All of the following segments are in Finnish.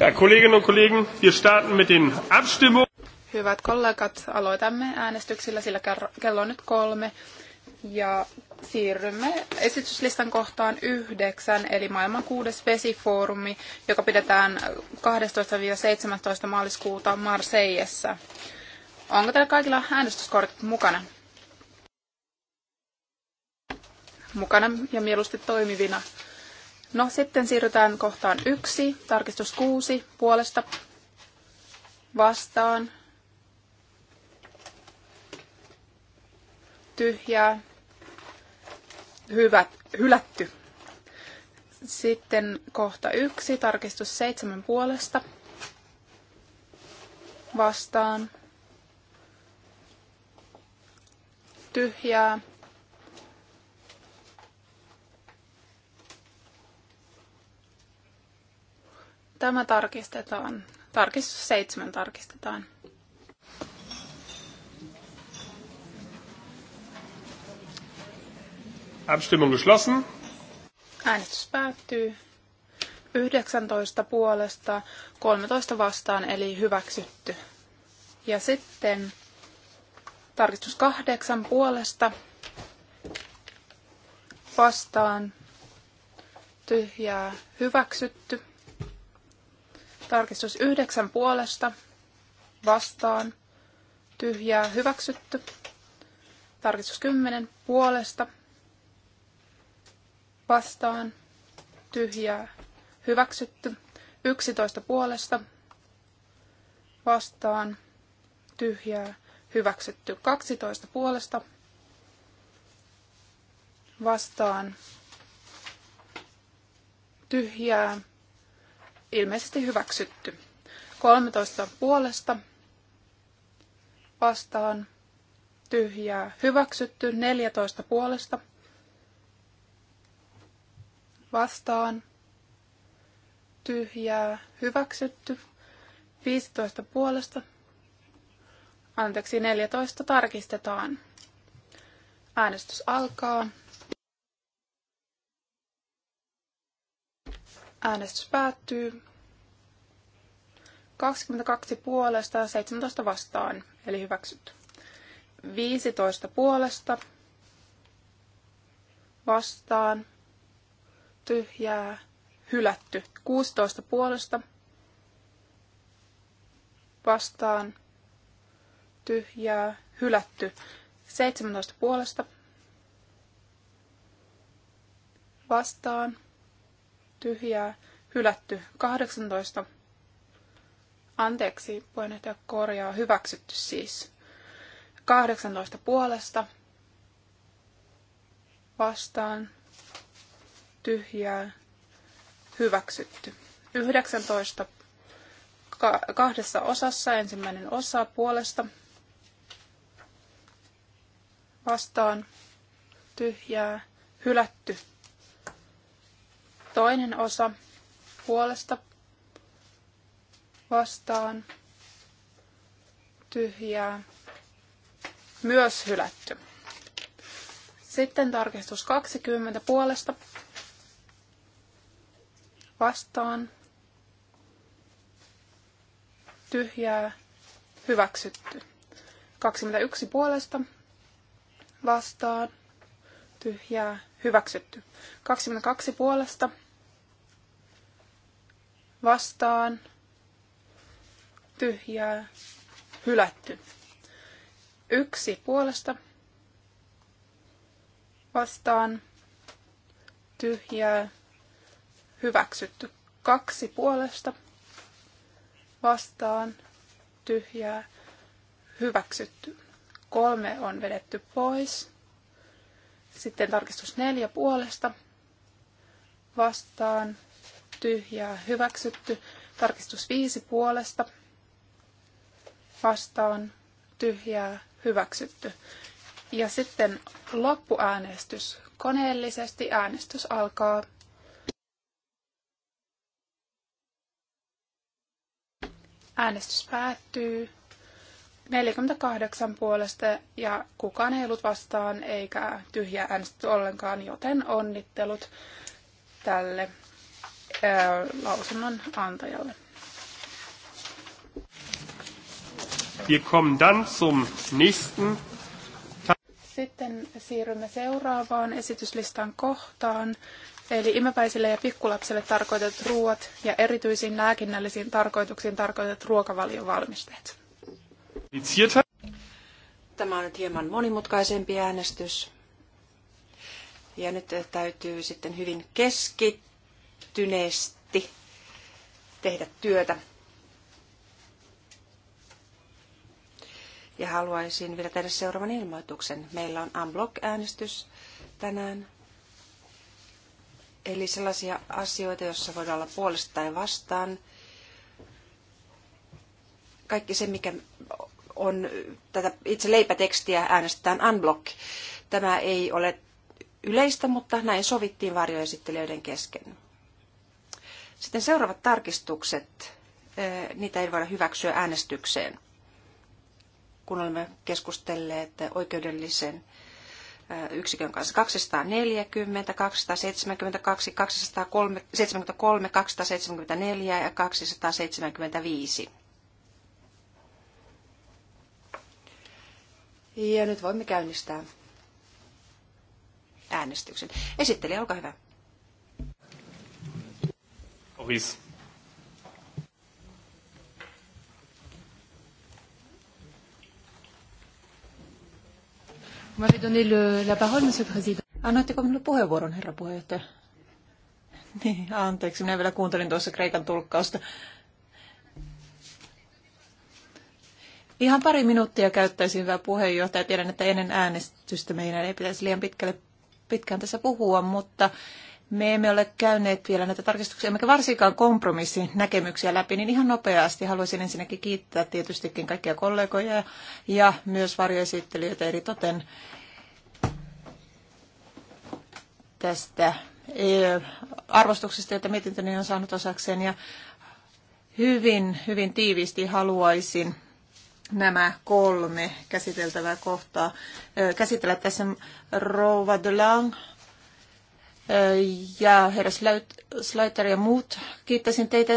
Ja, Kolleginnen und Kollegen, wir starten mit den Abstimmungen. Hyvät kollegat, aloitamme äänestyksillä, sillä kello on nyt kolme. Ja siirrymme esityslistan kohtaan yhdeksän, eli maailman kuudes vesifoorumi, joka pidetään 12-17 maaliskuuta Marseillessa. Onko teillä kaikilla äänestyskortit mukana? Mukana ja mieluusti toimivina. No sitten siirrytään kohtaan yksi, tarkistus kuusi, puolesta vastaan, tyhjää, hyvät, hylätty. Sitten kohta yksi, tarkistus seitsemän puolesta vastaan, tyhjää, Tämä tarkistetaan. Tarkistus seitsemän tarkistetaan. Abstimmung geschlossen. Äänestys päättyy. 19 puolesta, 13 vastaan, eli hyväksytty. Ja sitten tarkistus 8 puolesta, vastaan, tyhjää, hyväksytty. Tarkistus yhdeksän puolesta vastaan tyhjää hyväksytty. Tarkistus kymmenen puolesta vastaan tyhjää hyväksytty. 11 puolesta vastaan tyhjää hyväksytty. 12 puolesta vastaan tyhjää ilmeisesti hyväksytty. 13 puolesta vastaan tyhjää hyväksytty. 14 puolesta vastaan tyhjää hyväksytty. 15 puolesta anteeksi 14 tarkistetaan. Äänestys alkaa. Äänestys päättyy. 22 puolesta, 17 vastaan, eli hyväksyt 15 puolesta, vastaan, tyhjää, hylätty. 16 puolesta, vastaan, tyhjää, hylätty. 17 puolesta, vastaan, tyhjää, hylätty 18. Anteeksi, puheenjohtaja korjaa, hyväksytty siis. 18 puolesta vastaan tyhjää, hyväksytty. 19 kahdessa osassa, ensimmäinen osa puolesta vastaan tyhjää, hylätty Toinen osa puolesta vastaan tyhjää myös hylätty. Sitten tarkistus 20 puolesta vastaan tyhjää hyväksytty. 21 puolesta vastaan tyhjää hyväksytty. 22 puolesta vastaan tyhjää hylätty. Yksi puolesta vastaan tyhjää hyväksytty. Kaksi puolesta vastaan tyhjää hyväksytty. Kolme on vedetty pois. Sitten tarkistus neljä puolesta vastaan tyhjää hyväksytty. Tarkistus viisi puolesta vastaan tyhjää hyväksytty. Ja sitten loppuäänestys. Koneellisesti äänestys alkaa. Äänestys päättyy. 48 puolesta ja kukaan ei ollut vastaan eikä tyhjä äänestetty ollenkaan, joten onnittelut tälle ää, lausunnon antajalle. Wir kommen dann zum nächsten. Sitten siirrymme seuraavaan esityslistan kohtaan, eli imepäisille ja pikkulapsille tarkoitetut ruoat ja erityisiin lääkinnällisiin tarkoituksiin tarkoitetut ruokavaliovalmisteet. Tämä on nyt hieman monimutkaisempi äänestys. Ja nyt täytyy sitten hyvin keskittyneesti tehdä työtä. Ja haluaisin vielä tehdä seuraavan ilmoituksen. Meillä on unblock-äänestys tänään. Eli sellaisia asioita, joissa voidaan olla puolesta tai vastaan. Kaikki se, mikä on tätä itse leipätekstiä äänestetään unblock. Tämä ei ole yleistä, mutta näin sovittiin varjoesittelijöiden kesken. Sitten seuraavat tarkistukset, niitä ei voida hyväksyä äänestykseen, kun olemme keskustelleet oikeudellisen yksikön kanssa 240, 272, 273, 274 ja 275. Ja nyt voimme käynnistää äänestyksen. Esittelijä, olkaa hyvä. Oris. Annoitteko minulle puheenvuoron, herra puheenjohtaja? Niin, anteeksi, minä vielä kuuntelin tuossa Kreikan tulkkausta. Ihan pari minuuttia käyttäisin, hyvä puheenjohtaja. Tiedän, että ennen äänestystä meidän ei pitäisi liian pitkälle, pitkään tässä puhua, mutta me emme ole käyneet vielä näitä tarkistuksia, emmekä varsinkaan kompromissin näkemyksiä läpi, niin ihan nopeasti haluaisin ensinnäkin kiittää tietystikin kaikkia kollegoja ja myös varjoesittelijöitä eri toten tästä e, arvostuksesta, jota mietintöni on saanut osakseen. Ja hyvin, hyvin tiiviisti haluaisin nämä kolme käsiteltävää kohtaa käsitellä tässä Rova de Lang ja herra Slaiter ja muut. Kiittäisin teitä.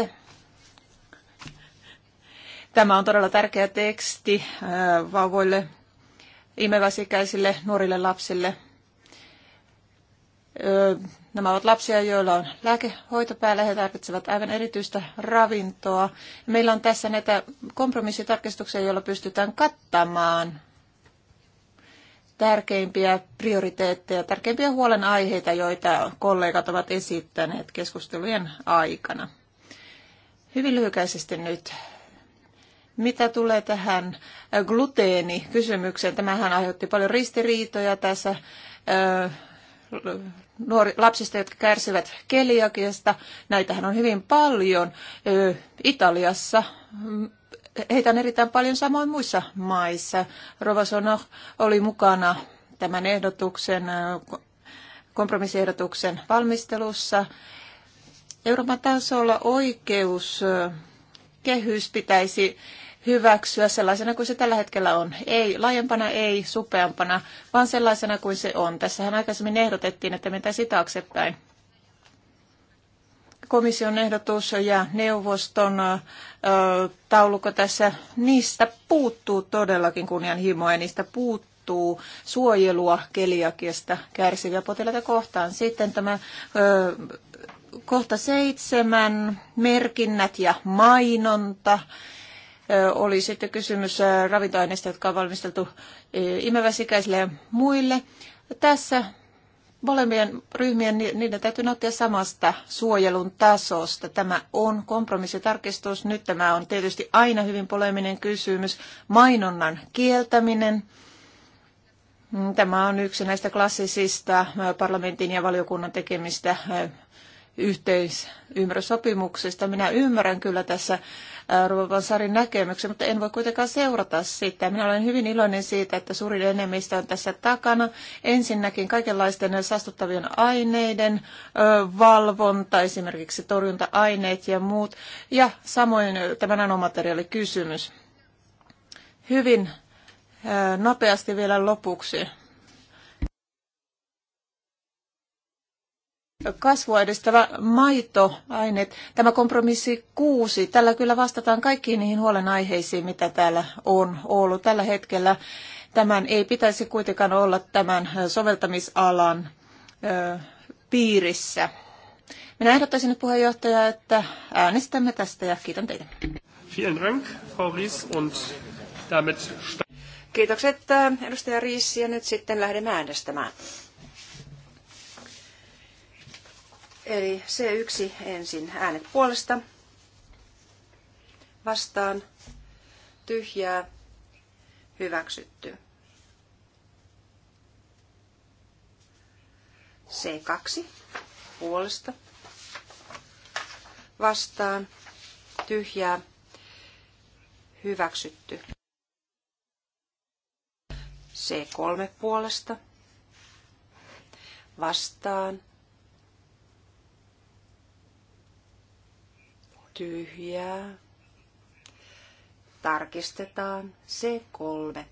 Tämä on todella tärkeä teksti vauvoille, imeväsikäisille, nuorille lapsille Nämä ovat lapsia, joilla on lääkehoito päällä. He tarvitsevat aivan erityistä ravintoa. Meillä on tässä näitä kompromissitarkistuksia, joilla pystytään kattamaan tärkeimpiä prioriteetteja, tärkeimpiä huolenaiheita, joita kollegat ovat esittäneet keskustelujen aikana. Hyvin lyhykäisesti nyt. Mitä tulee tähän gluteenikysymykseen? Tämähän aiheutti paljon ristiriitoja tässä nuori, lapsista, jotka kärsivät keliakiasta. Näitähän on hyvin paljon. Italiassa heitä on erittäin paljon samoin muissa maissa. Rovasono oli mukana tämän ehdotuksen, kompromissiehdotuksen valmistelussa. Euroopan tasolla oikeus kehys pitäisi hyväksyä sellaisena kuin se tällä hetkellä on. Ei laajempana, ei supeampana, vaan sellaisena kuin se on. Tässähän aikaisemmin ehdotettiin, että mentäisiin taaksepäin. Komission ehdotus ja neuvoston taulukko tässä, niistä puuttuu todellakin kunnianhimoa ja niistä puuttuu suojelua keliakiasta kärsiviä potilaita kohtaan. Sitten tämä kohta seitsemän, merkinnät ja mainonta. Oli sitten kysymys ravintoaineista, jotka on valmisteltu imeväsikäisille ja muille. Tässä molemmien ryhmien, niiden täytyy nauttia samasta suojelun tasosta. Tämä on kompromissitarkistus. Nyt tämä on tietysti aina hyvin poleminen kysymys. Mainonnan kieltäminen. Mm, tämä on yksi näistä klassisista parlamentin ja valiokunnan tekemistä yhteisymmärrysopimuksesta. Minä ymmärrän kyllä tässä Ruovan Sarin näkemyksen, mutta en voi kuitenkaan seurata sitä. Minä olen hyvin iloinen siitä, että suurin enemmistö on tässä takana. Ensinnäkin kaikenlaisten saastuttavien aineiden valvonta, esimerkiksi torjunta-aineet ja muut, ja samoin tämä nanomateriaalikysymys. Hyvin nopeasti vielä lopuksi. kasvua edistävä maitoaineet. Tämä kompromissi kuusi, tällä kyllä vastataan kaikkiin niihin huolenaiheisiin, mitä täällä on ollut tällä hetkellä. Tämän ei pitäisi kuitenkaan olla tämän soveltamisalan ö, piirissä. Minä ehdottaisin nyt puheenjohtaja, että äänestämme tästä ja kiitän teitä. Vielen Dank, Frau Ries, und damit... Kiitokset edustaja Riis ja nyt sitten lähdemme äänestämään. Eli C1 ensin äänet puolesta. Vastaan. Tyhjää. Hyväksytty. C2 puolesta. Vastaan. Tyhjää. Hyväksytty. C3 puolesta. Vastaan tyhjää. Tarkistetaan C3.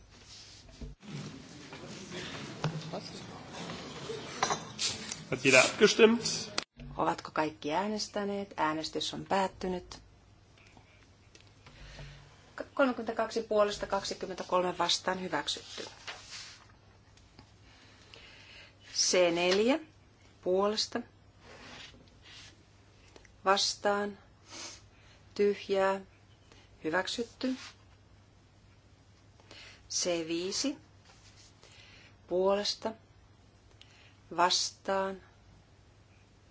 Ovatko kaikki äänestäneet? Äänestys on päättynyt. 32 puolesta 23 vastaan hyväksytty. C4 puolesta vastaan tyhjää, hyväksytty. C5 puolesta vastaan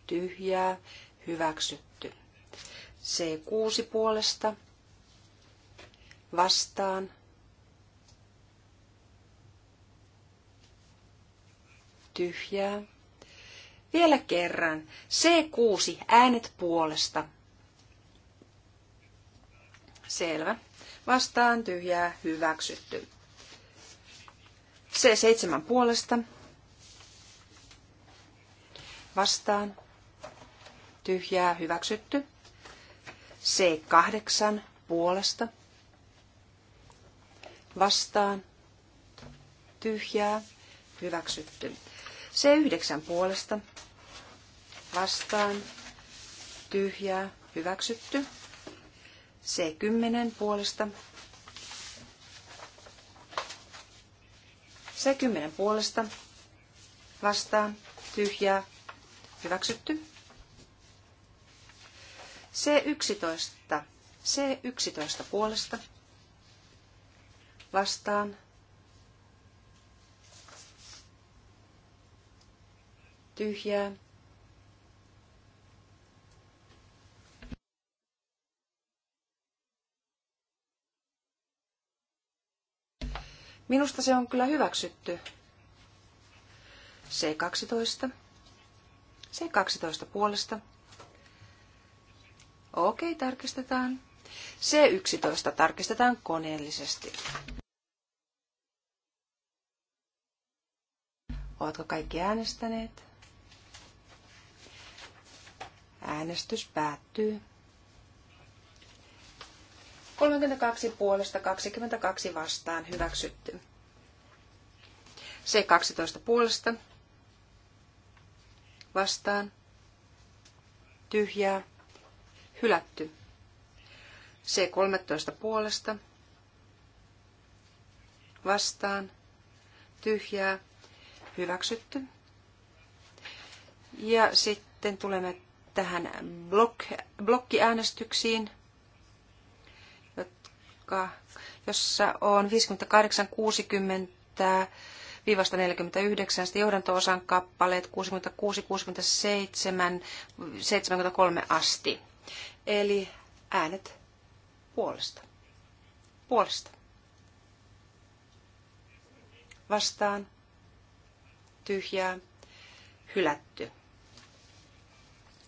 tyhjää, hyväksytty. C6 puolesta vastaan tyhjää. Vielä kerran. C6 äänet puolesta Selvä. Vastaan tyhjää hyväksytty. C7 puolesta. Vastaan tyhjää hyväksytty. C8 puolesta. Vastaan tyhjää hyväksytty. C9 puolesta. Vastaan tyhjää hyväksytty. C10 puolesta. C10 puolesta vastaa tyhjää hyväksytty. C11 C11 puolesta vastaan tyhjää Minusta se on kyllä hyväksytty. C12. C12 puolesta. Okei, tarkistetaan. C11 tarkistetaan koneellisesti. Ovatko kaikki äänestäneet? Äänestys päättyy. 32 puolesta 22 vastaan hyväksytty. C12 puolesta vastaan tyhjää hylätty. C13 puolesta vastaan tyhjää hyväksytty. Ja sitten tulemme tähän blok, blokkiäänestyksiin joka, jossa on 58, 60, 49, johdanto-osan kappaleet 66, 67, 73 asti. Eli äänet puolesta. Puolesta. Vastaan. Tyhjää. Hylätty.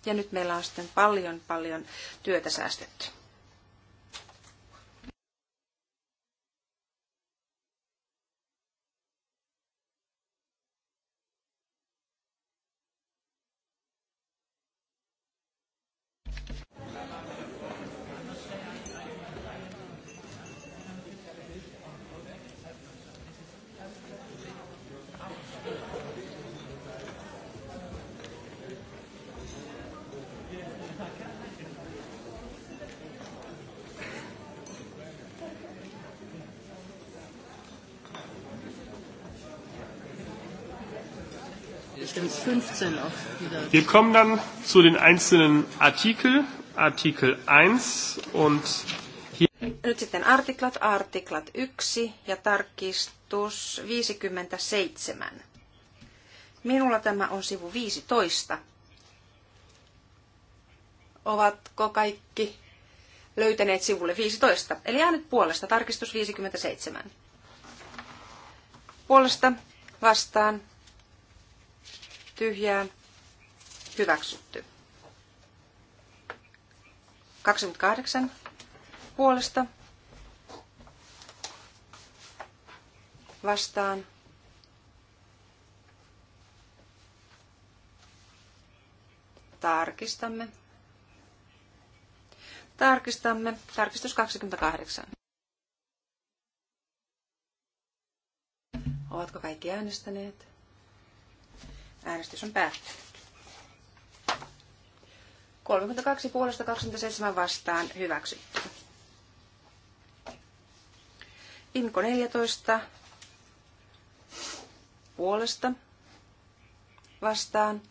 Ja nyt meillä on sitten paljon, paljon työtä säästetty. 15 auch wieder. Wir kommen dann zu den einzelnen Artikel. Artikel 1 und hier. Nyt sitten artiklat, artiklat 1 ja tarkistus 57. Minulla tämä on sivu 15. Ovatko kaikki löytäneet sivulle 15? Eli äänet puolesta, tarkistus 57. Puolesta vastaan tyhjää, hyväksytty. 28 puolesta vastaan tarkistamme. Tarkistamme. Tarkistus 28. Ovatko kaikki äänestäneet? Äänestys on päättynyt. 32 puolesta 27 vastaan hyväksytty. Inko 14 puolesta vastaan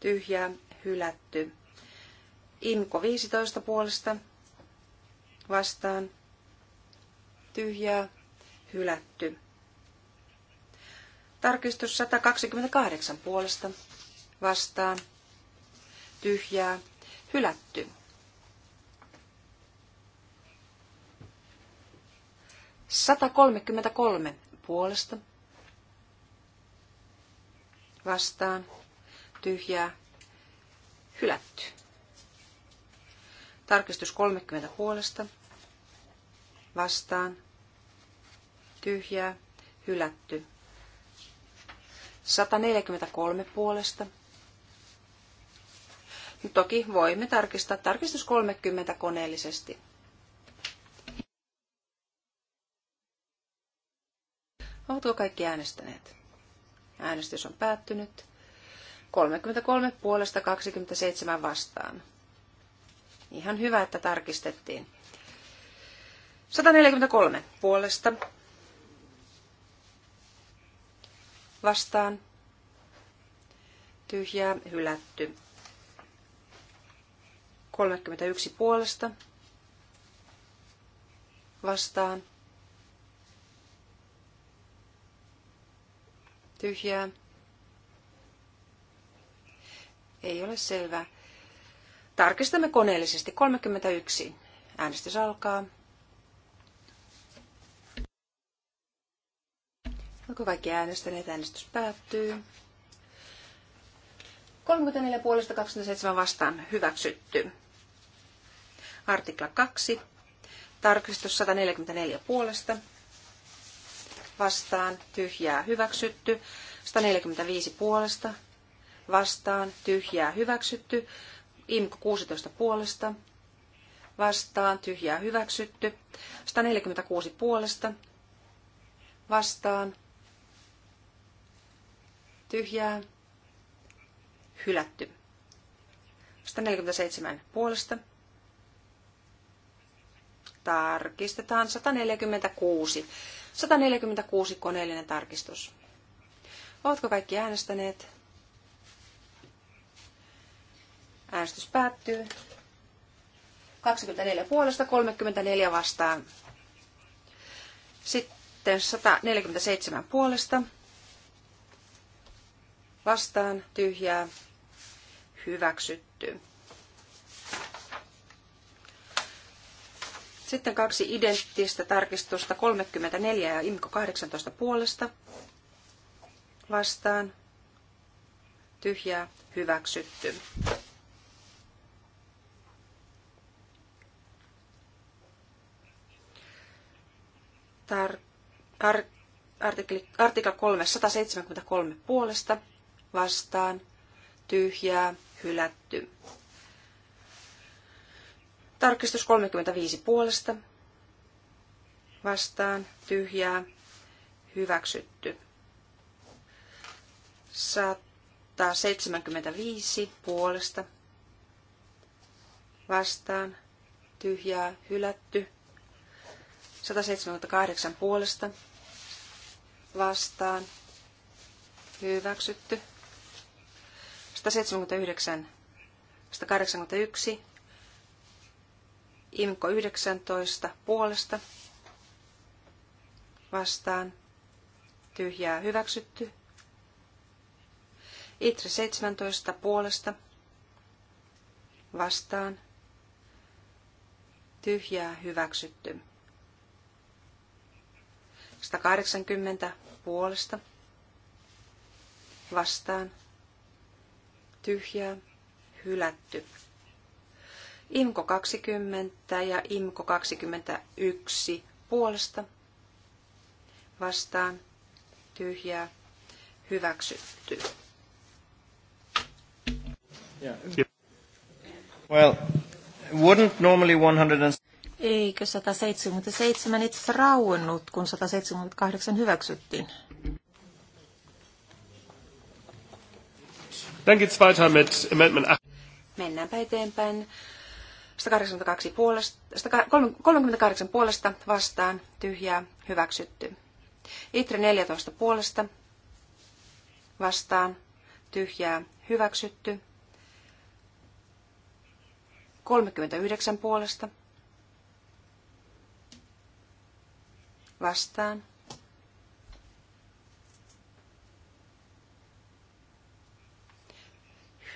tyhjää hylätty. Inko 15 puolesta vastaan tyhjää hylätty. Tarkistus 128 puolesta vastaan. Tyhjää. Hylätty. Sata kolmekymmentäkolme puolesta. Vastaan. Tyhjää. Hylätty. Tarkistus kolmekymmentä puolesta. Vastaan. Tyhjää. Hylätty. 143 puolesta. Toki voimme tarkistaa tarkistus 30 koneellisesti. Ovatko kaikki äänestäneet? Äänestys on päättynyt. 33 puolesta 27 vastaan. Ihan hyvä, että tarkistettiin. 143 puolesta vastaan tyhjää hylätty. 31 puolesta vastaan tyhjää. Ei ole selvää. Tarkistamme koneellisesti. 31. Äänestys alkaa. Onko kaikki äänestäneet? Äänestys päättyy. 34 puolesta 27 vastaan hyväksytty. Artikla 2. Tarkistus 144 puolesta. Vastaan tyhjää hyväksytty. 145 puolesta. Vastaan tyhjää hyväksytty. IMKO 16 puolesta. Vastaan tyhjää hyväksytty. 146 puolesta. Vastaan tyhjää, hylätty. 147 puolesta. Tarkistetaan 146. 146 koneellinen tarkistus. Oletko kaikki äänestäneet? Äänestys päättyy. 24 puolesta, 34 vastaan. Sitten 147 puolesta vastaan tyhjää hyväksytty. Sitten kaksi identtistä tarkistusta 34 ja IMKO 18 puolesta vastaan tyhjää hyväksytty. Tar- ar- artikli, artikla 3 173 puolesta vastaan, tyhjää, hylätty. Tarkistus 35 puolesta, vastaan, tyhjää, hyväksytty. 175 puolesta, vastaan, tyhjää, hylätty. 178 puolesta, vastaan, hyväksytty. 179, 181, Imko 19 puolesta vastaan, tyhjää hyväksytty. Itre 17 puolesta vastaan, tyhjää hyväksytty. 180 puolesta vastaan, tyhjää, hylätty. Imko 20 ja Imko 21 puolesta vastaan tyhjää hyväksytty. Yeah. Well, wouldn't normally 100 and... Eikö 177 itse asiassa rauennut, kun 178 hyväksyttiin? Dann geht's weiter mit Amendment 8. Mennäänpä eteenpäin. 182 puolesta, 138 puolesta vastaan, tyhjää, hyväksytty. Itre 14 puolesta vastaan, tyhjää, hyväksytty. 39 puolesta vastaan,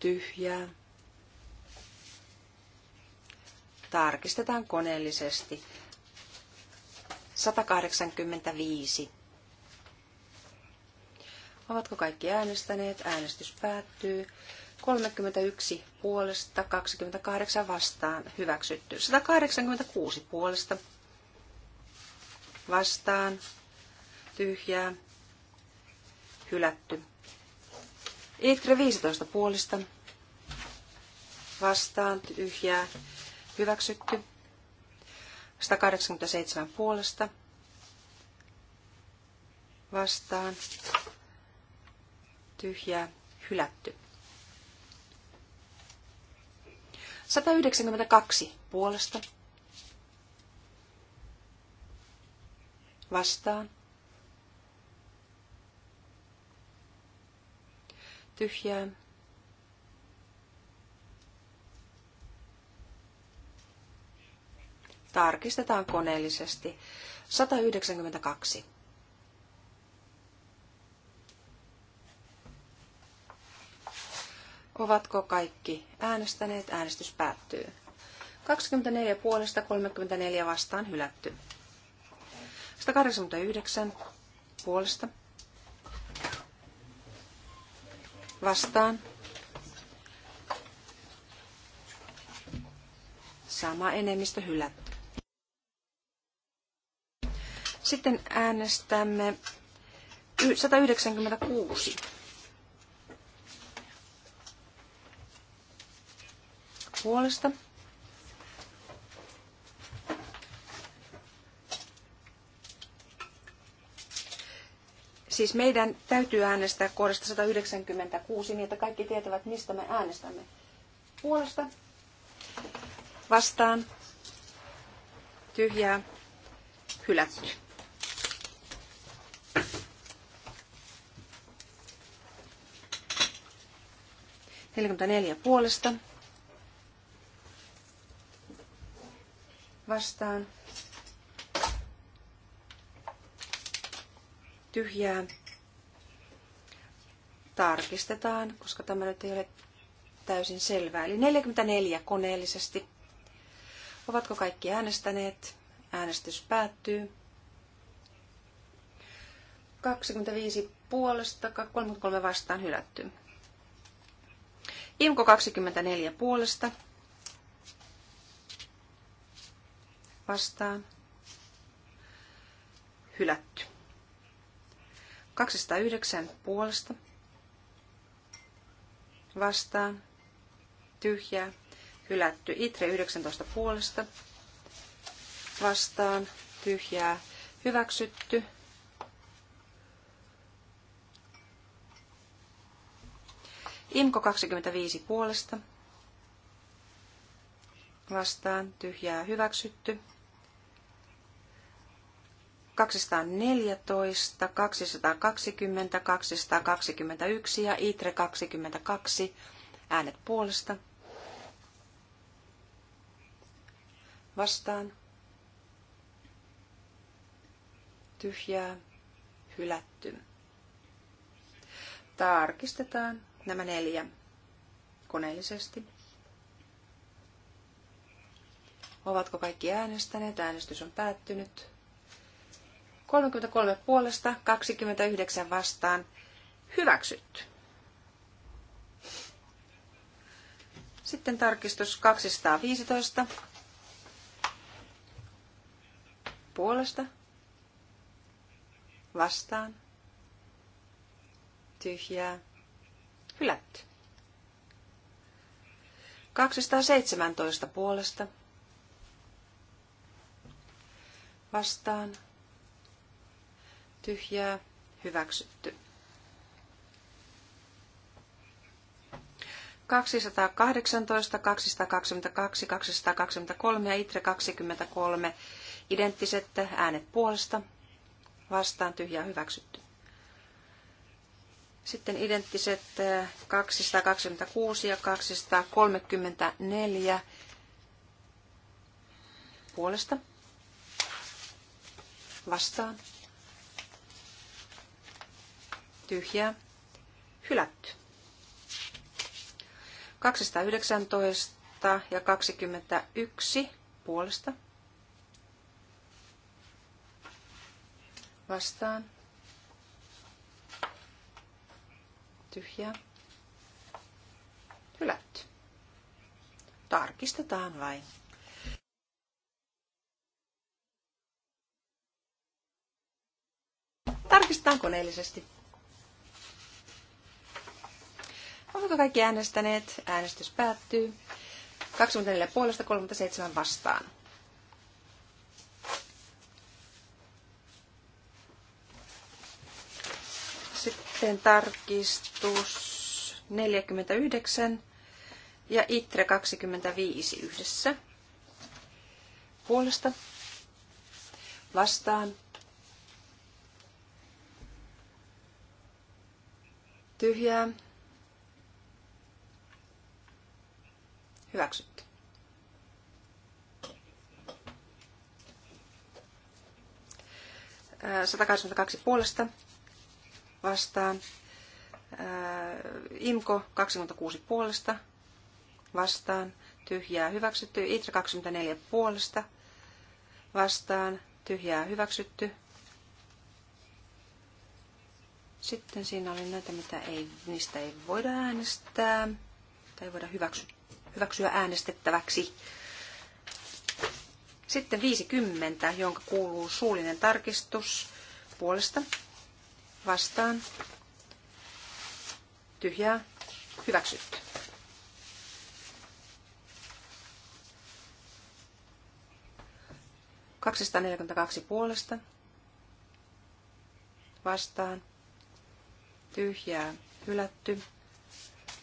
tyhjää. Tarkistetaan koneellisesti. 185. Ovatko kaikki äänestäneet? Äänestys päättyy. 31 puolesta, 28 vastaan, hyväksytty. 186 puolesta, vastaan, tyhjää, hylätty. Itre 15 puolista vastaan tyhjää hyväksytty. 187 puolesta vastaan tyhjää hylätty. 192 puolesta vastaan tyhjää. Tarkistetaan koneellisesti. 192. Ovatko kaikki äänestäneet? Äänestys päättyy. 24 puolesta 34 vastaan hylätty. 189 puolesta vastaan. Sama enemmistö hylätty. Sitten äänestämme 196. Puolesta Siis meidän täytyy äänestää kohdasta 196 niin, että kaikki tietävät, mistä me äänestämme. Puolesta, vastaan, tyhjää, hylätty. Neljäkymmentäneljä puolesta. Vastaan. tyhjää. Tarkistetaan, koska tämä nyt ei ole täysin selvää. Eli 44 koneellisesti. Ovatko kaikki äänestäneet? Äänestys päättyy. 25 puolesta, 33 vastaan hylätty. Imko 24 puolesta. Vastaan. Hylätty. 209 puolesta vastaan tyhjää hylätty. Itre 19 puolesta vastaan tyhjää hyväksytty. Imko 25 puolesta vastaan tyhjää hyväksytty. 214, 220, 221 ja ITRE 22 äänet puolesta. Vastaan. Tyhjää. Hylätty. Tarkistetaan nämä neljä koneellisesti. Ovatko kaikki äänestäneet? Äänestys on päättynyt. 33 puolesta, 29 vastaan. Hyväksytty. Sitten tarkistus 215. Puolesta. Vastaan. Tyhjää. Hylätty. 217 puolesta. Vastaan tyhjää, hyväksytty. 218, 222, 223 ja ITRE 23 identtiset äänet puolesta, vastaan tyhjää hyväksytty. Sitten identtiset 226 ja 234 puolesta, vastaan tyhjää, hylätty. 219 ja 21 puolesta. Vastaan. Tyhjää. Hylätty. Tarkistetaan vain. Tarkistetaan koneellisesti. Ovatko kaikki äänestäneet? Äänestys päättyy. 24 puolesta 37 vastaan. Sitten tarkistus 49 ja ITRE 25 yhdessä. Puolesta vastaan tyhjää Hyväksytty. Ää, 182 puolesta vastaan. Ää, Imko 26 puolesta vastaan. Tyhjää hyväksytty. Itra 24 puolesta vastaan. Tyhjää hyväksytty. Sitten siinä oli näitä, mitä ei, niistä ei voida äänestää tai voida hyväksyä hyväksyä äänestettäväksi. Sitten 50, jonka kuuluu suullinen tarkistus puolesta vastaan. Tyhjää. Hyväksytty. kaksi puolesta. Vastaan. Tyhjää. Hylätty.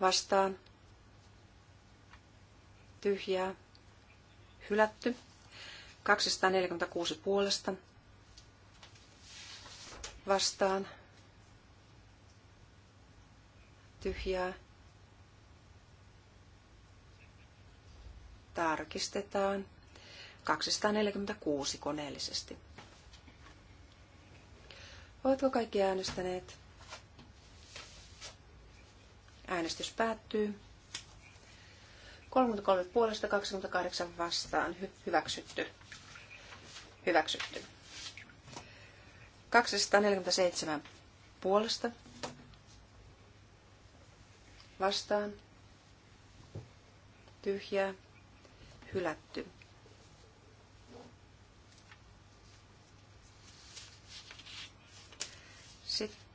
vastaan, tyhjää, hylätty. 246 puolesta vastaan, tyhjää. Tarkistetaan 246 koneellisesti. Oletko kaikki äänestäneet? Äänestys päättyy. 33 puolesta 28 vastaan. hyväksytty. Hyväksytty. 247 puolesta vastaan. Tyhjää. Hylätty.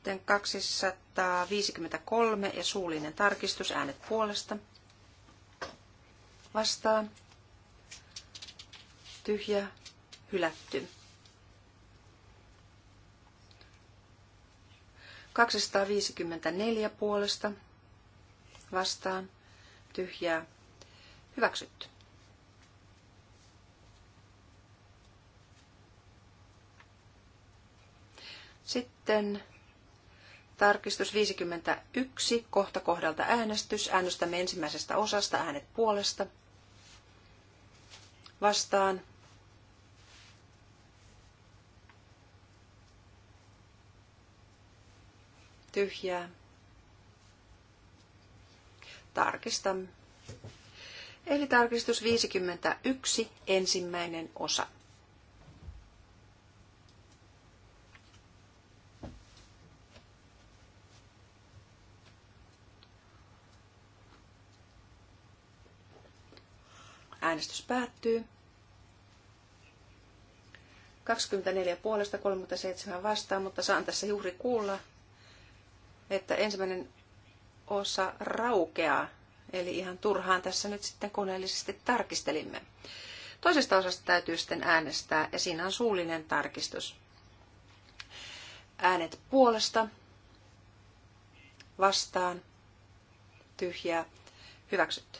Sitten 253 ja suullinen tarkistus, äänet puolesta. Vastaan. Tyhjä, hylätty. 254 puolesta. Vastaan. Tyhjää. Hyväksytty. Sitten Tarkistus 51, kohta kohdalta äänestys. Äänestämme ensimmäisestä osasta äänet puolesta. Vastaan. Tyhjää. Tarkistamme. Eli tarkistus 51, ensimmäinen osa. Äänestys päättyy. 24 puolesta 37 vastaan, mutta saan tässä juuri kuulla, että ensimmäinen osa raukeaa. Eli ihan turhaan tässä nyt sitten koneellisesti tarkistelimme. Toisesta osasta täytyy sitten äänestää ja siinä on suullinen tarkistus. Äänet puolesta, vastaan, tyhjää, hyväksytty.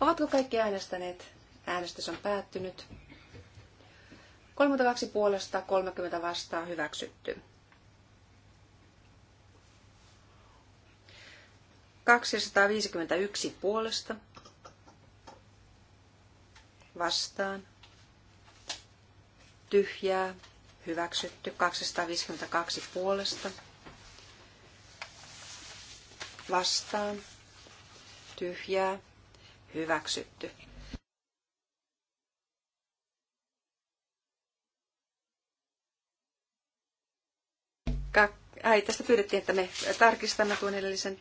Ovatko kaikki äänestäneet? Äänestys on päättynyt. 32 puolesta, 30 vastaan hyväksytty. 251 puolesta vastaan tyhjää hyväksytty 252 puolesta vastaan tyhjää hyväksytty. Ai, tästä pyydettiin, että me tarkistamme tuon edellisen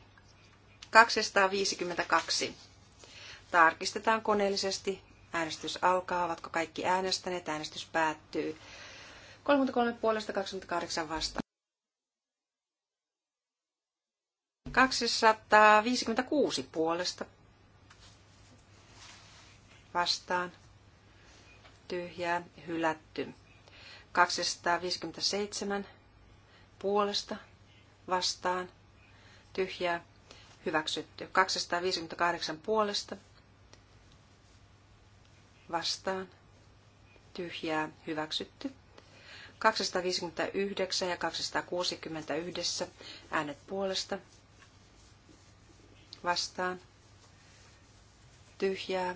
252. Tarkistetaan koneellisesti. Äänestys alkaa. Ovatko kaikki äänestäneet? Äänestys päättyy. 33 puolesta 28 vastaan. 256 puolesta vastaan, tyhjää, hylätty. 257 puolesta vastaan, tyhjää, hyväksytty. 258 puolesta vastaan, tyhjää, hyväksytty. 259 ja 260 yhdessä äänet puolesta vastaan, tyhjää,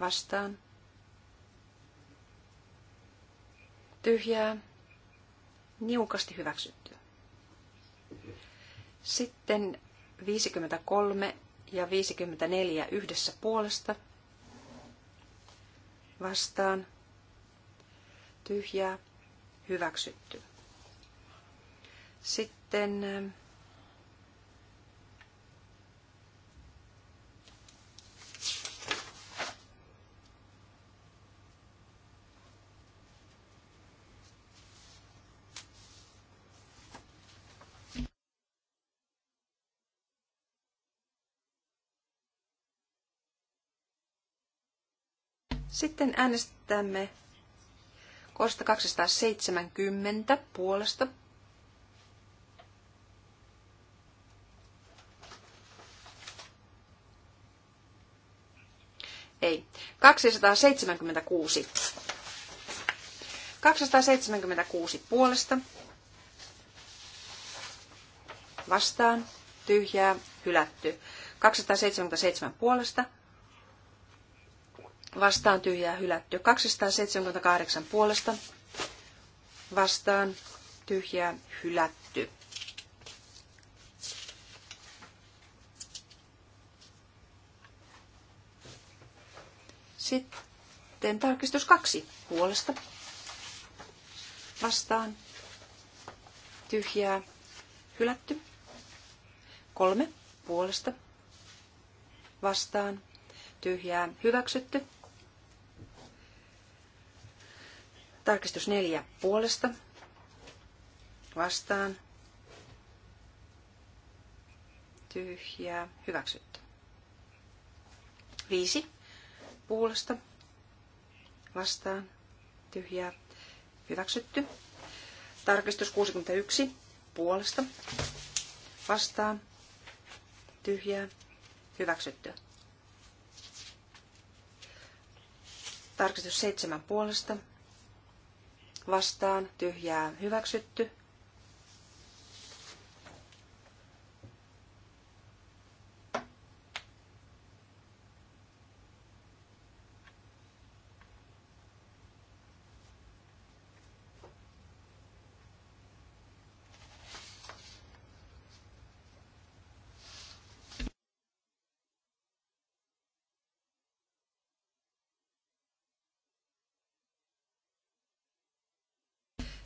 vastaan. Tyhjää, niukasti hyväksytty. Sitten 53 ja 54 yhdessä puolesta vastaan. Tyhjää, hyväksytty. Sitten Sitten äänestämme kosta 270 puolesta. Ei, 276. 276 puolesta. Vastaan, tyhjää, hylätty. 277 puolesta, vastaan tyhjää hylätty. 278 puolesta vastaan tyhjää hylätty. Sitten tarkistus kaksi puolesta vastaan tyhjää hylätty. Kolme puolesta vastaan tyhjää hyväksytty. Tarkistus neljä puolesta. Vastaan. Tyhjää. Hyväksytty. Viisi puolesta. Vastaan. Tyhjää. Hyväksytty. Tarkistus 61 puolesta. Vastaan. Tyhjää. Hyväksytty. Tarkistus seitsemän puolesta vastaan tyhjää hyväksytty.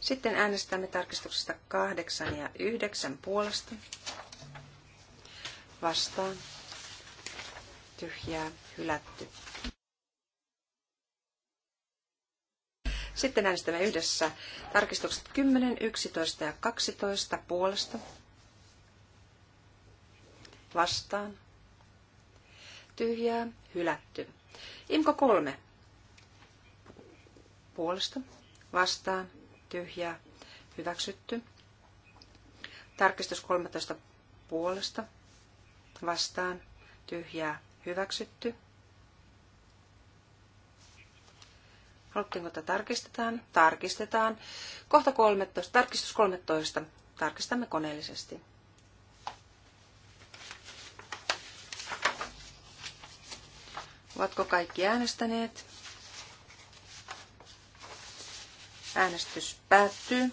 Sitten äänestämme tarkistuksesta 8 ja 9 puolesta. Vastaan. Tyhjää, hylätty. Sitten äänestämme yhdessä tarkistukset 10, 11 ja 12 puolesta. Vastaan. Tyhjää, hylätty. Imko 3 puolesta. Vastaan tyhjää hyväksytty. Tarkistus 13 puolesta vastaan tyhjää hyväksytty. Haluttiinko, että tarkistetaan? Tarkistetaan. Kohta 13, tarkistus 13. Tarkistamme koneellisesti. Ovatko kaikki äänestäneet? Äänestys päättyy.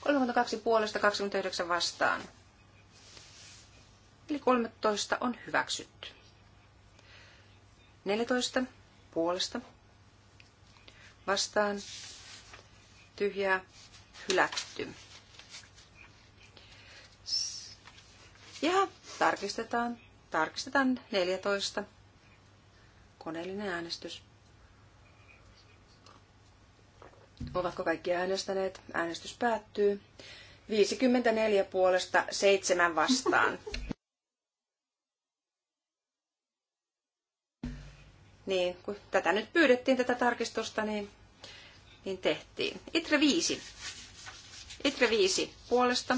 32 puolesta 29 vastaan. Eli 13 on hyväksytty. 14 puolesta vastaan tyhjää hylätty. Ja tarkistetaan, tarkistetaan 14. Koneellinen äänestys. Ovatko kaikki äänestäneet? Äänestys päättyy. 54 puolesta 7 vastaan. Niin, kun tätä nyt pyydettiin, tätä tarkistusta, niin, niin tehtiin. Itre 5. Itre 5 puolesta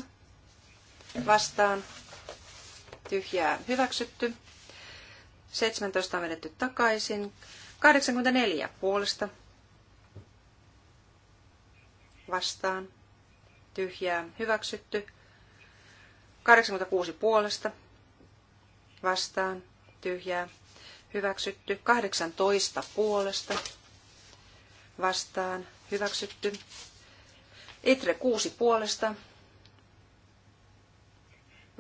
vastaan. Tyhjää hyväksytty. 17 on vedetty takaisin. 84 puolesta vastaan, tyhjää, hyväksytty. 86 puolesta, vastaan, tyhjää, hyväksytty. 18 puolesta, vastaan, hyväksytty. Itre 6 puolesta,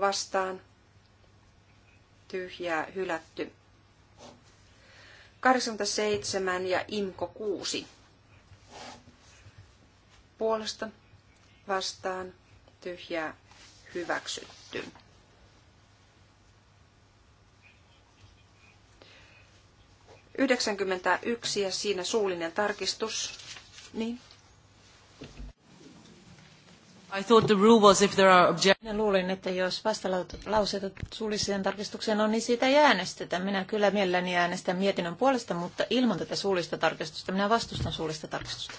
vastaan, tyhjää, hylätty. 87 ja Imko 6 puolesta vastaan tyhjää hyväksytty. Yhdeksänkymmentä yksi ja siinä suullinen tarkistus. Niin, I thought the rule was if there are Minä luulin, että jos vastalauseita suulliseen tarkistukseen on, no, niin siitä ei äänestetä. Minä kyllä mielelläni äänestän mietinnön puolesta, mutta ilman tätä suullista tarkistusta. Minä vastustan suullista tarkistusta.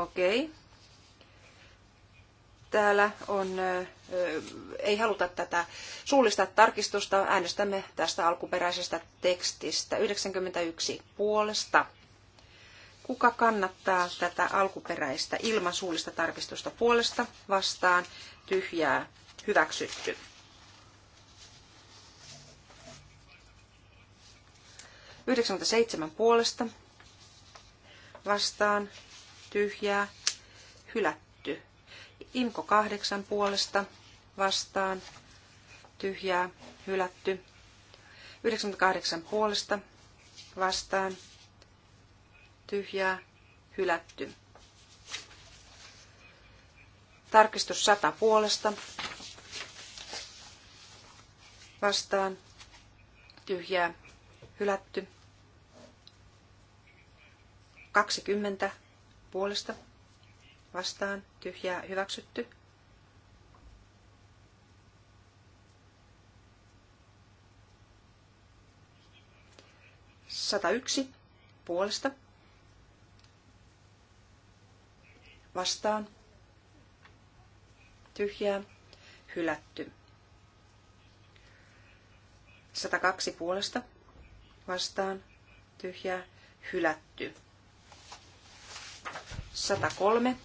Okei. Okay. Täällä on, ei haluta tätä suullista tarkistusta. Äänestämme tästä alkuperäisestä tekstistä. 91 puolesta Kuka kannattaa tätä alkuperäistä ilman suullista tarkistusta puolesta vastaan tyhjää hyväksytty? Yhdeksänkymmentäseitsemän puolesta vastaan tyhjää hylätty. Imko kahdeksan puolesta vastaan tyhjää hylätty. Yhdeksänkymmentäkahdeksan puolesta vastaan tyhjää, hylätty. Tarkistus 100 puolesta. Vastaan, tyhjää, hylätty. 20 puolesta. Vastaan, tyhjää, hyväksytty. Sata yksi puolesta vastaan, tyhjää, hylätty. 102 puolesta vastaan, tyhjää, hylätty. 103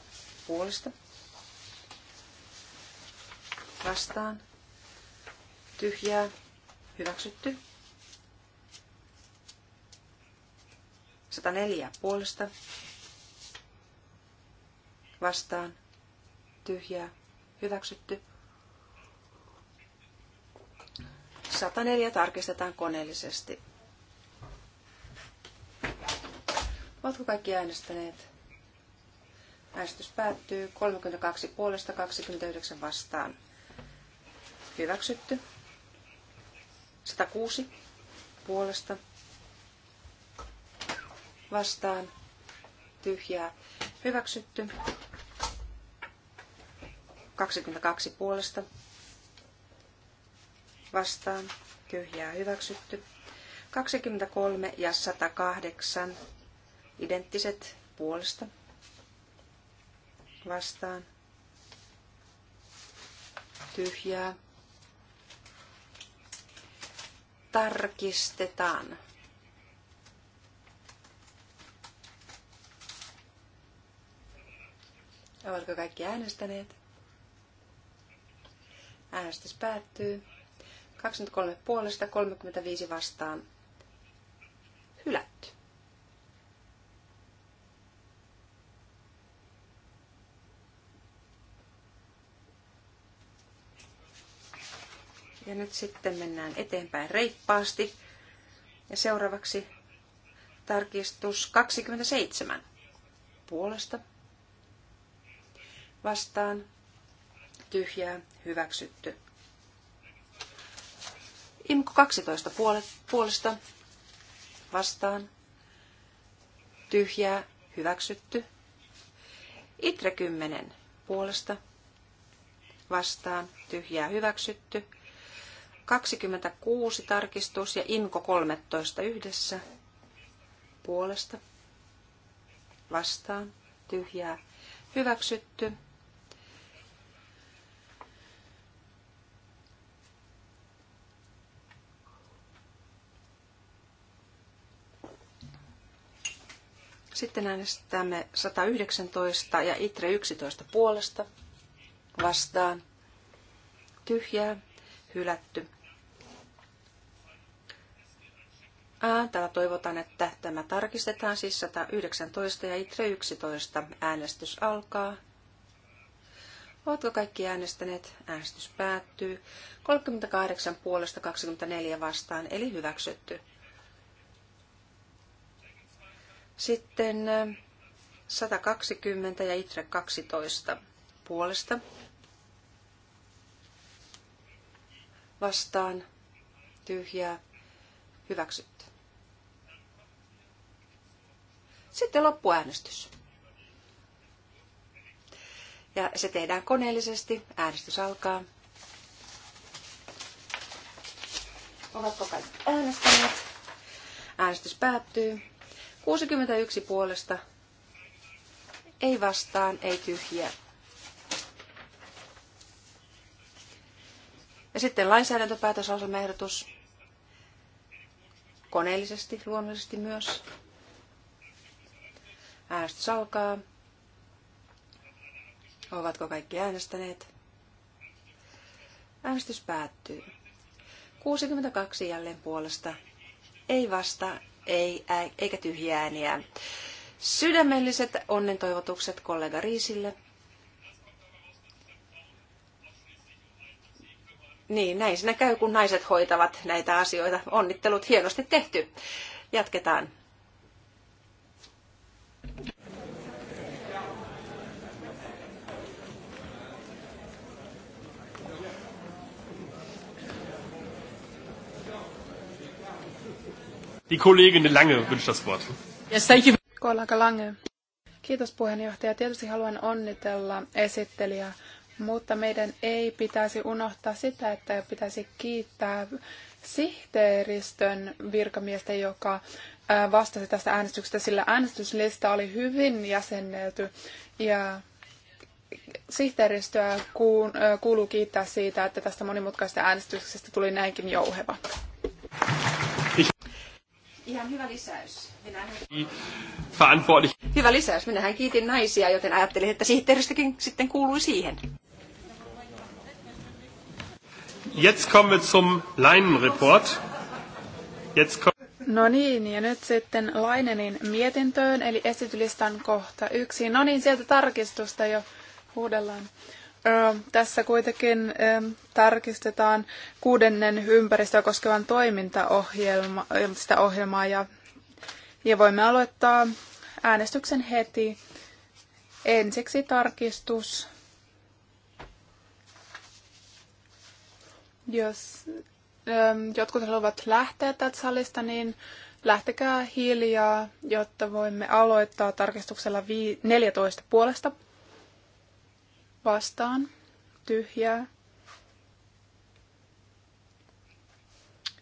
puolesta vastaan, tyhjää, hyväksytty. 104 puolesta vastaan tyhjää hyväksytty. 104 tarkistetaan koneellisesti. Oletko kaikki äänestäneet? Äänestys päättyy 32 puolesta 29 vastaan. Hyväksytty. 106 puolesta vastaan tyhjää. Hyväksytty. 22 puolesta vastaan tyhjää hyväksytty. 23 ja 108 identtiset puolesta vastaan tyhjää. Tarkistetaan. Oletko kaikki äänestäneet? Äänestys päättyy. 23 puolesta, 35 vastaan. Hylätty. Ja nyt sitten mennään eteenpäin reippaasti. Ja seuraavaksi tarkistus 27. Puolesta. Vastaan tyhjää, hyväksytty. Imko 12 puolesta, vastaan, tyhjää, hyväksytty. Itre 10 puolesta, vastaan, tyhjää, hyväksytty. 26 tarkistus ja Inko 13 yhdessä, puolesta, vastaan, tyhjää, hyväksytty. Sitten äänestämme 119 ja ITRE 11 puolesta vastaan. Tyhjää, hylätty. Aa, täällä toivotaan, että tämä tarkistetaan, siis 119 ja ITRE 11. Äänestys alkaa. Oletko kaikki äänestäneet? Äänestys päättyy. 38 puolesta 24 vastaan, eli hyväksytty. Sitten 120 ja Itre 12 puolesta vastaan tyhjää hyväksytty. Sitten loppuäänestys. Ja se tehdään koneellisesti. Äänestys alkaa. Ovatko kaikki äänestäneet? Äänestys päättyy. 61 puolesta. Ei vastaan, ei tyhjiä. Ja sitten lainsäädäntöpäätösasemehdotus. koneellisesti, luonnollisesti myös. Äänestys alkaa. Ovatko kaikki äänestäneet? Äänestys päättyy. 62 jälleen puolesta. Ei vasta, ei, eikä tyhjiä ääniä. Sydämelliset onnentoivotukset kollega Riisille. Niin, näin sinä käy, kun naiset hoitavat näitä asioita. Onnittelut, hienosti tehty. Jatketaan. Die Kollegin Lange wünscht das Wort. Yes, thank you. Kollega Lange. Kiitos puheenjohtaja. Tietysti haluan onnitella esittelijä, mutta meidän ei pitäisi unohtaa sitä, että pitäisi kiittää sihteeristön virkamiestä, joka vastasi tästä äänestyksestä, sillä äänestyslista oli hyvin jäsennelty ja sihteeristöä kuuluu kiittää siitä, että tästä monimutkaisesta äänestyksestä tuli näinkin jouheva. Ihan hyvä lisäys. Minähän... Hyvä lisäys. Minähän kiitin naisia, joten ajattelin, että sihteeristökin sitten kuului siihen. Jetzt kommen wir zum Leinenreport. Jetzt kommen No niin, ja nyt sitten Lainenin mietintöön, eli esitylistan kohta yksi. No niin, sieltä tarkistusta jo huudellaan. Tässä kuitenkin tarkistetaan kuudennen ympäristöä koskevan toimintaohjelmaa sitä ohjelmaa ja, ja voimme aloittaa äänestyksen heti. Ensiksi tarkistus. Jos jotkut haluavat lähteä tästä salista, niin lähtekää hiljaa, jotta voimme aloittaa tarkistuksella 14 puolesta vastaan, tyhjää,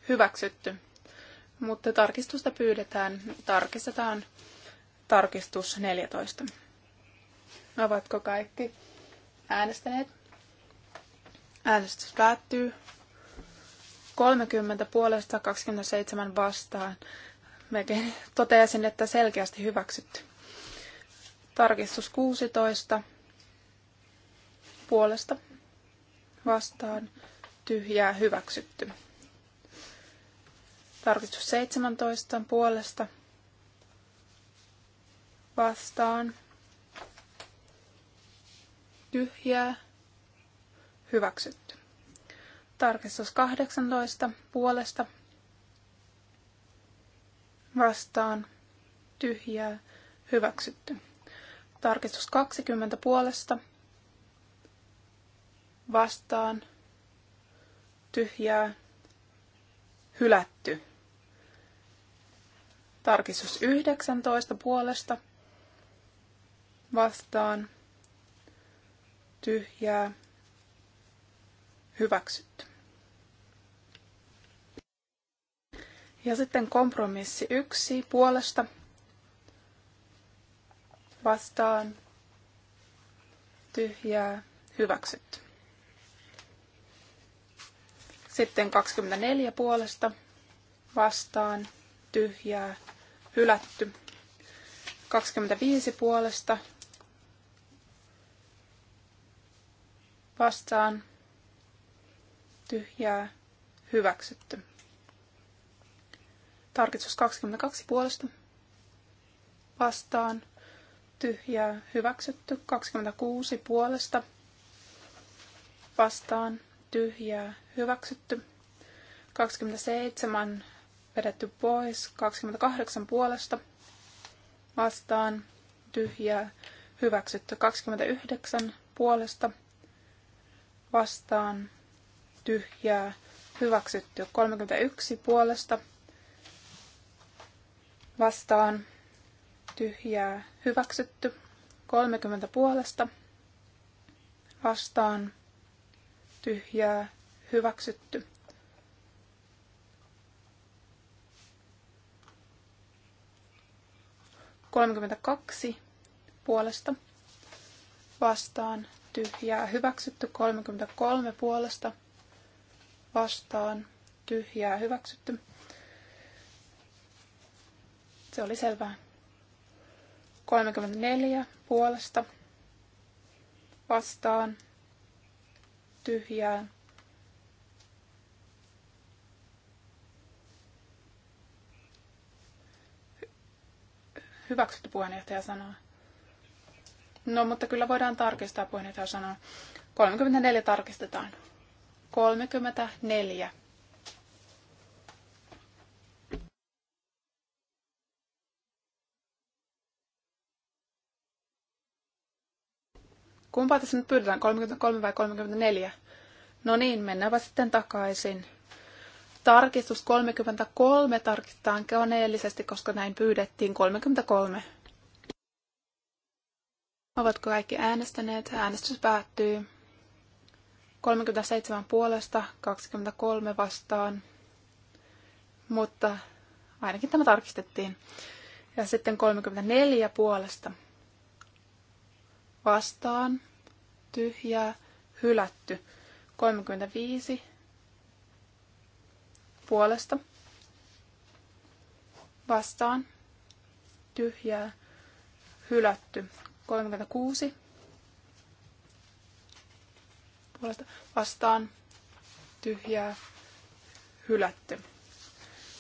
hyväksytty. Mutta tarkistusta pyydetään, tarkistetaan tarkistus 14. Ovatko kaikki äänestäneet? Äänestys päättyy. 30 puolesta 27 vastaan. Mekin toteasin, että selkeästi hyväksytty. Tarkistus 16 puolesta vastaan tyhjää hyväksytty. Tarkistus 17 puolesta vastaan tyhjää hyväksytty. Tarkistus 18 puolesta vastaan tyhjää hyväksytty. Tarkistus 20 puolesta vastaan, tyhjää, hylätty. Tarkistus 19 puolesta vastaan, tyhjää, hyväksytty. Ja sitten kompromissi 1 puolesta vastaan, tyhjää, hyväksytty. Sitten 24 puolesta vastaan tyhjää hylätty. 25 puolesta vastaan tyhjää hyväksytty. Tarkistus 22 puolesta vastaan tyhjää hyväksytty. 26 puolesta vastaan tyhjää hyväksytty. 27 vedetty pois. 28 puolesta vastaan tyhjää hyväksytty. 29 puolesta vastaan tyhjää hyväksytty. 31 puolesta vastaan tyhjää hyväksytty. 30 puolesta vastaan tyhjää hyväksytty. Kolmekymmentäkaksi puolesta vastaan tyhjää hyväksytty. 33 puolesta vastaan tyhjää hyväksytty. Se oli selvää. 34 puolesta vastaan tyhjään Hyväksytty puheenjohtaja sanoo. No, mutta kyllä voidaan tarkistaa, puheenjohtaja sanoo. 34 tarkistetaan. 34. Kumpaa tässä nyt pyydetään, 33 vai 34? No niin, mennäänpä sitten takaisin. Tarkistus 33 tarkistetaan koneellisesti, koska näin pyydettiin 33. Ovatko kaikki äänestäneet? Äänestys päättyy. 37 puolesta, 23 vastaan. Mutta ainakin tämä tarkistettiin. Ja sitten 34 puolesta. Vastaan, tyhjää, hylätty. 35 puolesta vastaan tyhjää hylätty. 36 puolesta vastaan tyhjää hylätty.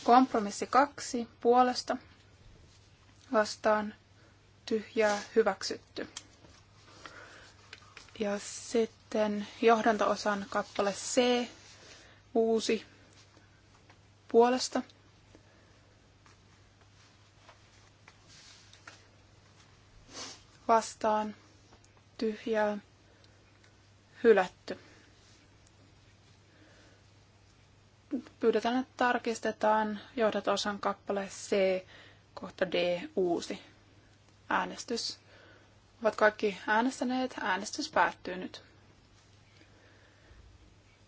Kompromissi 2 puolesta vastaan tyhjää hyväksytty. Ja sitten johdantoosan kappale C, uusi puolesta. Vastaan tyhjää hylätty. Pyydetään, että tarkistetaan osan kappale C kohta D uusi äänestys. Ovat kaikki äänestäneet. Äänestys päättyy nyt.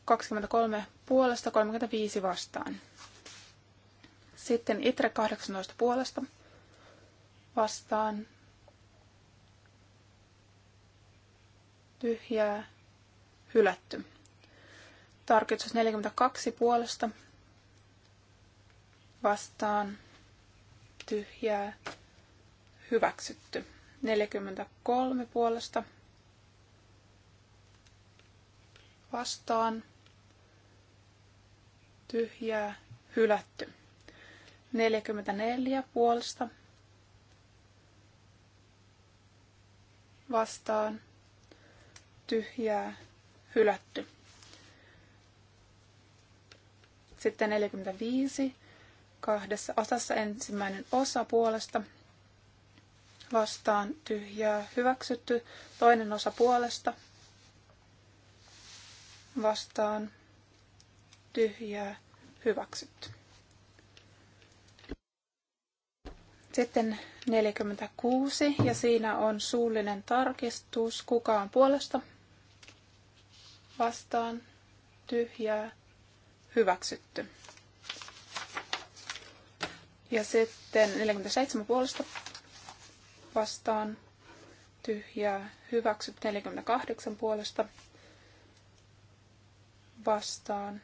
23 puolesta 35 vastaan. Sitten ITRE 18 puolesta vastaan tyhjää hylätty. Tarkistus 42 puolesta vastaan tyhjää hyväksytty. 43 puolesta vastaan tyhjää hylätty. 44 puolesta vastaan tyhjää hylätty. Sitten 45 kahdessa osassa ensimmäinen osa puolesta vastaan tyhjää hyväksytty, toinen osa puolesta vastaan tyhjää hyväksytty. Sitten 46 ja siinä on suullinen tarkistus. Kuka on puolesta? Vastaan. Tyhjää. Hyväksytty. Ja sitten 47 puolesta vastaan. Tyhjää. Hyväksytty 48 puolesta vastaan.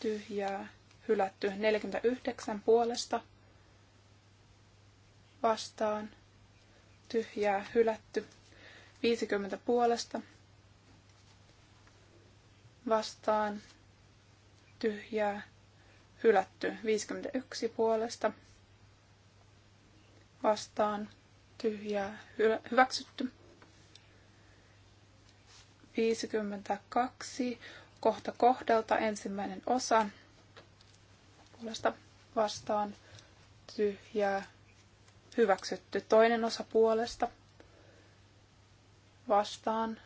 Tyhjää. Hylätty 49 puolesta vastaan, tyhjää, hylätty. 50 puolesta vastaan, tyhjää, hylätty. 51 puolesta vastaan, tyhjää, hyväksytty. 52 kohta kohdalta ensimmäinen osa puolesta vastaan tyhjää Hyväksytty. Toinen osa puolesta. Vastaan.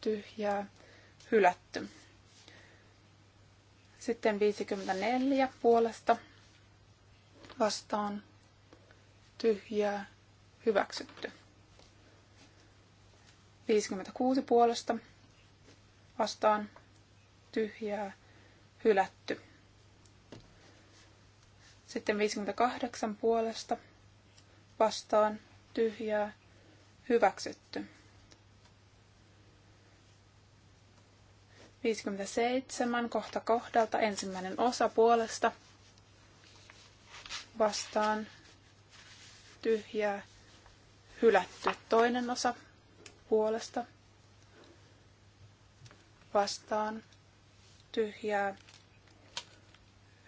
Tyhjää. Hylätty. Sitten 54 puolesta. Vastaan. Tyhjää. Hyväksytty. 56 puolesta. Vastaan. Tyhjää. Hylätty. Sitten 58 puolesta vastaan tyhjää hyväksytty. 57 kohta kohdalta ensimmäinen osa puolesta vastaan tyhjää hylätty toinen osa puolesta vastaan tyhjää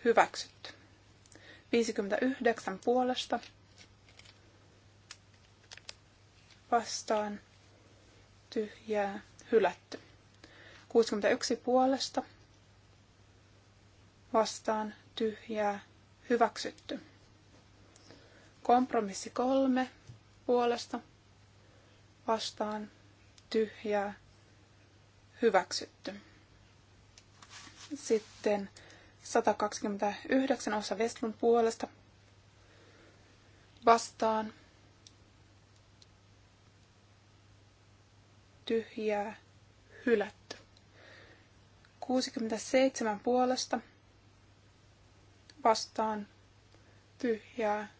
hyväksytty. 59 puolesta vastaan tyhjää hylätty. 61 puolesta vastaan tyhjää hyväksytty. Kompromissi kolme puolesta vastaan tyhjää hyväksytty. Sitten 129 osa Vestlun puolesta vastaan tyhjää, hylätty. 67 puolesta vastaan tyhjää,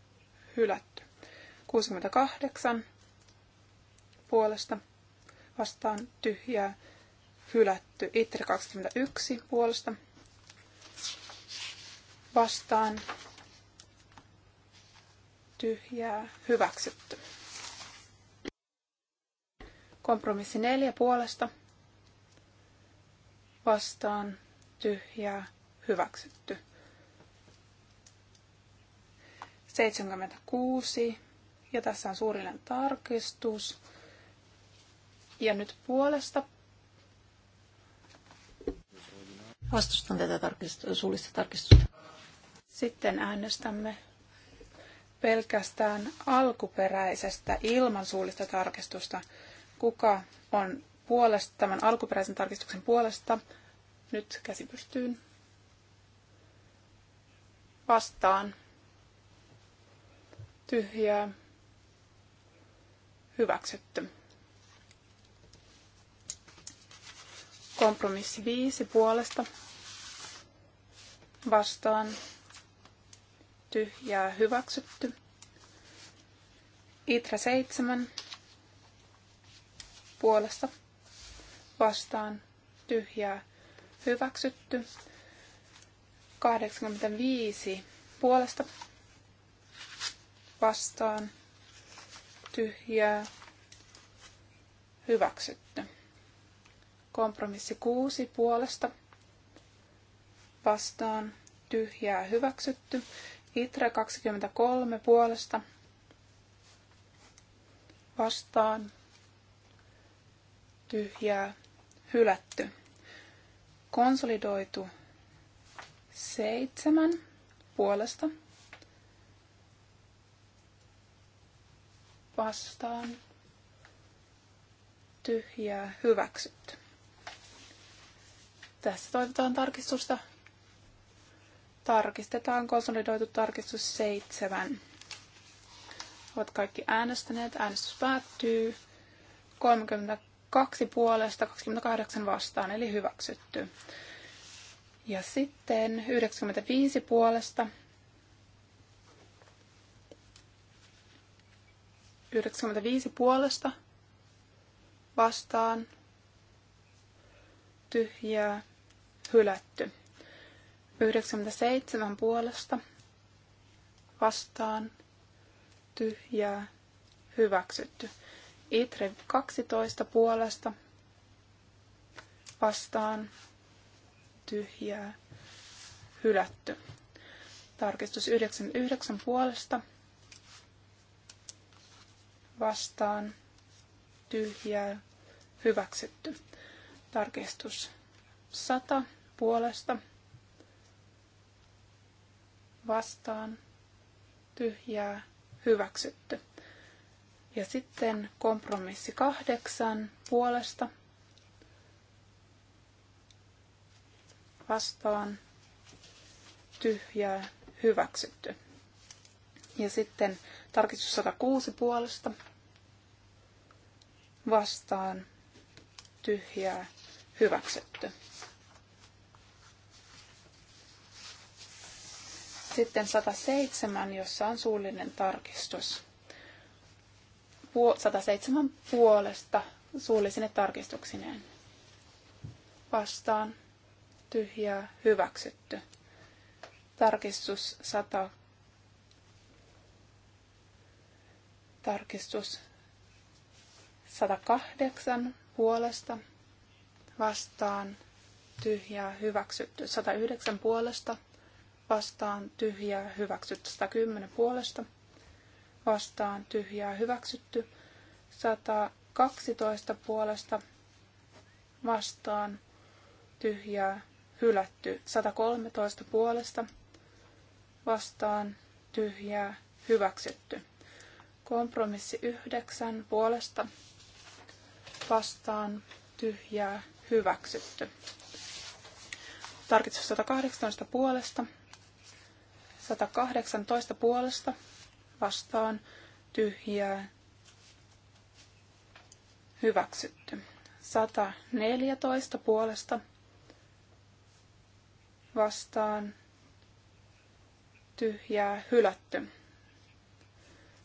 hylätty. 68 puolesta vastaan tyhjää, hylätty. Itre 21 puolesta vastaan tyhjää, hyväksytty. Kompromissi neljä puolesta vastaan tyhjää hyväksytty. 76 ja tässä on suurinen tarkistus. Ja nyt puolesta. Vastustan tätä tarkistu- suullista tarkistusta. Sitten äänestämme pelkästään alkuperäisestä ilman suullista tarkistusta Kuka on puolesta, tämän alkuperäisen tarkistuksen puolesta? Nyt käsi pystyyn. Vastaan. Tyhjää. Hyväksytty. Kompromissi viisi puolesta. Vastaan. Tyhjää hyväksytty. Itra seitsemän puolesta vastaan tyhjää hyväksytty. 85 puolesta vastaan tyhjää hyväksytty. Kompromissi 6 puolesta vastaan tyhjää hyväksytty. Itra 23 puolesta vastaan tyhjää, hylätty. Konsolidoitu seitsemän puolesta. Vastaan tyhjää hyväksytty. Tässä toivotaan tarkistusta. Tarkistetaan konsolidoitu tarkistus seitsemän. Ovat kaikki äänestäneet. Äänestys päättyy. 30 kaksi puolesta, 28 vastaan, eli hyväksytty. Ja sitten 95 puolesta. 95 puolesta vastaan tyhjää hylätty. 97 puolesta vastaan tyhjää hyväksytty. Itre 12 puolesta vastaan tyhjää hylätty. Tarkistus 99 puolesta vastaan tyhjää hyväksytty. Tarkistus 100 puolesta vastaan tyhjää hyväksytty. Ja sitten kompromissi kahdeksan puolesta vastaan tyhjää hyväksytty. Ja sitten tarkistus 106 puolesta vastaan tyhjää hyväksytty. Sitten 107, jossa on suullinen tarkistus. 107 puolesta suullisine tarkistuksineen. Vastaan tyhjää hyväksytty. Tarkistus 100. Tarkistus 108 puolesta vastaan tyhjää hyväksytty. 109 puolesta vastaan tyhjää hyväksytty. 110 puolesta vastaan tyhjää hyväksytty. 112 puolesta vastaan tyhjää hylätty. 113 puolesta vastaan tyhjää hyväksytty. Kompromissi 9 puolesta vastaan tyhjää hyväksytty. Tarkistus 118 puolesta, 118 puolesta vastaan tyhjää hyväksytty. 114 puolesta vastaan tyhjää hylätty.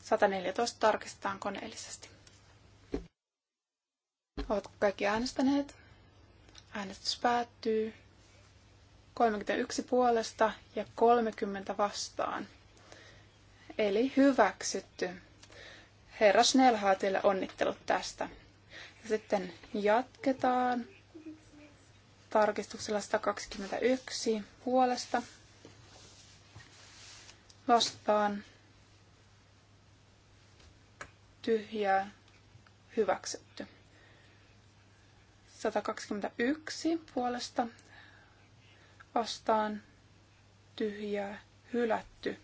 114 tarkistetaan koneellisesti. Oletko kaikki äänestäneet? Äänestys päättyy. 31 puolesta ja 30 vastaan. Eli hyväksytty. Herra Snellhaatille onnittelut tästä. Ja sitten jatketaan tarkistuksella 121 puolesta vastaan tyhjää hyväksytty. 121 puolesta vastaan tyhjää hylätty.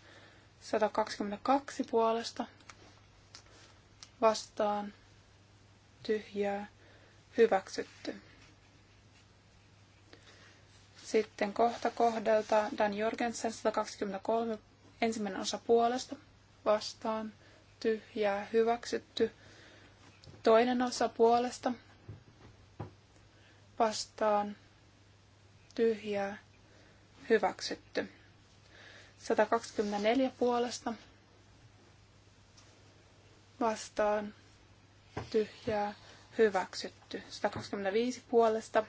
122 puolesta vastaan tyhjää hyväksytty. Sitten kohta kohdalta Dan Jorgensen 123 ensimmäinen osa puolesta vastaan tyhjää hyväksytty. Toinen osa puolesta vastaan tyhjää hyväksytty. 124 puolesta vastaan tyhjää hyväksytty. 125 puolesta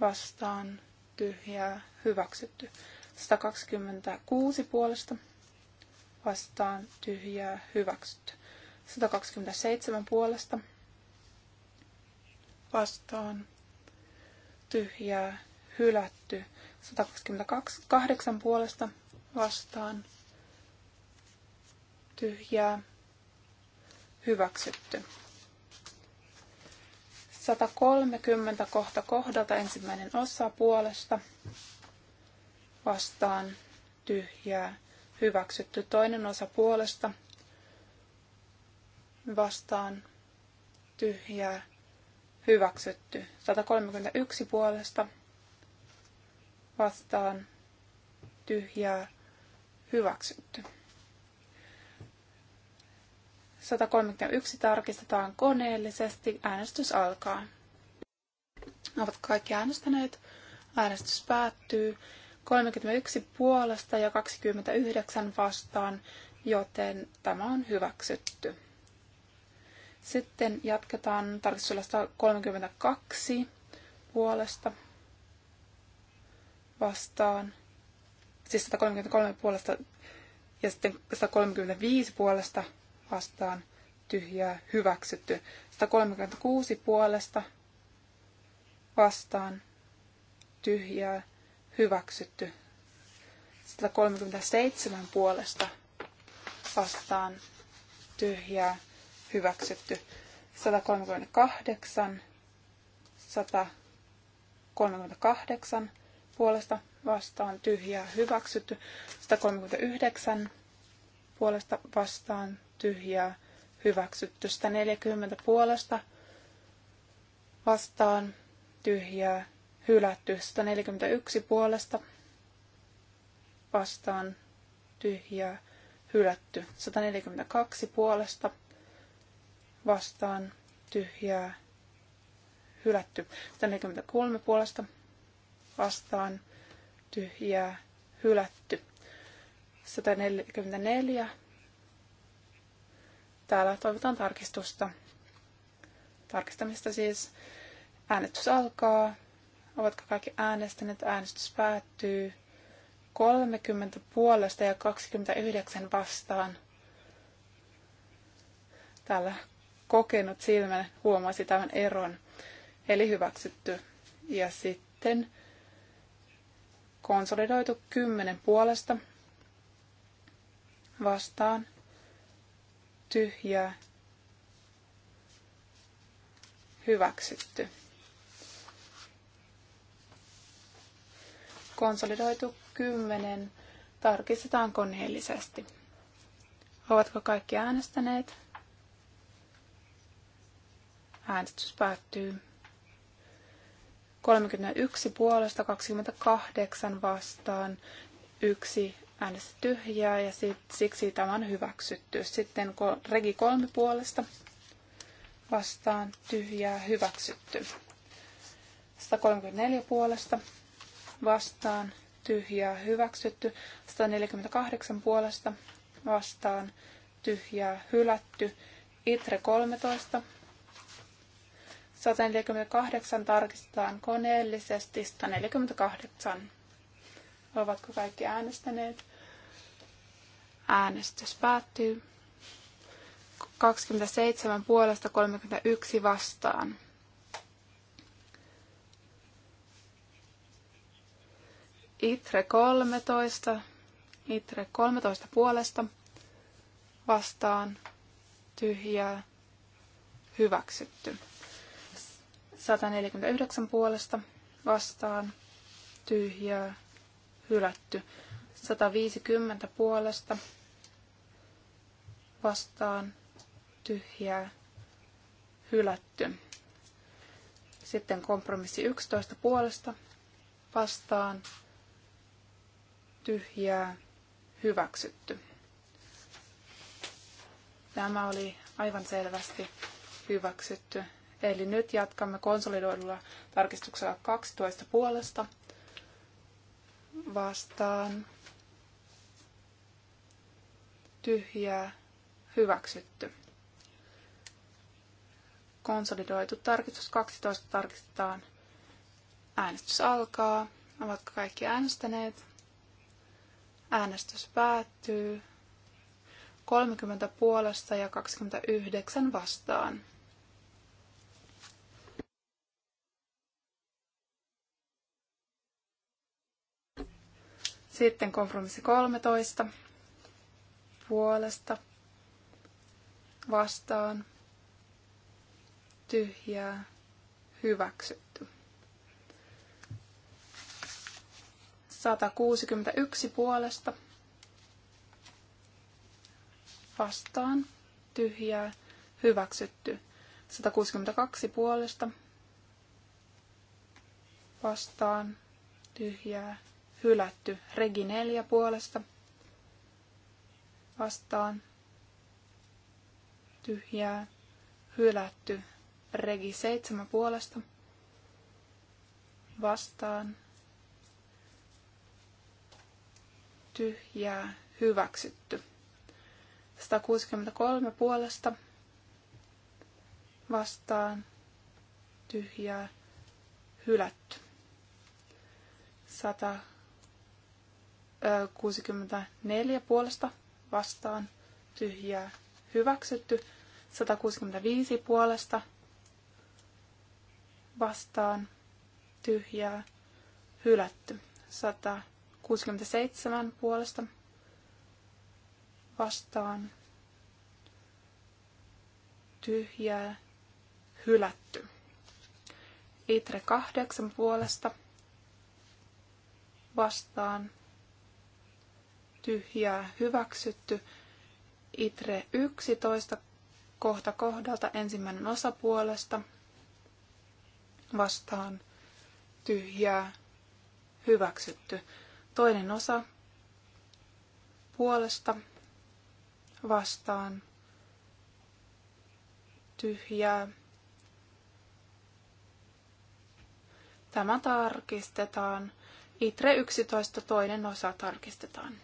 vastaan tyhjää hyväksytty. 126 puolesta vastaan tyhjää hyväksytty. 127 puolesta vastaan tyhjää hylätty. 128 puolesta vastaan tyhjää hyväksytty. 130 kohta kohdalta ensimmäinen osa puolesta vastaan tyhjää hyväksytty. Toinen osa puolesta vastaan tyhjää hyväksytty. 131 puolesta vastaan tyhjää hyväksytty. 131 tarkistetaan koneellisesti. Äänestys alkaa. Ovat kaikki äänestäneet. Äänestys päättyy. 31 puolesta ja 29 vastaan, joten tämä on hyväksytty. Sitten jatketaan tarkistuslasta 32 puolesta vastaan, siis 133 puolesta ja sitten 135 puolesta vastaan tyhjää hyväksytty. 136 puolesta vastaan tyhjää hyväksytty. 137 puolesta vastaan tyhjää hyväksytty. 138, 138 puolesta vastaan tyhjää hyväksytty. 139 puolesta vastaan tyhjää hyväksytty. 140 puolesta vastaan tyhjää hylätty. 141 puolesta vastaan tyhjää hylätty. 142 puolesta vastaan tyhjää hylätty. 143 puolesta vastaan tyhjää hylätty. 144. Täällä toivotaan tarkistusta. Tarkistamista siis. Äänestys alkaa. Ovatko kaikki äänestäneet? Äänestys päättyy. 30 puolesta ja 29 vastaan. Täällä kokenut silmän huomasi tämän eron. Eli hyväksytty. Ja sitten Konsolidoitu kymmenen puolesta vastaan tyhjää hyväksytty. Konsolidoitu kymmenen tarkistetaan koneellisesti. Ovatko kaikki äänestäneet? Äänestys päättyy. 31 puolesta 28 vastaan, yksi äänesti tyhjää ja sit, siksi tämä on hyväksytty. Sitten regi 3 puolesta vastaan tyhjää hyväksytty. 134 puolesta vastaan tyhjää hyväksytty. 148 puolesta vastaan tyhjää hylätty. Itre 13 148 tarkistetaan koneellisesti. 148. Ovatko kaikki äänestäneet? Äänestys päättyy. 27 puolesta 31 vastaan. Itre 13. Itre 13 puolesta vastaan tyhjää hyväksytty. 149 puolesta vastaan tyhjää hylätty. 150 puolesta vastaan tyhjää hylätty. Sitten kompromissi 11 puolesta vastaan tyhjää hyväksytty. Tämä oli aivan selvästi hyväksytty. Eli nyt jatkamme konsolidoidulla tarkistuksella 12 puolesta vastaan tyhjää hyväksytty. Konsolidoitu tarkistus 12 tarkistetaan. Äänestys alkaa. Ovatko kaikki äänestäneet? Äänestys päättyy. 30 puolesta ja 29 vastaan. Sitten kompromissi 13 puolesta vastaan tyhjää hyväksytty. 161 puolesta vastaan tyhjää hyväksytty. 162 puolesta vastaan tyhjää hylätty. Regi 4 puolesta vastaan tyhjää hylätty. Regi 7 puolesta vastaan tyhjää hyväksytty. 163 puolesta vastaan tyhjää hylätty. 100 64 puolesta vastaan tyhjää hyväksytty. 165 puolesta vastaan tyhjää hylätty. 167 puolesta vastaan tyhjää hylätty. Itre kahdeksan puolesta vastaan tyhjää hyväksytty. Itre 11 kohta kohdalta ensimmäinen osa puolesta vastaan tyhjää hyväksytty. Toinen osa puolesta vastaan tyhjää. Tämä tarkistetaan. Itre 11 toinen osa tarkistetaan.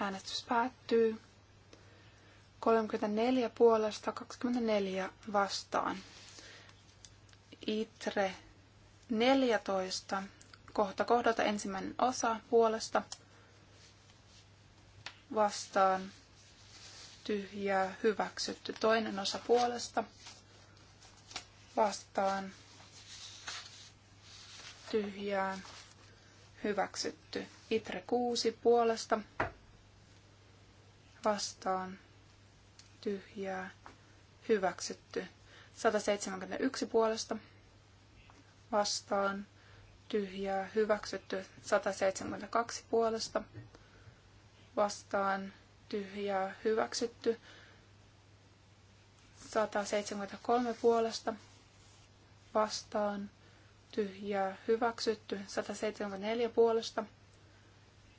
Äänestys päättyy. 34 puolesta 24 vastaan. Itre 14. Kohta kohdalta ensimmäinen osa puolesta vastaan tyhjää hyväksytty. Toinen osa puolesta vastaan tyhjää hyväksytty. Itre 6 puolesta vastaan tyhjää hyväksytty. 171 puolesta vastaan tyhjää hyväksytty. 172 puolesta vastaan tyhjää hyväksytty. 173 puolesta vastaan tyhjää hyväksytty. 174 puolesta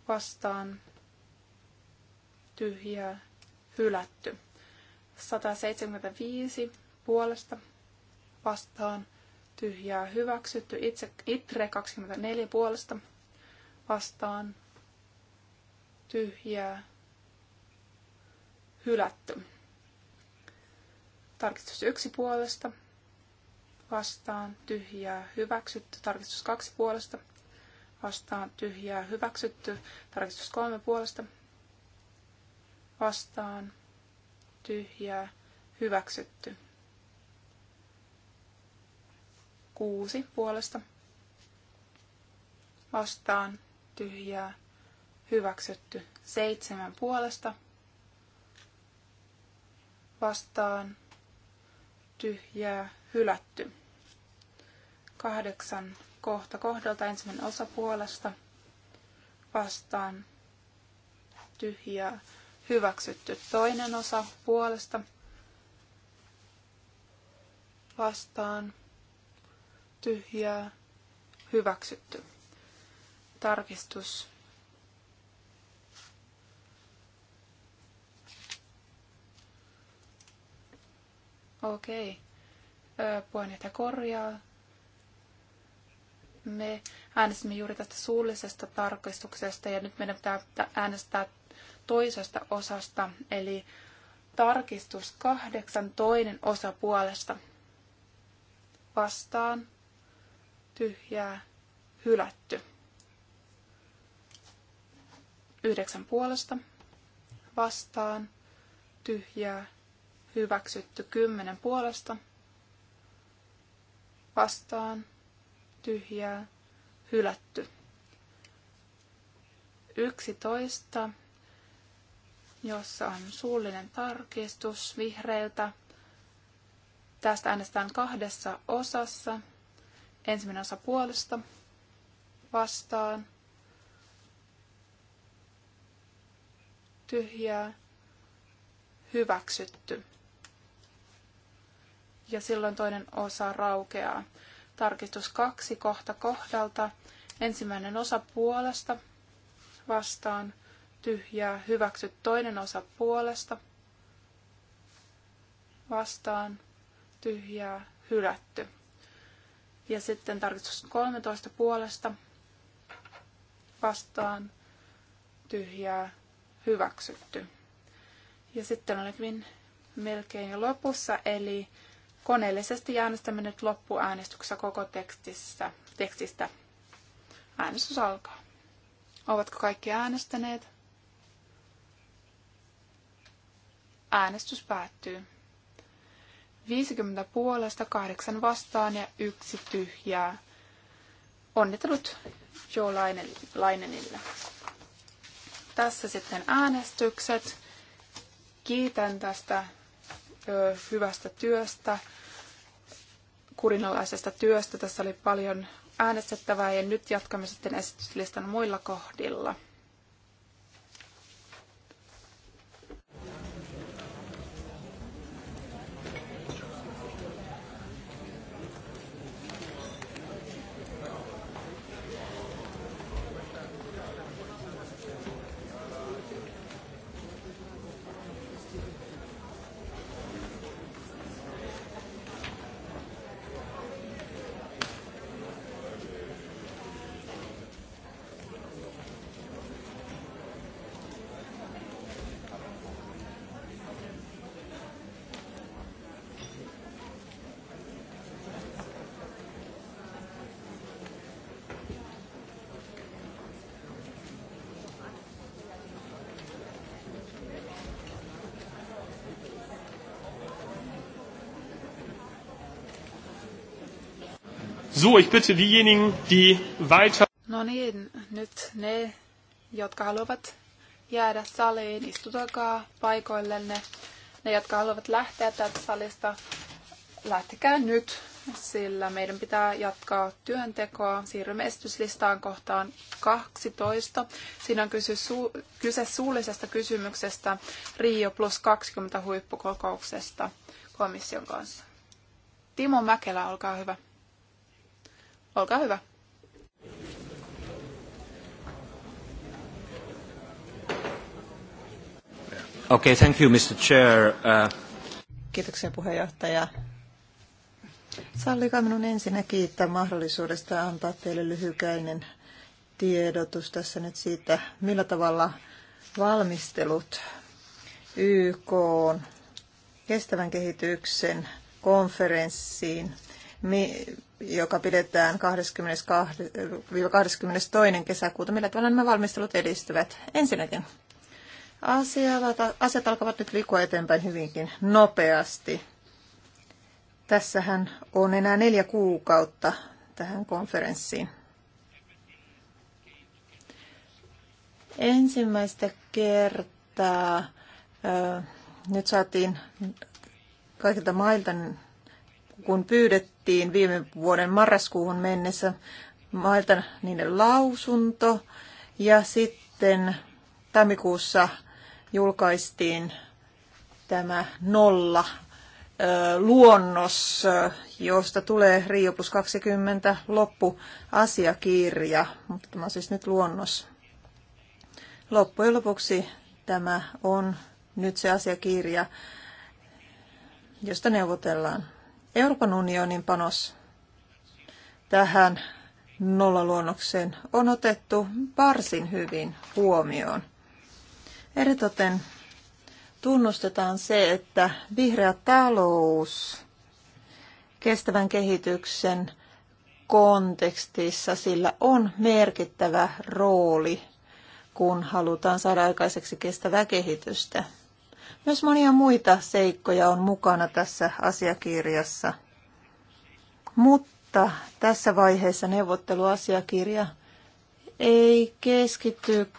vastaan tyhjää hylätty. 175 puolesta vastaan tyhjää hyväksytty. Itse, itre 24 puolesta vastaan tyhjää hylätty. Tarkistus yksi puolesta vastaan tyhjää hyväksytty. Tarkistus kaksi puolesta vastaan tyhjää hyväksytty. Tarkistus kolme puolesta vastaan tyhjää hyväksytty. Kuusi puolesta vastaan tyhjää hyväksytty. Seitsemän puolesta vastaan tyhjää hylätty. Kahdeksan kohta kohdalta ensimmäinen osa puolesta vastaan tyhjää hyväksytty. Toinen osa puolesta vastaan tyhjää hyväksytty. Tarkistus. Okei. Puheenjohtaja korjaa. Me äänestimme juuri tästä suullisesta tarkistuksesta ja nyt meidän pitää äänestää toisesta osasta, eli tarkistus kahdeksan toinen osa puolesta. Vastaan, tyhjää, hylätty. Yhdeksän puolesta, vastaan, tyhjää, hyväksytty. Kymmenen puolesta, vastaan, tyhjää, hylätty. Yksitoista jossa on suullinen tarkistus vihreiltä. Tästä äänestetään kahdessa osassa. Ensimmäinen osa puolesta vastaan. Tyhjää. Hyväksytty. Ja silloin toinen osa raukeaa. Tarkistus kaksi kohta kohdalta. Ensimmäinen osa puolesta vastaan tyhjää, hyväksy toinen osa puolesta, vastaan, tyhjää, hylätty. Ja sitten tarkistus 13 puolesta, vastaan, tyhjää, hyväksytty. Ja sitten olemme melkein jo lopussa, eli koneellisesti äänestämme nyt loppuäänestyksessä koko tekstissä, tekstistä. Äänestys alkaa. Ovatko kaikki äänestäneet? Äänestys päättyy. 50 puolesta, 8 vastaan ja yksi tyhjää. Onnittelut Jo Lainenille. Tässä sitten äänestykset. Kiitän tästä ö, hyvästä työstä, kurinalaisesta työstä. Tässä oli paljon äänestettävää ja nyt jatkamme sitten esityslistan muilla kohdilla. So, ich bitte diejenigen, die weiter... No niin, nyt ne, jotka haluavat jäädä saliin, istutakaa paikoillenne. Ne, jotka haluavat lähteä tästä salista, lähtekää nyt, sillä meidän pitää jatkaa työntekoa. Siirrymme esityslistaan kohtaan 12. Siinä on kyse, su- kyse suullisesta kysymyksestä Rio plus 20 huippukokouksesta komission kanssa. Timo Mäkelä, olkaa hyvä. Olkaa hyvä. Okay, thank you, Mr. Chair. Uh... Kiitoksia puheenjohtaja. Sallikaa minun ensinnä kiittää mahdollisuudesta antaa teille lyhykäinen tiedotus tässä nyt siitä, millä tavalla valmistelut YK kestävän kehityksen konferenssiin joka pidetään 20-22. kesäkuuta. Millä tavalla nämä valmistelut edistyvät? Ensinnäkin asiat, asiat alkavat nyt liikkua eteenpäin hyvinkin nopeasti. Tässähän on enää neljä kuukautta tähän konferenssiin. Ensimmäistä kertaa nyt saatiin kaikilta mailta kun pyydettiin viime vuoden marraskuuhun mennessä mailta niiden lausunto ja sitten tammikuussa julkaistiin tämä nolla luonnos, josta tulee Rio plus 20 loppuasiakirja, mutta tämä on siis nyt luonnos. Loppujen lopuksi tämä on nyt se asiakirja, josta neuvotellaan. Euroopan unionin panos tähän nollaluonnokseen on otettu varsin hyvin huomioon. Eritoten tunnustetaan se, että vihreä talous kestävän kehityksen kontekstissa sillä on merkittävä rooli, kun halutaan saada aikaiseksi kestävää kehitystä. Myös monia muita seikkoja on mukana tässä asiakirjassa. Mutta tässä vaiheessa neuvotteluasiakirja ei keskity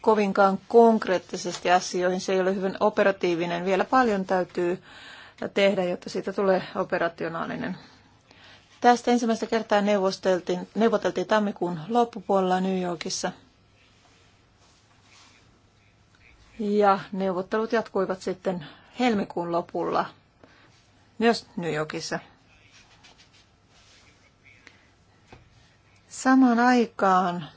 kovinkaan konkreettisesti asioihin. Se ei ole hyvin operatiivinen. Vielä paljon täytyy tehdä, jotta siitä tulee operationaalinen. Tästä ensimmäistä kertaa neuvoteltiin, tammikuun loppupuolella New Yorkissa. Ja neuvottelut jatkuivat sitten helmikuun lopulla myös New Yorkissa. Samaan aikaan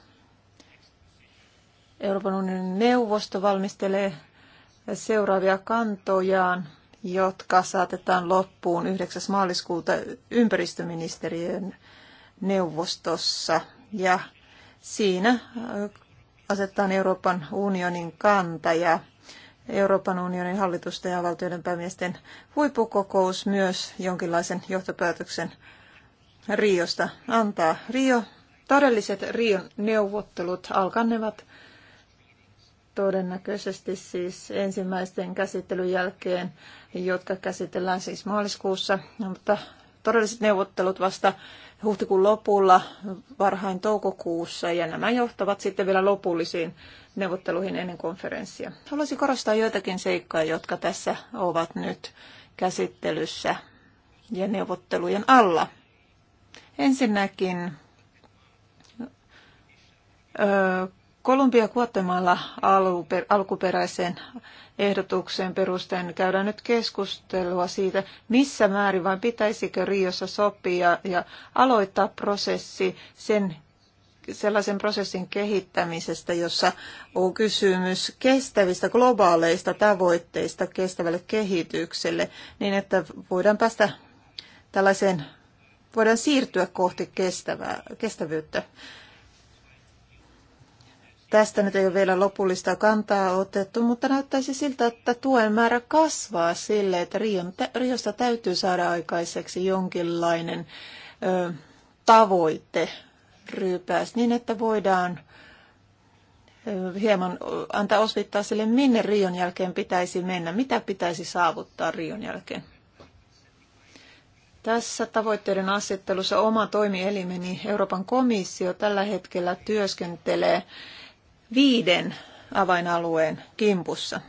Euroopan unionin neuvosto valmistelee seuraavia kantojaan, jotka saatetaan loppuun 9. maaliskuuta ympäristöministeriön neuvostossa. Ja siinä Asettaa Euroopan unionin kanta ja Euroopan unionin hallitusten ja valtioiden päämiesten huippukokous myös jonkinlaisen johtopäätöksen Riosta antaa. Rio, todelliset Rion neuvottelut alkanevat todennäköisesti siis ensimmäisten käsittelyn jälkeen, jotka käsitellään siis maaliskuussa, mutta todelliset neuvottelut vasta huhtikuun lopulla, varhain toukokuussa, ja nämä johtavat sitten vielä lopullisiin neuvotteluihin ennen konferenssia. Haluaisin korostaa joitakin seikkoja, jotka tässä ovat nyt käsittelyssä ja neuvottelujen alla. Ensinnäkin Kolumbia Guatemala alkuperäiseen ehdotukseen perusteen käydään nyt keskustelua siitä, missä määrin vai pitäisikö Riossa sopia ja aloittaa prosessi sen sellaisen prosessin kehittämisestä, jossa on kysymys kestävistä globaaleista tavoitteista kestävälle kehitykselle, niin että voidaan päästä tällaiseen, voidaan siirtyä kohti kestävää, kestävyyttä. Tästä nyt ei ole vielä lopullista kantaa otettu, mutta näyttäisi siltä, että tuen määrä kasvaa sille, että Riosta täytyy saada aikaiseksi jonkinlainen ö, tavoite ryypääs niin, että voidaan hieman antaa osvittaa sille, minne Rion jälkeen pitäisi mennä, mitä pitäisi saavuttaa Rion jälkeen. Tässä tavoitteiden asettelussa oma toimielimeni Euroopan komissio tällä hetkellä työskentelee viiden avainalueen kimpussa,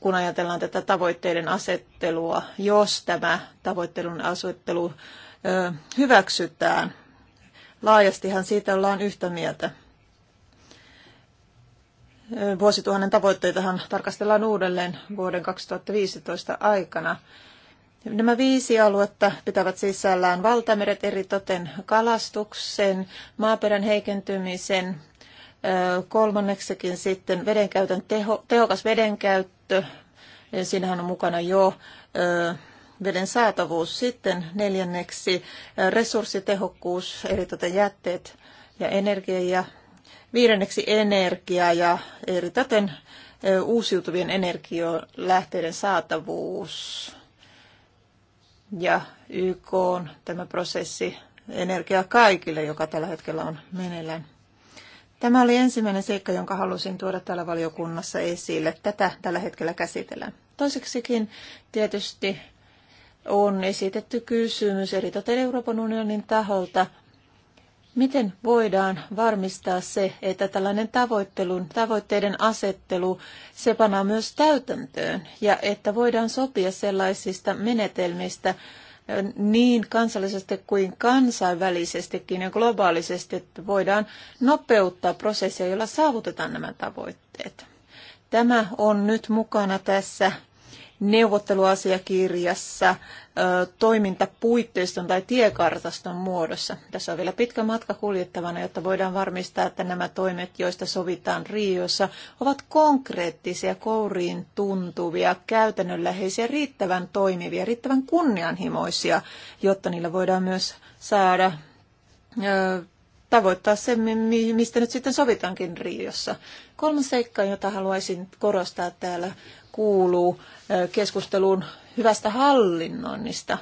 kun ajatellaan tätä tavoitteiden asettelua, jos tämä tavoitteiden asettelu hyväksytään. Laajastihan siitä ollaan yhtä mieltä. Vuosituhannen tavoitteitahan tarkastellaan uudelleen vuoden 2015 aikana. Nämä viisi aluetta pitävät sisällään valtameret eritoten kalastuksen, maaperän heikentymisen, kolmanneksikin sitten vedenkäytön teho, tehokas vedenkäyttö, siinähän on mukana jo veden saatavuus sitten, neljänneksi resurssitehokkuus, eritoten jätteet ja energia ja viidenneksi energia ja eritoten uusiutuvien energialähteiden saatavuus ja YK on tämä prosessi Energia kaikille, joka tällä hetkellä on meneillään. Tämä oli ensimmäinen seikka, jonka halusin tuoda täällä valiokunnassa esille. Tätä tällä hetkellä käsitellään. Toiseksikin tietysti on esitetty kysymys eri Euroopan unionin taholta – Miten voidaan varmistaa se, että tällainen tavoittelun, tavoitteiden asettelu se panaa myös täytäntöön ja että voidaan sopia sellaisista menetelmistä niin kansallisesti kuin kansainvälisestikin ja globaalisesti, että voidaan nopeuttaa prosessia, jolla saavutetaan nämä tavoitteet. Tämä on nyt mukana tässä neuvotteluasiakirjassa, toimintapuitteiston tai tiekartaston muodossa. Tässä on vielä pitkä matka kuljettavana, jotta voidaan varmistaa, että nämä toimet, joista sovitaan Riossa, ovat konkreettisia, kouriin tuntuvia, käytännönläheisiä, riittävän toimivia, riittävän kunnianhimoisia, jotta niillä voidaan myös saada tavoittaa se, mistä nyt sitten sovitankin Riossa. Kolmas seikka, jota haluaisin korostaa täällä, kuuluu keskusteluun hyvästä hallinnoinnista.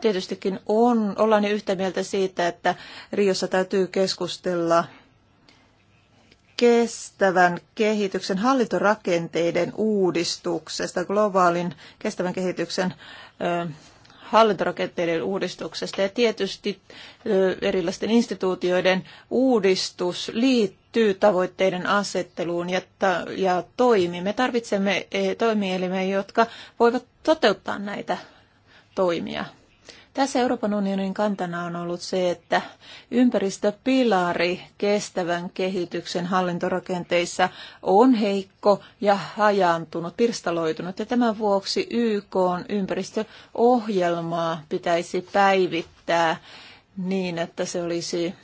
Tietystikin on, ollaan jo yhtä mieltä siitä, että Riossa täytyy keskustella kestävän kehityksen hallintorakenteiden uudistuksesta, globaalin kestävän kehityksen ö, hallintorakenteiden uudistuksesta ja tietysti erilaisten instituutioiden uudistus liittyy tavoitteiden asetteluun ja, ta- ja toimiin. Me tarvitsemme e, toimielimiä, jotka voivat toteuttaa näitä toimia. Tässä Euroopan unionin kantana on ollut se, että ympäristöpilari kestävän kehityksen hallintorakenteissa on heikko ja hajaantunut, pirstaloitunut. Ja tämän vuoksi YK on ympäristöohjelmaa pitäisi päivittää niin, että se olisi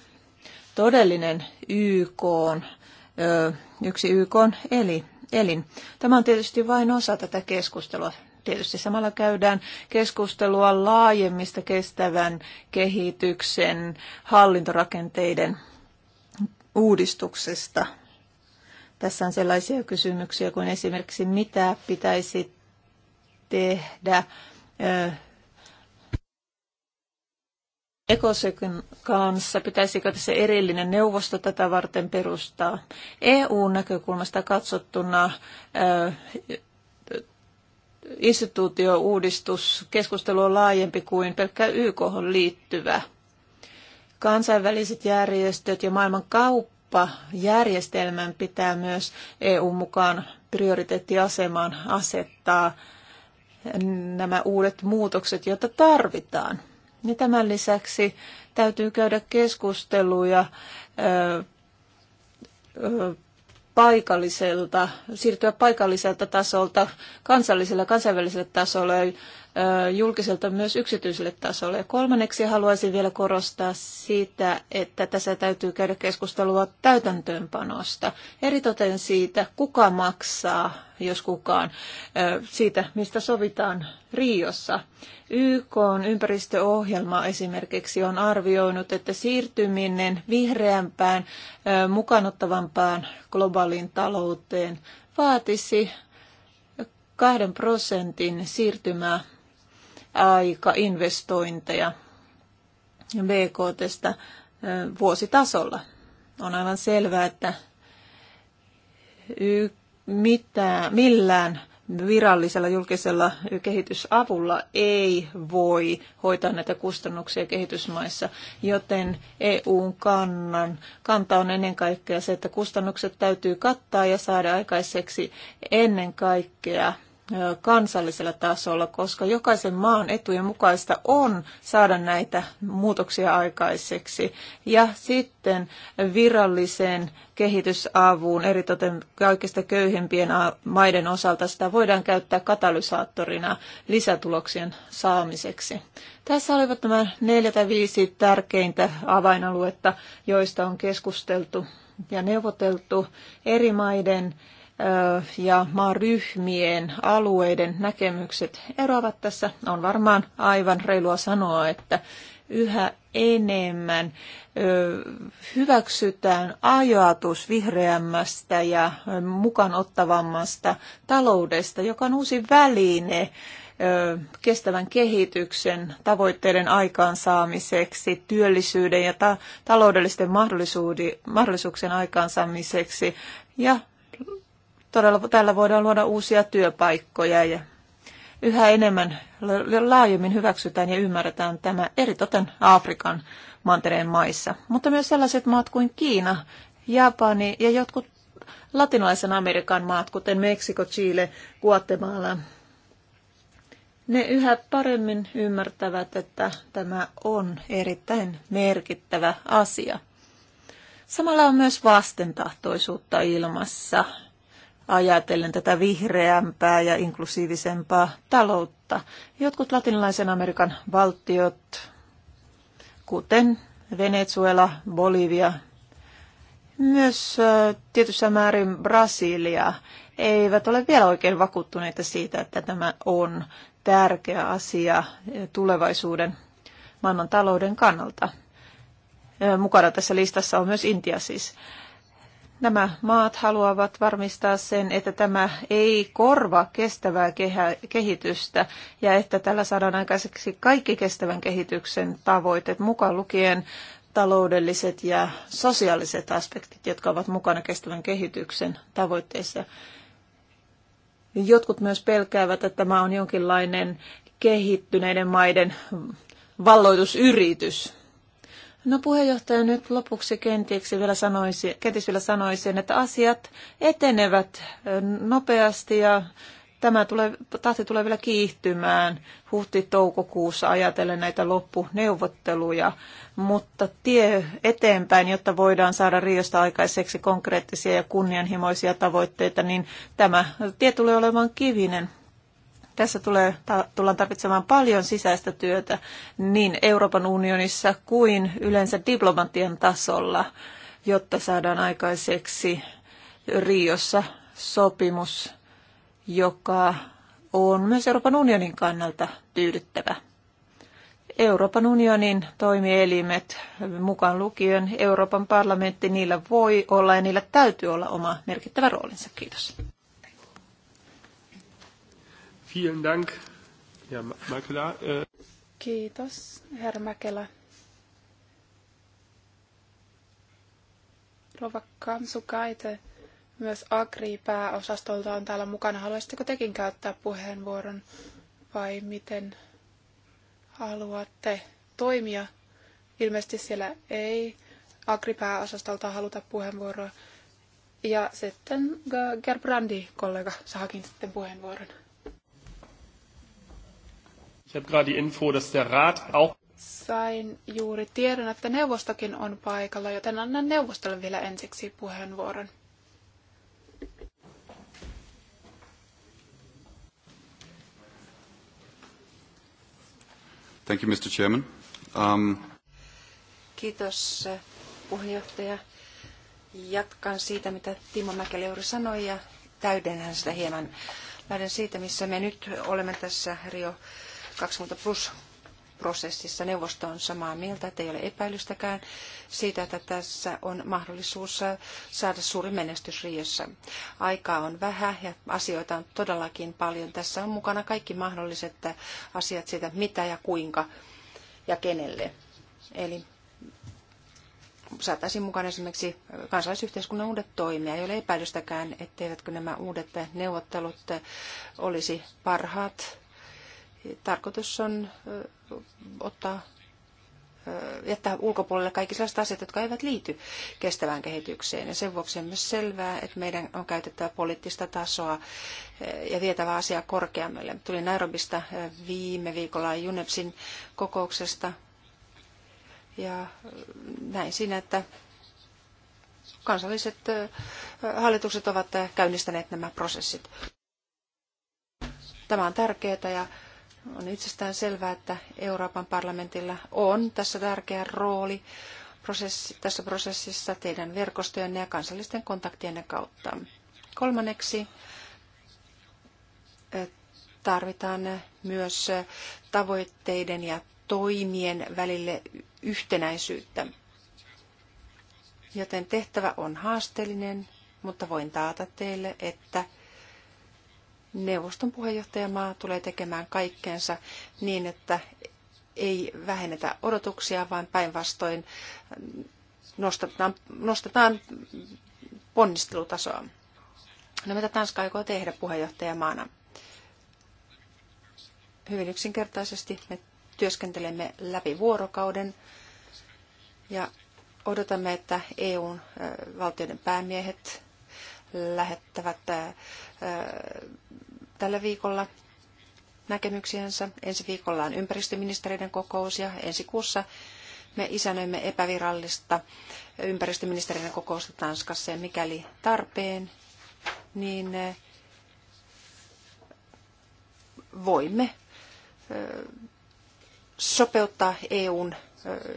todellinen YK yksi YK eli, elin. Tämä on tietysti vain osa tätä keskustelua. Tietysti samalla käydään keskustelua laajemmista kestävän kehityksen hallintorakenteiden uudistuksesta. Tässä on sellaisia kysymyksiä kuin esimerkiksi mitä pitäisi tehdä Ekosekin kanssa, pitäisikö tässä erillinen neuvosto tätä varten perustaa? EU-näkökulmasta katsottuna keskustelu on laajempi kuin pelkkä YK liittyvä. Kansainväliset järjestöt ja maailman järjestelmän pitää myös EU mukaan prioriteettiasemaan asettaa nämä uudet muutokset, joita tarvitaan. Ja tämän lisäksi täytyy käydä keskusteluja paikalliselta, siirtyä paikalliselta tasolta kansalliselle ja kansainväliselle tasolle julkiselta myös yksityiselle tasolle. Ja kolmanneksi haluaisin vielä korostaa sitä, että tässä täytyy käydä keskustelua täytäntöönpanosta. Eritoten siitä, kuka maksaa, jos kukaan, siitä, mistä sovitaan Riossa. YK on ympäristöohjelma esimerkiksi on arvioinut, että siirtyminen vihreämpään, mukanottavampaan globaaliin talouteen vaatisi kahden prosentin siirtymää aika investointeja BKT vuositasolla. On aivan selvää, että mitään, millään virallisella julkisella kehitysavulla ei voi hoitaa näitä kustannuksia kehitysmaissa, joten EUn kannan, kanta on ennen kaikkea se, että kustannukset täytyy kattaa ja saada aikaiseksi ennen kaikkea kansallisella tasolla, koska jokaisen maan etujen mukaista on saada näitä muutoksia aikaiseksi. Ja sitten viralliseen kehitysavuun, eritoten kaikista köyhempien maiden osalta, sitä voidaan käyttää katalysaattorina lisätuloksien saamiseksi. Tässä olivat nämä neljä tai viisi tärkeintä avainaluetta, joista on keskusteltu ja neuvoteltu eri maiden ja maaryhmien alueiden näkemykset eroavat tässä. On varmaan aivan reilua sanoa, että yhä enemmän hyväksytään ajatus vihreämmästä ja mukaan ottavammasta taloudesta, joka on uusi väline kestävän kehityksen tavoitteiden aikaansaamiseksi, työllisyyden ja ta- taloudellisten mahdollisuuksien aikaansaamiseksi ja todella tällä voidaan luoda uusia työpaikkoja ja yhä enemmän laajemmin hyväksytään ja ymmärretään tämä eritoten Afrikan mantereen maissa, mutta myös sellaiset maat kuin Kiina, Japani ja jotkut latinalaisen Amerikan maat, kuten Meksiko, Chile, Guatemala. Ne yhä paremmin ymmärtävät, että tämä on erittäin merkittävä asia. Samalla on myös vastentahtoisuutta ilmassa ajatellen tätä vihreämpää ja inklusiivisempaa taloutta. Jotkut latinalaisen Amerikan valtiot, kuten Venezuela, Bolivia, myös tietyssä määrin Brasilia, eivät ole vielä oikein vakuuttuneita siitä, että tämä on tärkeä asia tulevaisuuden maailman talouden kannalta. Mukana tässä listassa on myös Intia siis. Nämä maat haluavat varmistaa sen, että tämä ei korva kestävää kehitystä ja että tällä saadaan aikaiseksi kaikki kestävän kehityksen tavoitteet, mukaan lukien taloudelliset ja sosiaaliset aspektit, jotka ovat mukana kestävän kehityksen tavoitteissa. Jotkut myös pelkäävät, että tämä on jonkinlainen kehittyneiden maiden valloitusyritys. No puheenjohtaja nyt lopuksi kenties vielä, sanoisi, kenties vielä sanoisin, että asiat etenevät nopeasti ja tämä tulee, tahti tulee vielä kiihtymään huhti-toukokuussa ajatellen näitä loppuneuvotteluja, mutta tie eteenpäin, jotta voidaan saada Riosta aikaiseksi konkreettisia ja kunnianhimoisia tavoitteita, niin tämä tie tulee olemaan kivinen tässä tulee, ta, tullaan tarvitsemaan paljon sisäistä työtä niin Euroopan unionissa kuin yleensä diplomatian tasolla, jotta saadaan aikaiseksi Riossa sopimus, joka on myös Euroopan unionin kannalta tyydyttävä. Euroopan unionin toimielimet, mukaan lukien Euroopan parlamentti, niillä voi olla ja niillä täytyy olla oma merkittävä roolinsa. Kiitos. Vielen Dank, äh, Kiitos, herra Mäkelä. Rova Kansu myös Agri-pääosastolta on täällä mukana. Haluaisitteko tekin käyttää puheenvuoron vai miten haluatte toimia? Ilmeisesti siellä ei Agri-pääosastolta haluta puheenvuoroa. Ja sitten Gerbrandi kollega saakin sitten puheenvuoron. Ich habe gerade die Info, dass der Rat auch Sain juuri tiedon, että neuvostokin on paikalla, joten annan neuvostolle vielä ensiksi puheenvuoron. Thank you, Mr. Chairman. Um... Kiitos puheenjohtaja. Jatkan siitä, mitä Timo Mäkelä juuri sanoi ja täydennän sitä hieman. Lähden siitä, missä me nyt olemme tässä Rio 20 plus prosessissa neuvosto on samaa mieltä, että ei ole epäilystäkään siitä, että tässä on mahdollisuus saada suuri menestys Riossa. Aikaa on vähän ja asioita on todellakin paljon. Tässä on mukana kaikki mahdolliset asiat siitä, mitä ja kuinka ja kenelle. Eli saataisiin mukaan esimerkiksi kansalaisyhteiskunnan uudet toimia. Ei ole epäilystäkään, etteivätkö nämä uudet neuvottelut olisi parhaat Tarkoitus on ottaa jättää ulkopuolelle kaikki sellaiset asiat, jotka eivät liity kestävään kehitykseen. Ja sen vuoksi on myös selvää, että meidän on käytettävä poliittista tasoa ja vietävä asia korkeammalle. Tuli Nairobista viime viikolla UNEPSin kokouksesta ja näin siinä, että kansalliset hallitukset ovat käynnistäneet nämä prosessit. Tämä on tärkeää ja on itsestään selvää, että Euroopan parlamentilla on tässä tärkeä rooli prosessi, tässä prosessissa teidän verkostojenne ja kansallisten kontaktienne kautta. Kolmanneksi eh, tarvitaan myös tavoitteiden ja toimien välille yhtenäisyyttä. Joten tehtävä on haasteellinen, mutta voin taata teille, että neuvoston puheenjohtajamaa tulee tekemään kaikkensa niin, että ei vähennetä odotuksia, vaan päinvastoin nostetaan, nostetaan ponnistelutasoa. No mitä Tanska aikoo tehdä puheenjohtajamaana? Hyvin yksinkertaisesti me työskentelemme läpi vuorokauden ja odotamme, että EUn valtioiden päämiehet lähettävät äh, äh, tällä viikolla näkemyksiänsä. Ensi viikolla on ympäristöministeriöiden kokous ja ensi kuussa me isännöimme epävirallista ympäristöministeriöiden kokousta Tanskassa ja mikäli tarpeen, niin äh, voimme sopeuttaa EUn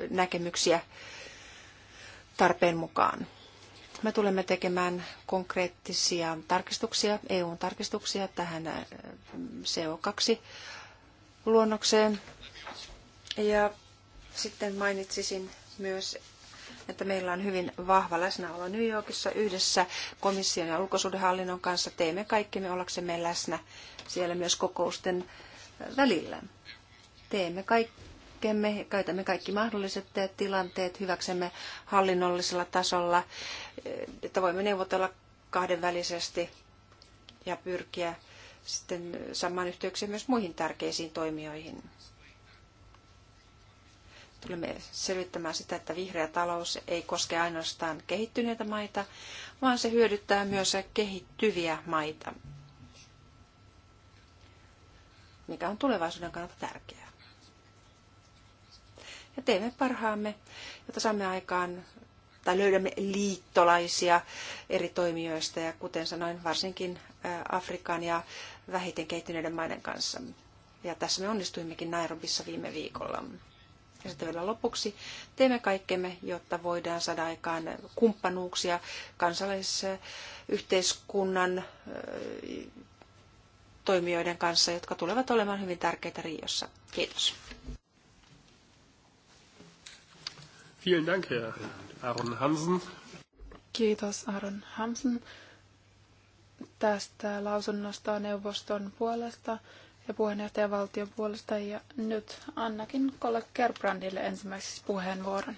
näkemyksiä tarpeen mukaan. Me tulemme tekemään konkreettisia tarkistuksia, EU-tarkistuksia tähän äh, CO2-luonnokseen. Ja sitten mainitsisin myös, että meillä on hyvin vahva läsnäolo New Yorkissa yhdessä komission ja ulkosuudenhallinnon kanssa. Teemme kaikkemme ollaksemme läsnä siellä myös kokousten välillä. Teemme kaikki kaikkemme, käytämme kaikki mahdolliset tilanteet hyväksemme hallinnollisella tasolla, että voimme neuvotella kahdenvälisesti ja pyrkiä sitten samaan yhteyksiä myös muihin tärkeisiin toimijoihin. Tulemme selvittämään sitä, että vihreä talous ei koske ainoastaan kehittyneitä maita, vaan se hyödyttää myös kehittyviä maita, mikä on tulevaisuuden kannalta tärkeää ja teemme parhaamme, jotta saamme aikaan tai löydämme liittolaisia eri toimijoista ja kuten sanoin, varsinkin Afrikan ja vähiten kehittyneiden maiden kanssa. Ja tässä me onnistuimmekin Nairobissa viime viikolla. Ja sitten vielä lopuksi teemme kaikkemme, jotta voidaan saada aikaan kumppanuuksia kansalaisyhteiskunnan toimijoiden kanssa, jotka tulevat olemaan hyvin tärkeitä Riossa. Kiitos. Vielen Dank, Herr Aaron Hansen. Kiitos Aaron Hansen tästä lausunnosta neuvoston puolesta ja puheenjohtajavaltion puolesta. Ja nyt annakin kollega Kerbrandille ensimmäiseksi puheenvuoron.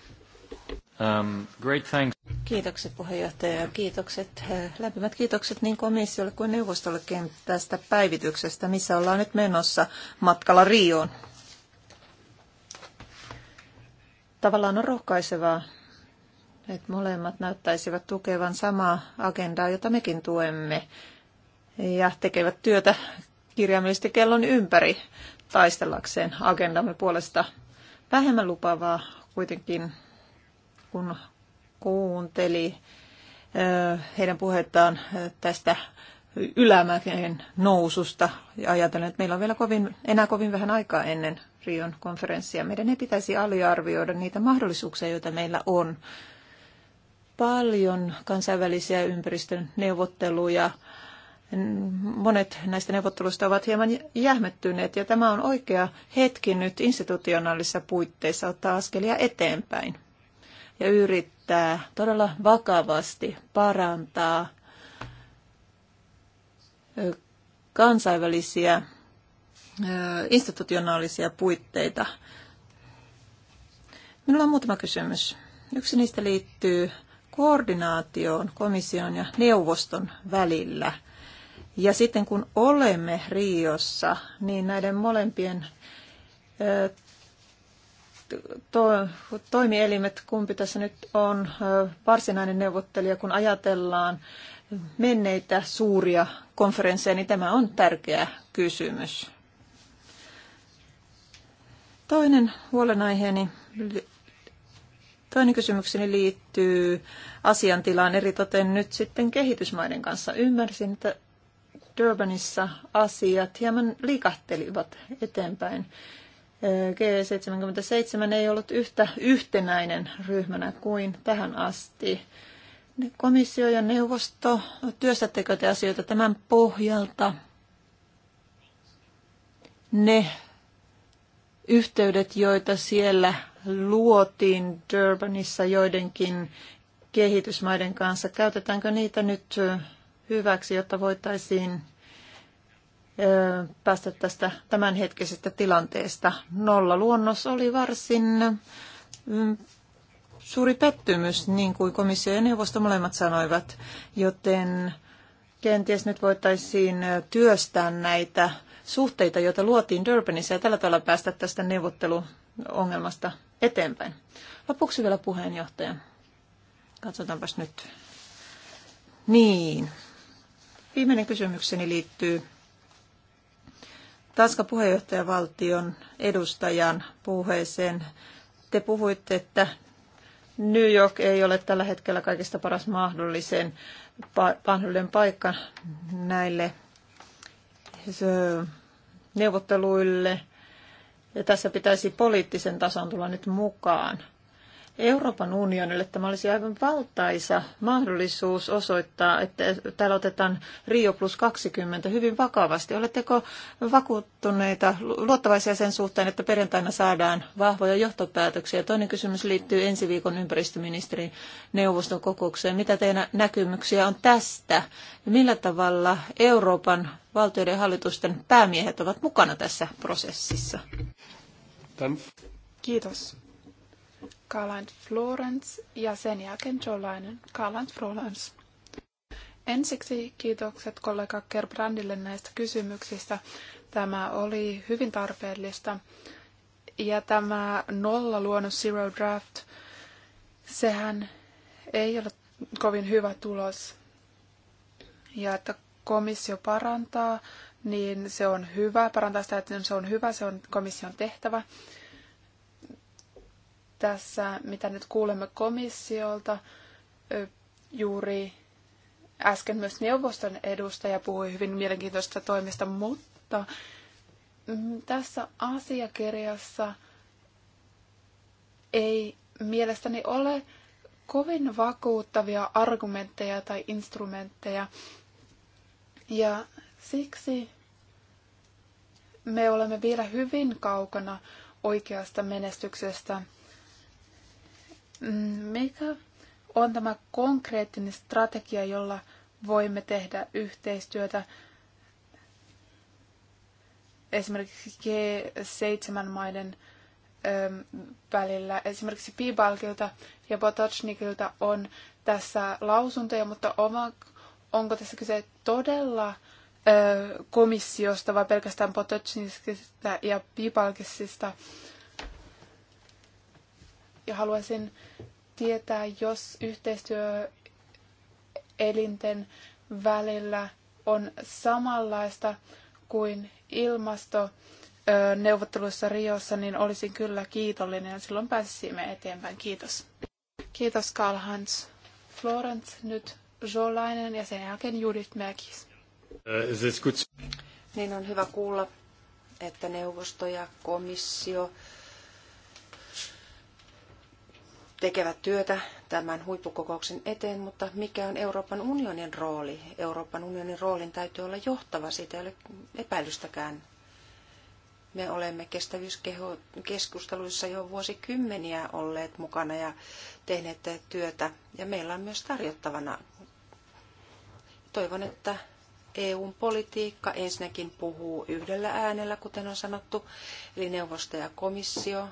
Um, great thanks. Kiitokset puheenjohtaja ja kiitokset, eh, lämpimät kiitokset niin komissiolle kuin neuvostollekin tästä päivityksestä, missä ollaan nyt menossa matkalla Rioon tavallaan on rohkaisevaa, että molemmat näyttäisivät tukevan samaa agendaa, jota mekin tuemme, ja tekevät työtä kirjaimellisesti kellon ympäri taistellakseen agendamme puolesta. Vähemmän lupavaa kuitenkin, kun kuunteli heidän puhettaan tästä ylämäkeen noususta ja ajatellen, että meillä on vielä kovin, enää kovin vähän aikaa ennen Rion konferenssia. Meidän ei pitäisi aliarvioida niitä mahdollisuuksia, joita meillä on. Paljon kansainvälisiä ympäristön neuvotteluja. Monet näistä neuvotteluista ovat hieman jähmettyneet ja tämä on oikea hetki nyt institutionaalisissa puitteissa ottaa askelia eteenpäin ja yrittää todella vakavasti parantaa kansainvälisiä institutionaalisia puitteita. Minulla on muutama kysymys. Yksi niistä liittyy koordinaatioon komission ja neuvoston välillä. Ja sitten kun olemme Riossa, niin näiden molempien to, toimielimet, kumpi tässä nyt on varsinainen neuvottelija, kun ajatellaan menneitä suuria konferensseja, niin tämä on tärkeä kysymys. Toinen huolenaiheeni, toinen kysymykseni liittyy asiantilaan eritoten nyt sitten kehitysmaiden kanssa. Ymmärsin, että Durbanissa asiat hieman liikahtelivat eteenpäin. G77 ei ollut yhtä yhtenäinen ryhmänä kuin tähän asti. Komissio ja neuvosto, työstättekö te asioita tämän pohjalta? Ne yhteydet, joita siellä luotiin Durbanissa joidenkin kehitysmaiden kanssa, käytetäänkö niitä nyt hyväksi, jotta voitaisiin päästä tästä tämänhetkisestä tilanteesta. Nolla luonnos oli varsin mm, suuri pettymys, niin kuin komissio ja neuvosto molemmat sanoivat, joten kenties nyt voitaisiin työstää näitä suhteita, joita luotiin Durbanissa ja tällä tavalla päästä tästä neuvotteluongelmasta eteenpäin. Lopuksi vielä puheenjohtaja. Katsotaanpas nyt. Niin. Viimeinen kysymykseni liittyy Tanska puheenjohtajavaltion edustajan puheeseen. Te puhuitte, että New York ei ole tällä hetkellä kaikista paras mahdollisen mahdollinen paikka näille neuvotteluille. Ja tässä pitäisi poliittisen tason tulla nyt mukaan. Euroopan unionille tämä olisi aivan valtaisa mahdollisuus osoittaa, että täällä otetaan Rio plus 20 hyvin vakavasti. Oletteko vakuuttuneita, luottavaisia sen suhteen, että perjantaina saadaan vahvoja johtopäätöksiä? Toinen kysymys liittyy ensi viikon ympäristöministerin neuvoston kokoukseen. Mitä teidän näkymyksiä on tästä? Millä tavalla Euroopan valtioiden ja hallitusten päämiehet ovat mukana tässä prosessissa? Kiitos. Karl-Heinz Florence ja sen jälkeen Jolainen Karl-Heinz Florence. Ensiksi kiitokset kollega Kerbrandille näistä kysymyksistä. Tämä oli hyvin tarpeellista. Ja tämä nolla luonnos Zero Draft, sehän ei ole kovin hyvä tulos. Ja että komissio parantaa, niin se on hyvä. Parantaa sitä, että se on hyvä, se on komission tehtävä tässä, mitä nyt kuulemme komissiolta, juuri äsken myös neuvoston edustaja puhui hyvin mielenkiintoista toimista, mutta tässä asiakirjassa ei mielestäni ole kovin vakuuttavia argumentteja tai instrumentteja. Ja siksi me olemme vielä hyvin kaukana oikeasta menestyksestä – mikä on tämä konkreettinen strategia, jolla voimme tehdä yhteistyötä esimerkiksi G7-maiden välillä. Esimerkiksi Pibalkilta ja Potocnikilta on tässä lausuntoja, mutta oma, onko tässä kyse todella komissiosta vai pelkästään Potocnikista ja Pibalkisista? ja haluaisin tietää, jos elinten välillä on samanlaista kuin ilmasto neuvotteluissa Riossa, niin olisin kyllä kiitollinen ja silloin pääsisimme eteenpäin. Kiitos. Kiitos Karl Hans. Florence, nyt Jolainen ja sen jälkeen Judith Mäkis. Äh, niin on hyvä kuulla, että neuvosto ja komissio tekevät työtä tämän huippukokouksen eteen, mutta mikä on Euroopan unionin rooli? Euroopan unionin roolin täytyy olla johtava, siitä ei ole epäilystäkään. Me olemme kestävyyskeskusteluissa jo vuosikymmeniä olleet mukana ja tehneet työtä, ja meillä on myös tarjottavana. Toivon, että EUn politiikka ensinnäkin puhuu yhdellä äänellä, kuten on sanottu, eli neuvosto ja komissio,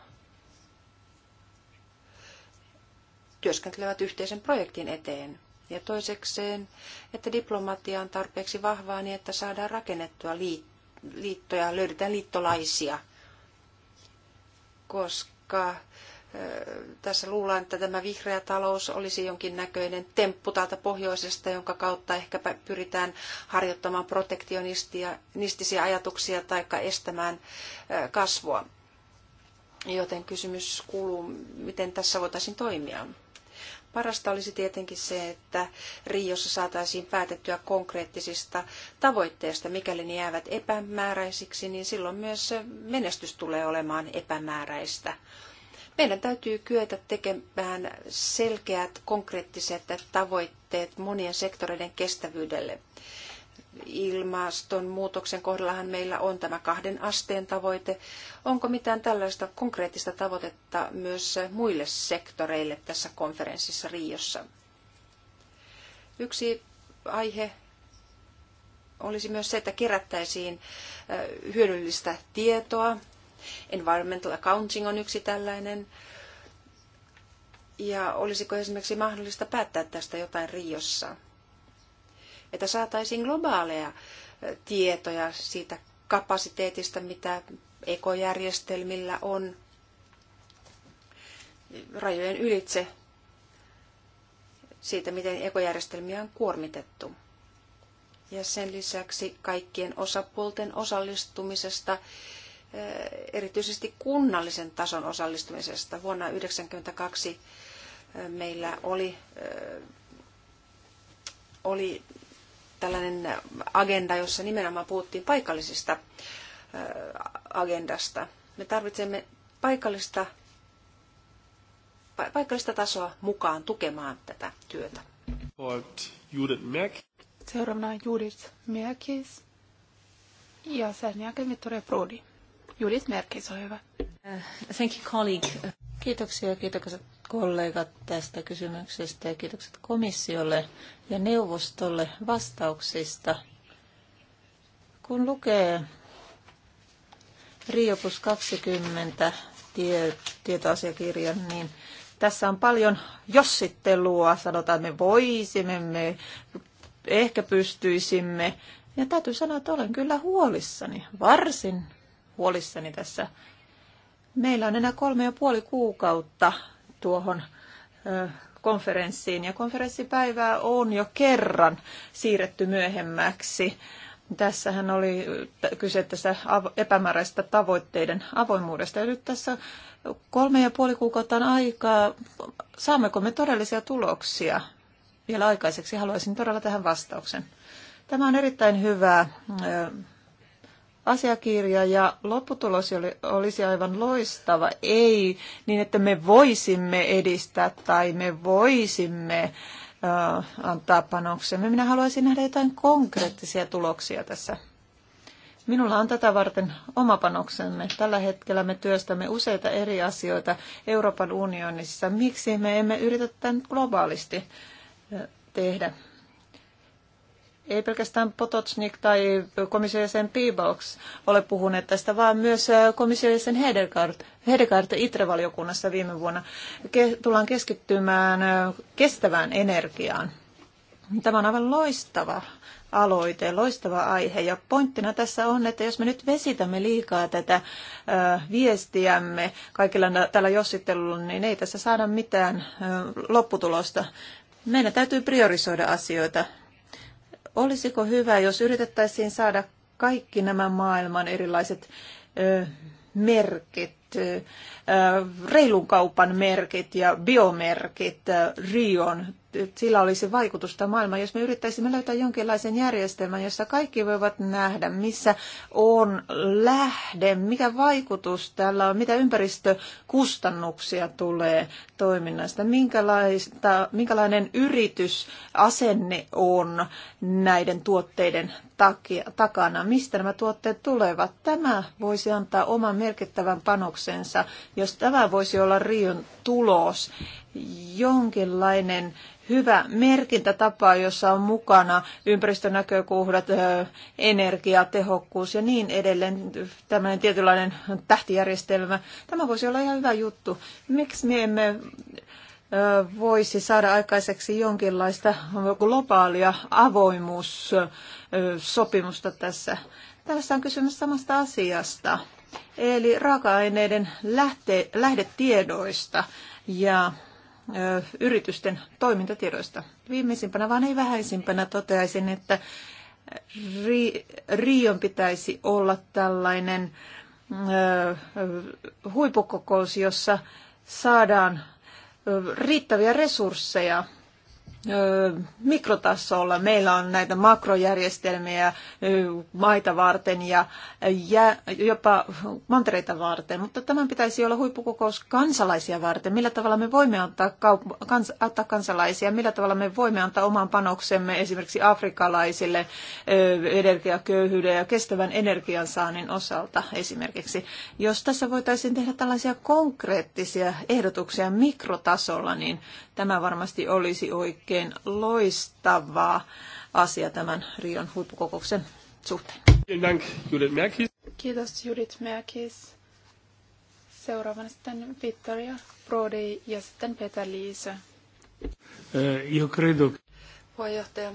työskentelevät yhteisen projektin eteen. Ja toisekseen, että diplomatia on tarpeeksi vahvaa niin, että saadaan rakennettua liittoja, löydetään liittolaisia, koska tässä luullaan, että tämä vihreä talous olisi näköinen temppu täältä pohjoisesta, jonka kautta ehkä pyritään harjoittamaan protektionistisia ajatuksia tai estämään kasvua. Joten kysymys kuuluu, miten tässä voitaisiin toimia. Parasta olisi tietenkin se, että Riossa saataisiin päätettyä konkreettisista tavoitteista. Mikäli ne jäävät epämääräisiksi, niin silloin myös menestys tulee olemaan epämääräistä. Meidän täytyy kyetä tekemään selkeät, konkreettiset tavoitteet monien sektoreiden kestävyydelle ilmastonmuutoksen kohdallahan meillä on tämä kahden asteen tavoite. Onko mitään tällaista konkreettista tavoitetta myös muille sektoreille tässä konferenssissa Riossa? Yksi aihe olisi myös se, että kerättäisiin hyödyllistä tietoa. Environmental accounting on yksi tällainen. Ja olisiko esimerkiksi mahdollista päättää tästä jotain Riossa? että saataisiin globaaleja tietoja siitä kapasiteetista, mitä ekojärjestelmillä on rajojen ylitse siitä, miten ekojärjestelmiä on kuormitettu. Ja sen lisäksi kaikkien osapuolten osallistumisesta, erityisesti kunnallisen tason osallistumisesta. Vuonna 1992 meillä oli, oli tällainen agenda, jossa nimenomaan puhuttiin paikallisista agendasta. Me tarvitsemme paikallista, paikallista tasoa mukaan tukemaan tätä työtä. Seuraavana Judith Merkis ja sen jälkeen Vittoria Brody. Judith Merkis, ole hyvä. thank you, colleague. Kiitoksia ja kiitokset kollegat tästä kysymyksestä ja kiitokset komissiolle ja neuvostolle vastauksista. Kun lukee riopus 20 tie, tietoasiakirjan, niin tässä on paljon jossittelua. Sanotaan, että me voisimme, me ehkä pystyisimme. Ja täytyy sanoa, että olen kyllä huolissani, varsin huolissani tässä. Meillä on enää kolme ja puoli kuukautta tuohon konferenssiin. Ja konferenssipäivää on jo kerran siirretty myöhemmäksi. Tässähän oli kyse tästä epämääräistä tavoitteiden avoimuudesta. Ja nyt tässä kolme ja puoli kuukautta on aikaa. Saammeko me todellisia tuloksia vielä aikaiseksi? Haluaisin todella tähän vastauksen. Tämä on erittäin hyvä asiakirja ja lopputulos oli, olisi aivan loistava. Ei niin, että me voisimme edistää tai me voisimme uh, antaa panoksemme. Minä haluaisin nähdä jotain konkreettisia tuloksia tässä. Minulla on tätä varten oma panoksemme. Tällä hetkellä me työstämme useita eri asioita Euroopan unionissa. Miksi me emme yritä tämän globaalisti tehdä? ei pelkästään Potocnik tai komissiojäsen Peebox ole puhuneet tästä, vaan myös komission Hedegaard, Hedegaard Itre-valiokunnassa viime vuonna ke- tullaan keskittymään kestävään energiaan. Tämä on aivan loistava aloite, loistava aihe. Ja pointtina tässä on, että jos me nyt vesitämme liikaa tätä ö, viestiämme kaikilla tällä jossittelulla, niin ei tässä saada mitään ö, lopputulosta. Meidän täytyy priorisoida asioita. Olisiko hyvä, jos yritettäisiin saada kaikki nämä maailman erilaiset ö, merkit, ö, reilun kaupan merkit ja biomerkit Rion sillä olisi vaikutusta maailmaan, jos me yrittäisimme löytää jonkinlaisen järjestelmän, jossa kaikki voivat nähdä, missä on lähde, mikä vaikutus tällä on, mitä ympäristökustannuksia tulee toiminnasta, minkälaista, minkälainen yritysasenne on näiden tuotteiden takia, takana, mistä nämä tuotteet tulevat. Tämä voisi antaa oman merkittävän panoksensa, jos tämä voisi olla Rion tulos, jonkinlainen hyvä merkintätapa, jossa on mukana ympäristönäkökohdat, energiatehokkuus ja niin edelleen, tämmöinen tietynlainen tähtijärjestelmä. Tämä voisi olla ihan hyvä juttu. Miksi me emme voisi saada aikaiseksi jonkinlaista globaalia avoimuussopimusta tässä. Tässä on kysymys samasta asiasta, eli raaka-aineiden lähte, lähdetiedoista ja yritysten toimintatiedoista. Viimeisimpänä, vaan ei vähäisimpänä, toteaisin, että Rion pitäisi olla tällainen huipukokous, jossa saadaan riittäviä resursseja mikrotasolla. Meillä on näitä makrojärjestelmiä maita varten ja jopa mantereita varten, mutta tämän pitäisi olla huippukokous kansalaisia varten. Millä tavalla me voimme antaa, kaup- kans- antaa kansalaisia, millä tavalla me voimme antaa oman panoksemme esimerkiksi afrikkalaisille energiaköyhyyden ja kestävän energiansaannin osalta esimerkiksi. Jos tässä voitaisiin tehdä tällaisia konkreettisia ehdotuksia mikrotasolla, niin tämä varmasti olisi oikein oikein loistava asia tämän Rion huippukokouksen suhteen. Kiitos Judith Merkis. Seuraavana sitten Vittoria Brody ja sitten Peter Liisa. Eh, Puheenjohtaja.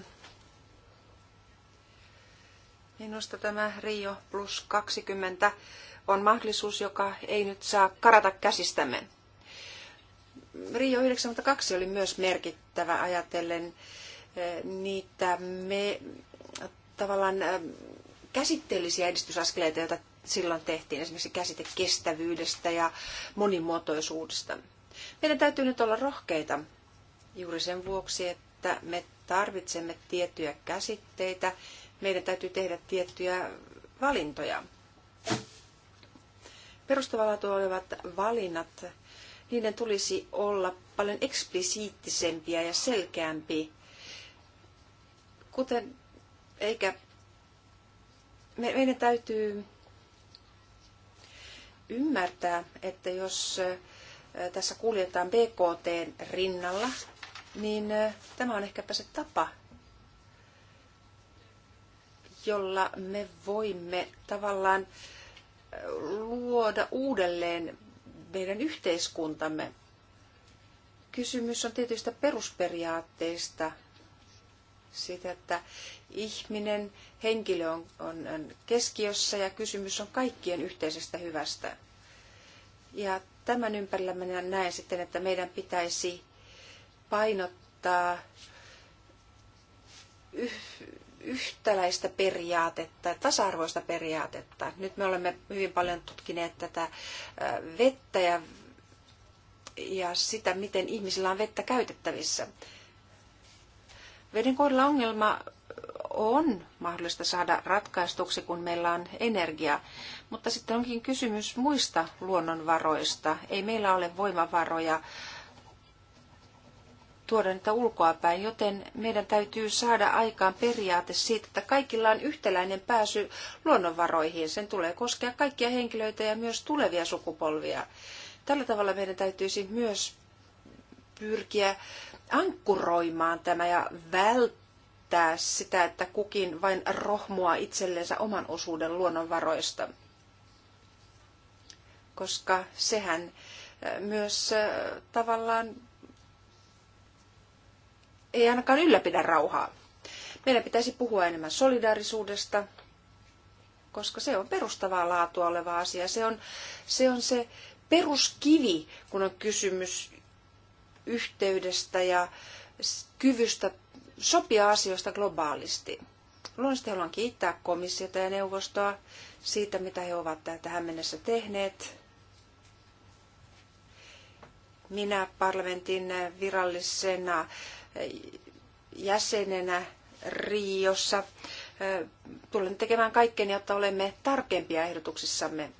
Minusta tämä Rio plus 20 on mahdollisuus, joka ei nyt saa karata käsistämme. Rio 92 oli myös merkittävä ajatellen eh, niitä me tavallaan eh, käsitteellisiä edistysaskeleita, joita silloin tehtiin, esimerkiksi käsite kestävyydestä ja monimuotoisuudesta. Meidän täytyy nyt olla rohkeita juuri sen vuoksi, että me tarvitsemme tiettyjä käsitteitä, meidän täytyy tehdä tiettyjä valintoja. Perustavalla olevat valinnat niiden tulisi olla paljon eksplisiittisempiä ja selkeämpi, kuten eikä me, meidän täytyy ymmärtää, että jos tässä kuljetaan BKT rinnalla, niin tämä on ehkäpä se tapa, jolla me voimme tavallaan luoda uudelleen meidän yhteiskuntamme. Kysymys on tietyistä perusperiaatteista, siitä, että ihminen, henkilö on, on, on keskiössä ja kysymys on kaikkien yhteisestä hyvästä. Ja tämän ympärillä minä näen sitten, että meidän pitäisi painottaa yhtäläistä periaatetta, tasa-arvoista periaatetta. Nyt me olemme hyvin paljon tutkineet tätä vettä ja, ja sitä, miten ihmisillä on vettä käytettävissä. Veden kohdalla ongelma on mahdollista saada ratkaistuksi, kun meillä on energia. Mutta sitten onkin kysymys muista luonnonvaroista. Ei meillä ole voimavaroja äh, tuoda niitä ulkoapäin, joten meidän täytyy saada aikaan periaate siitä, että kaikilla on yhtäläinen pääsy luonnonvaroihin. Sen tulee koskea kaikkia henkilöitä ja myös tulevia sukupolvia. Tällä tavalla meidän täytyisi myös pyrkiä ankkuroimaan tämä ja välttää sitä, että kukin vain rohmua itsellensä oman osuuden luonnonvaroista. Koska sehän äh, myös äh, tavallaan ei ainakaan ylläpidä rauhaa. Meidän pitäisi puhua enemmän solidaarisuudesta, koska se on perustavaa laatua oleva asia. Se on se, on se peruskivi, kun on kysymys yhteydestä ja kyvystä sopia asioista globaalisti. Luonnollisesti haluan kiittää komissiota ja neuvostoa siitä, mitä he ovat tähän mennessä tehneet. Minä parlamentin virallisena jäsenenä Riossa tulen tekemään kaikkeni, jotta olemme tarkempia ehdotuksissamme,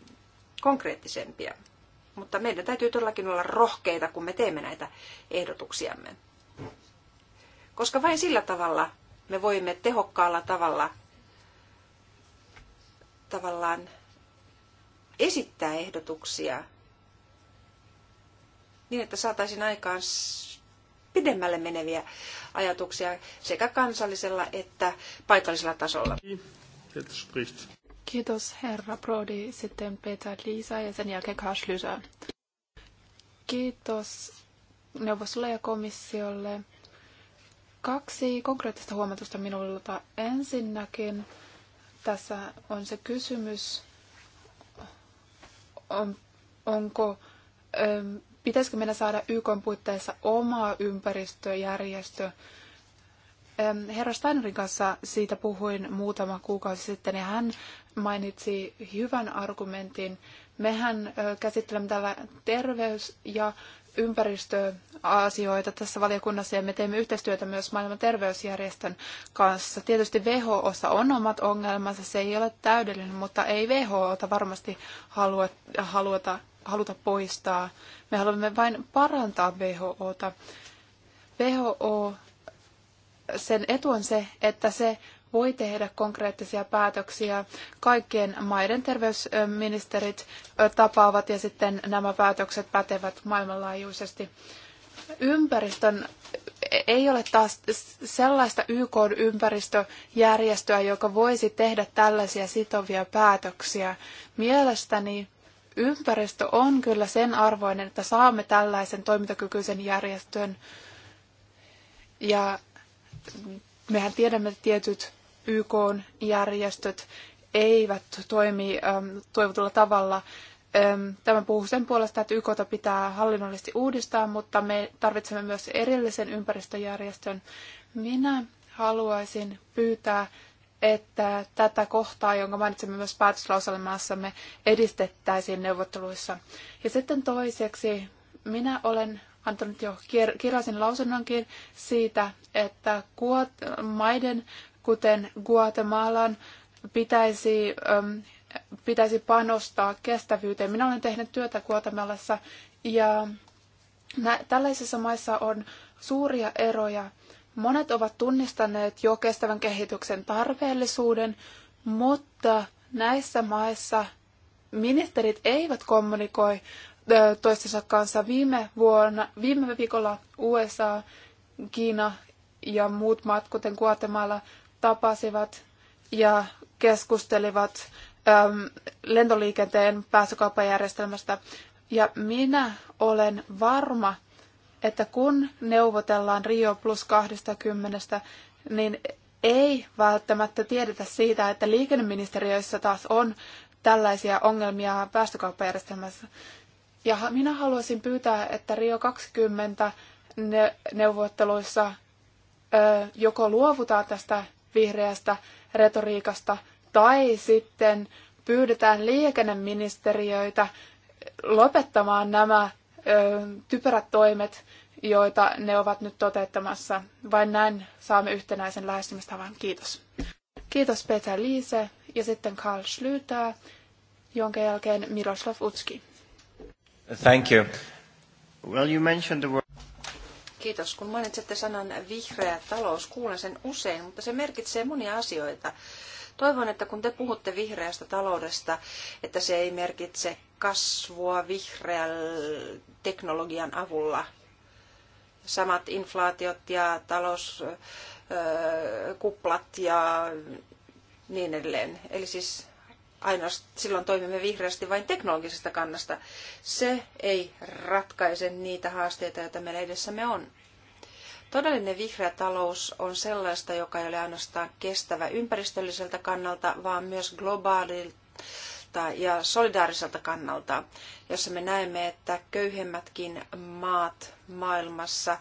konkreettisempia. Mutta meidän täytyy todellakin olla rohkeita, kun me teemme näitä ehdotuksiamme. Koska vain sillä tavalla me voimme tehokkaalla tavalla tavallaan esittää ehdotuksia niin, että saataisiin aikaan pidemmälle meneviä ajatuksia sekä kansallisella että paikallisella tasolla. Kiitos herra Brody, sitten Peter Liisa ja sen jälkeen Kars Kiitos neuvostolle ja komissiolle. Kaksi konkreettista huomautusta minulta. Ensinnäkin tässä on se kysymys, on, onko, pitäisikö meidän saada YK puitteissa oma ympäristöjärjestö. Herra Steinerin kanssa siitä puhuin muutama kuukausi sitten ja hän mainitsi hyvän argumentin. Mehän käsittelemme täällä terveys- ja ympäristöasioita tässä valiokunnassa ja me teemme yhteistyötä myös maailman terveysjärjestön kanssa. Tietysti WHO on omat ongelmansa, se ei ole täydellinen, mutta ei WHO varmasti haluta haluta poistaa. Me haluamme vain parantaa WHOta. WHO, sen etu on se, että se voi tehdä konkreettisia päätöksiä. Kaikkien maiden terveysministerit tapaavat ja sitten nämä päätökset pätevät maailmanlaajuisesti. Ympäristön ei ole taas sellaista YK-ympäristöjärjestöä, joka voisi tehdä tällaisia sitovia päätöksiä. Mielestäni ympäristö on kyllä sen arvoinen, että saamme tällaisen toimintakykyisen järjestön. Ja mehän tiedämme, että tietyt YK-järjestöt eivät toimi ähm, toivotulla tavalla. Ähm, tämä puhuu sen puolesta, että YKta pitää hallinnollisesti uudistaa, mutta me tarvitsemme myös erillisen ympäristöjärjestön. Minä haluaisin pyytää että tätä kohtaa, jonka mainitsimme myös päätöslauselmassamme, edistettäisiin neuvotteluissa. Ja sitten toiseksi, minä olen antanut jo kirjallisen lausunnonkin siitä, että maiden, kuten Guatemalan, pitäisi, ähm, pitäisi panostaa kestävyyteen. Minä olen tehnyt työtä Guatemalassa ja nä- tällaisissa maissa on suuria eroja Monet ovat tunnistaneet jo kestävän kehityksen tarpeellisuuden, mutta näissä maissa ministerit eivät kommunikoi toistensa kanssa. Viime, vuonna, viime viikolla USA, Kiina ja muut maat, kuten Guatemala, tapasivat ja keskustelivat äm, lentoliikenteen päästökauppajärjestelmästä. Ja minä olen varma, että kun neuvotellaan Rio plus 20, niin ei välttämättä tiedetä siitä, että liikenneministeriöissä taas on tällaisia ongelmia päästökauppajärjestelmässä. Ja minä haluaisin pyytää, että Rio 20 neuvotteluissa joko luovutaan tästä vihreästä retoriikasta tai sitten pyydetään liikenneministeriöitä lopettamaan nämä typerät toimet, joita ne ovat nyt toteuttamassa. Vain näin saamme yhtenäisen lähestymistavan. Kiitos. Kiitos Peter Liise ja sitten Karl Schlüter, jonka jälkeen Miroslav Utski. Thank you. Well, you mentioned the word... Kiitos. Kun mainitsette sanan vihreä talous, kuulen sen usein, mutta se merkitsee monia asioita. Toivon, että kun te puhutte vihreästä taloudesta, että se ei merkitse kasvua vihreän teknologian avulla. Samat inflaatiot ja talouskuplat ja niin edelleen. Eli siis ainoastaan silloin toimimme vihreästi vain teknologisesta kannasta. Se ei ratkaise niitä haasteita, joita meillä edessämme on. Todellinen vihreä talous on sellaista, joka ei ole ainoastaan kestävä ympäristölliseltä kannalta, vaan myös globaalilta kannalta ja solidaariselta kannalta, jossa me näemme, että köyhemmätkin maat maailmassa,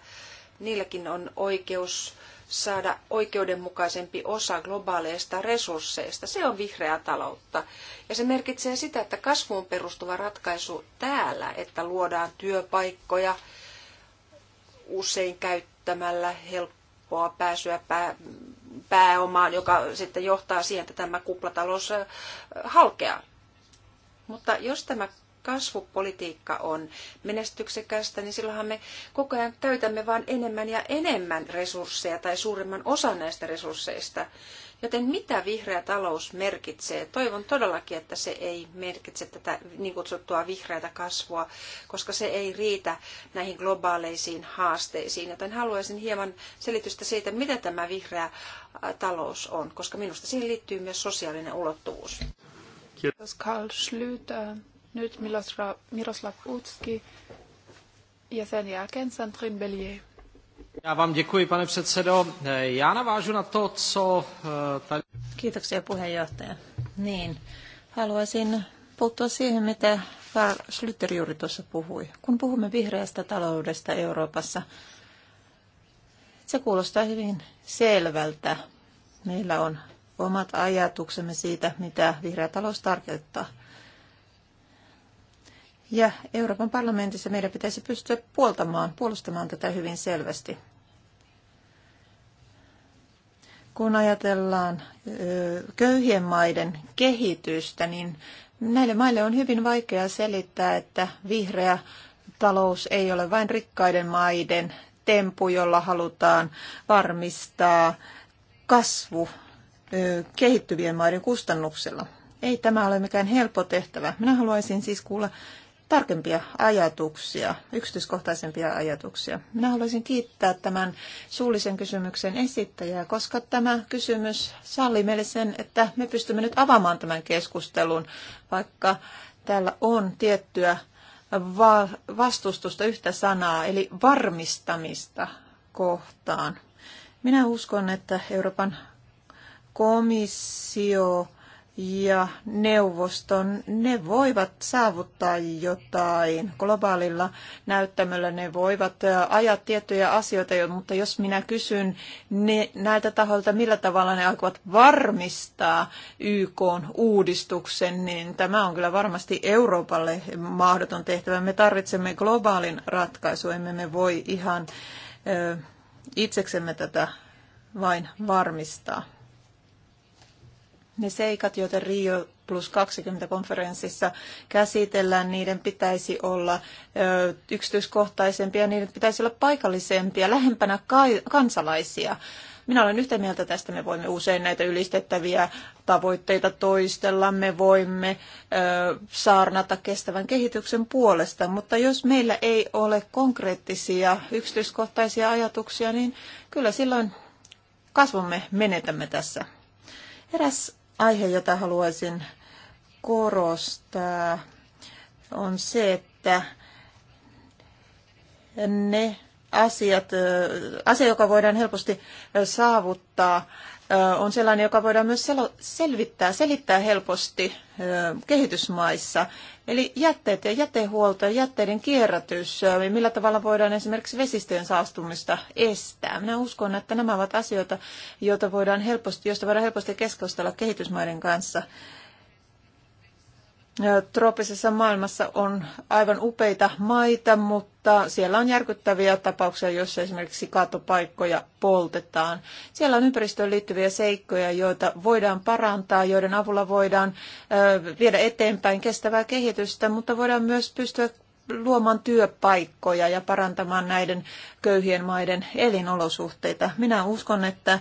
niilläkin on oikeus saada oikeudenmukaisempi osa globaaleista resursseista. Se on vihreää taloutta. Ja se merkitsee sitä, että kasvuun perustuva ratkaisu täällä, että luodaan työpaikkoja usein käyttämällä helppoa pääsyä pää, pääomaan, joka sitten johtaa siihen, että tämä kuplatalous halkeaa. Mutta jos tämä kasvupolitiikka on menestyksekästä, niin silloinhan me koko ajan käytämme vain enemmän ja enemmän resursseja tai suuremman osan näistä resursseista. Joten mitä vihreä talous merkitsee? Toivon todellakin, että se ei merkitse tätä niin kutsuttua vihreätä kasvua, koska se ei riitä näihin globaaleisiin haasteisiin. Joten haluaisin hieman selitystä siitä, mitä tämä vihreä talous on, koska minusta siihen liittyy myös sosiaalinen ulottuvuus. Kiitos Karl Schlüter, nyt Miroslav Utski ja sen jälkeen Sandrine Bellier. Já vám děkuji, pane předsedo. Já navážu na to, co eh, tady... Kiitoksia puheenjohtaja. Niin, haluaisin puuttua siihen, mitä Karl Schlüter juuri tuossa puhui. Kun puhumme vihreästä taloudesta Euroopassa, se kuulostaa hyvin selvältä. Meillä on omat ajatuksemme siitä, mitä vihreä talous tarkoittaa. Ja Euroopan parlamentissa meidän pitäisi pystyä puoltamaan, puolustamaan tätä hyvin selvästi. Kun ajatellaan köyhien maiden kehitystä, niin näille maille on hyvin vaikea selittää, että vihreä talous ei ole vain rikkaiden maiden tempu, jolla halutaan varmistaa kasvu kehittyvien maiden kustannuksella. Ei tämä ole mikään helppo tehtävä. Minä haluaisin siis kuulla tarkempia ajatuksia, yksityiskohtaisempia ajatuksia. Minä haluaisin kiittää tämän suullisen kysymyksen esittäjää, koska tämä kysymys salli meille sen, että me pystymme nyt avaamaan tämän keskustelun, vaikka täällä on tiettyä vastustusta yhtä sanaa, eli varmistamista kohtaan. Minä uskon, että Euroopan komissio ja neuvoston, ne voivat saavuttaa jotain. Globaalilla näyttämöllä ne voivat ajaa tiettyjä asioita, mutta jos minä kysyn ne, näiltä tahoilta, millä tavalla ne aikovat varmistaa YK uudistuksen, niin tämä on kyllä varmasti Euroopalle mahdoton tehtävä. Me tarvitsemme globaalin ratkaisun, emme me voi ihan ö, itseksemme tätä vain varmistaa. Ne seikat, joita Rio plus 20 konferenssissa käsitellään, niiden pitäisi olla ö, yksityiskohtaisempia, niiden pitäisi olla paikallisempia, lähempänä kansalaisia. Minä olen yhtä mieltä tästä. Me voimme usein näitä ylistettäviä tavoitteita toistella, me voimme ö, saarnata kestävän kehityksen puolesta, mutta jos meillä ei ole konkreettisia yksityiskohtaisia ajatuksia, niin kyllä silloin kasvomme menetämme tässä. Eräs aihe, jota haluaisin korostaa, on se, että ne asiat, asia, joka voidaan helposti saavuttaa on sellainen, joka voidaan myös selvittää, selittää helposti kehitysmaissa. Eli jätteet ja jätehuolto ja jätteiden kierrätys, millä tavalla voidaan esimerkiksi vesistöjen saastumista estää. Minä uskon, että nämä ovat asioita, joita voidaan helposti, joista voidaan helposti keskustella kehitysmaiden kanssa trooppisessa maailmassa on aivan upeita maita, mutta siellä on järkyttäviä tapauksia, joissa esimerkiksi kaatopaikkoja poltetaan. Siellä on ympäristöön liittyviä seikkoja, joita voidaan parantaa, joiden avulla voidaan viedä eteenpäin kestävää kehitystä, mutta voidaan myös pystyä luomaan työpaikkoja ja parantamaan näiden köyhien maiden elinolosuhteita. Minä uskon, että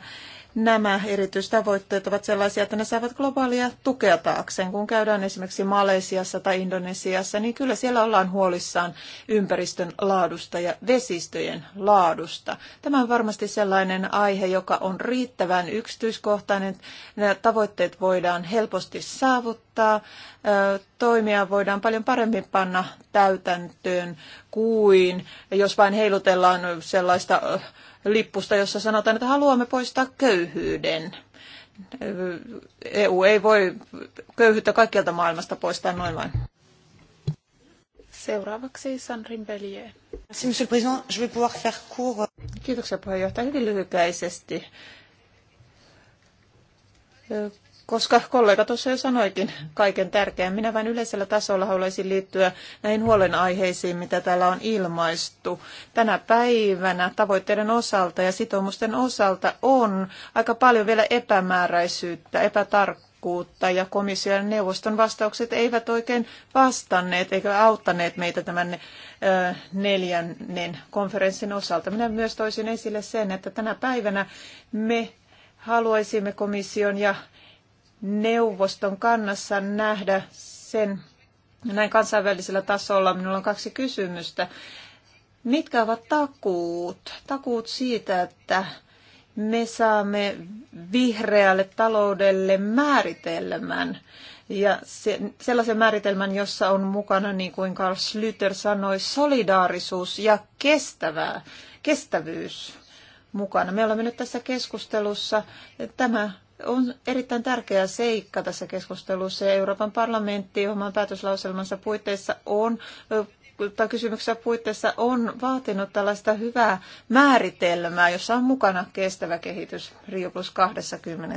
nämä erityistavoitteet ovat sellaisia, että ne saavat globaalia tukea taakseen. Kun käydään esimerkiksi Malesiassa tai Indonesiassa, niin kyllä siellä ollaan huolissaan ympäristön laadusta ja vesistöjen laadusta. Tämä on varmasti sellainen aihe, joka on riittävän yksityiskohtainen. Nämä tavoitteet voidaan helposti saavuttaa, toimia voidaan paljon paremmin panna täytäntöön kuin jos vain heilutellaan sellaista lipusta, jossa sanotaan, että haluamme poistaa köyhyyden. E, EU ei voi köyhyyttä kaikkialta maailmasta poistaa noin vain. Seuraavaksi Sandrine Bellier. Monsieur le Président, je vais pouvoir faire court. Kiitoksia puheenjohtaja hyvin lyhykäisesti koska kollega tuossa jo sanoikin kaiken tärkeän. Minä vain yleisellä tasolla haluaisin liittyä näihin huolenaiheisiin, mitä täällä on ilmaistu. Tänä päivänä tavoitteiden osalta ja sitoumusten osalta on aika paljon vielä epämääräisyyttä, epätarkkuutta ja komission ja neuvoston vastaukset eivät oikein vastanneet eikä auttaneet meitä tämän neljännen konferenssin osalta. Minä myös toisin esille sen, että tänä päivänä me haluaisimme komission ja neuvoston kannassa nähdä sen näin kansainvälisellä tasolla. Minulla on kaksi kysymystä. Mitkä ovat takuut? Takuut siitä, että me saamme vihreälle taloudelle määritelmän ja se, sellaisen määritelmän, jossa on mukana, niin kuin Karl Slyter sanoi, solidaarisuus ja kestävää, kestävyys mukana. Me olemme nyt tässä keskustelussa. Tämä on erittäin tärkeä seikka tässä keskustelussa ja Euroopan parlamentti oman päätöslauselmansa puitteissa on kysymyksessä puitteissa on vaatinut tällaista hyvää määritelmää, jossa on mukana kestävä kehitys Rio plus 20.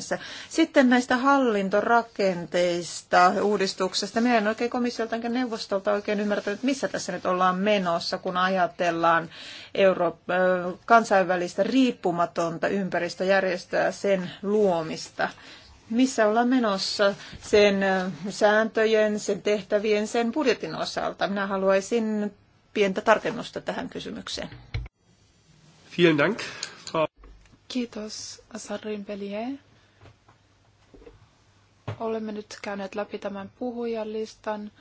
Sitten näistä hallintorakenteista, uudistuksesta. Minä en oikein komissiolta enkä neuvostolta oikein ymmärtänyt, missä tässä nyt ollaan menossa, kun ajatellaan Euro- kansainvälistä riippumatonta ympäristöjärjestöä sen luomista missä ollaan menossa sen sääntöjen, sen tehtävien, sen budjetin osalta. Minä haluaisin pientä tarkennusta tähän kysymykseen. Vielen Dank. Kiitos, Sarin Pelier. Olemme nyt käyneet läpi tämän puhujalistan.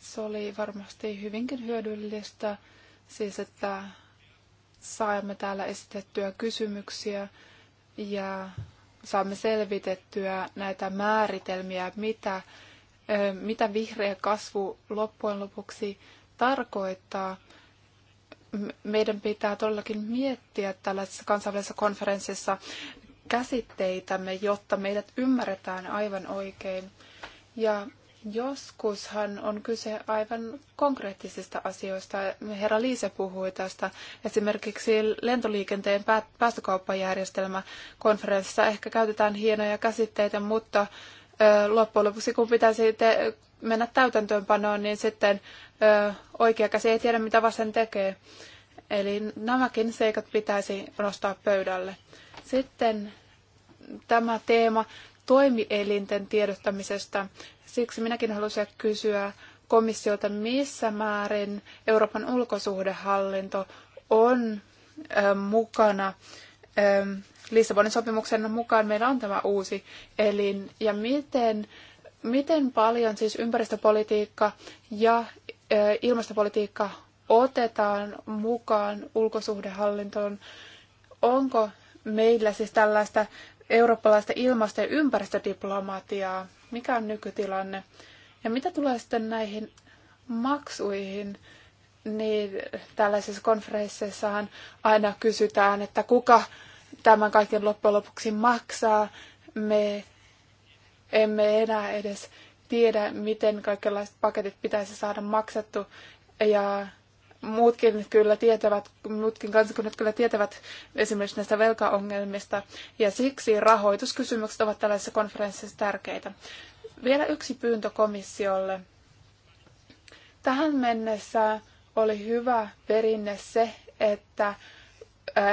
Se oli varmasti hyvinkin hyödyllistä, siis että saimme täällä esitettyä kysymyksiä ja saamme selvitettyä näitä määritelmiä, mitä, mitä vihreä kasvu loppujen lopuksi tarkoittaa. Meidän pitää todellakin miettiä tällaisessa kansainvälisessä konferenssissa käsitteitämme, jotta meidät ymmärretään aivan oikein. Ja Joskushan on kyse aivan konkreettisista asioista. Herra Liise puhui tästä. Esimerkiksi lentoliikenteen päästökauppajärjestelmä konferenssissa ehkä käytetään hienoja käsitteitä, mutta loppujen lopuksi kun pitäisi te- mennä täytäntöönpanoon, niin sitten oikea käsi ei tiedä, mitä vasen tekee. Eli nämäkin seikat pitäisi nostaa pöydälle. Sitten tämä teema toimielinten tiedottamisesta. Siksi minäkin haluaisin kysyä komissiolta, missä määrin Euroopan ulkosuhdehallinto on mukana Lissabonin sopimuksen mukaan meillä on tämä uusi elin ja miten, miten paljon siis ympäristöpolitiikka ja ilmastopolitiikka otetaan mukaan ulkosuhdehallintoon. Onko meillä siis tällaista eurooppalaista ilmasto- ja ympäristödiplomatiaa? mikä on nykytilanne. Ja mitä tulee sitten näihin maksuihin, niin tällaisissa konferensseissahan aina kysytään, että kuka tämän kaiken loppujen lopuksi maksaa. Me emme enää edes tiedä, miten kaikenlaiset paketit pitäisi saada maksettu. Ja muutkin kyllä tietävät, muutkin kansakunnat kyllä tietävät esimerkiksi näistä velkaongelmista, ja siksi rahoituskysymykset ovat tällaisessa konferenssissa tärkeitä. Vielä yksi pyyntö komissiolle. Tähän mennessä oli hyvä perinne se, että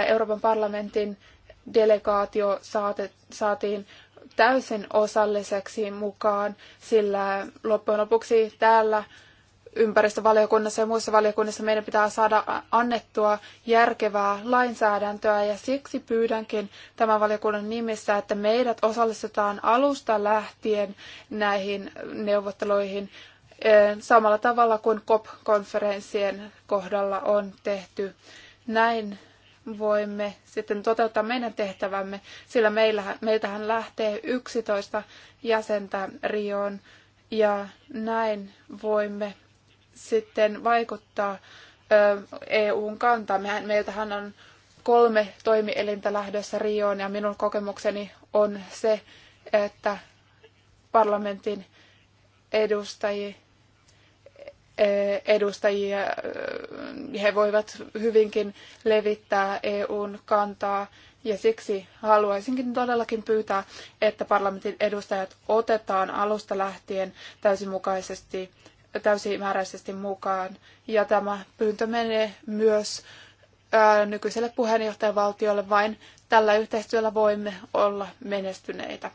Euroopan parlamentin delegaatio saatiin täysin osalliseksi mukaan, sillä loppujen lopuksi täällä ympäristövaliokunnassa ja muissa valiokunnissa meidän pitää saada annettua järkevää lainsäädäntöä ja siksi pyydänkin tämän valiokunnan nimissä, että meidät osallistetaan alusta lähtien näihin neuvotteluihin eh, samalla tavalla kuin COP-konferenssien kohdalla on tehty. Näin voimme sitten toteuttaa meidän tehtävämme, sillä meillähän, meiltähän lähtee 11 jäsentä Rioon ja näin voimme sitten vaikuttaa EUn kantaan? Meiltähän on kolme toimielintä lähdössä Rioon ja minun kokemukseni on se, että parlamentin edustajia, e, edustajia he voivat hyvinkin levittää EUn kantaa ja siksi haluaisinkin todellakin pyytää, että parlamentin edustajat otetaan alusta lähtien täysimukaisesti täysimääräisesti mukaan. Ja tämä pyyntö menee myös nykyiselle puheenjohtajavaltiolle, vain tällä yhteistyöllä voimme olla menestyneitä.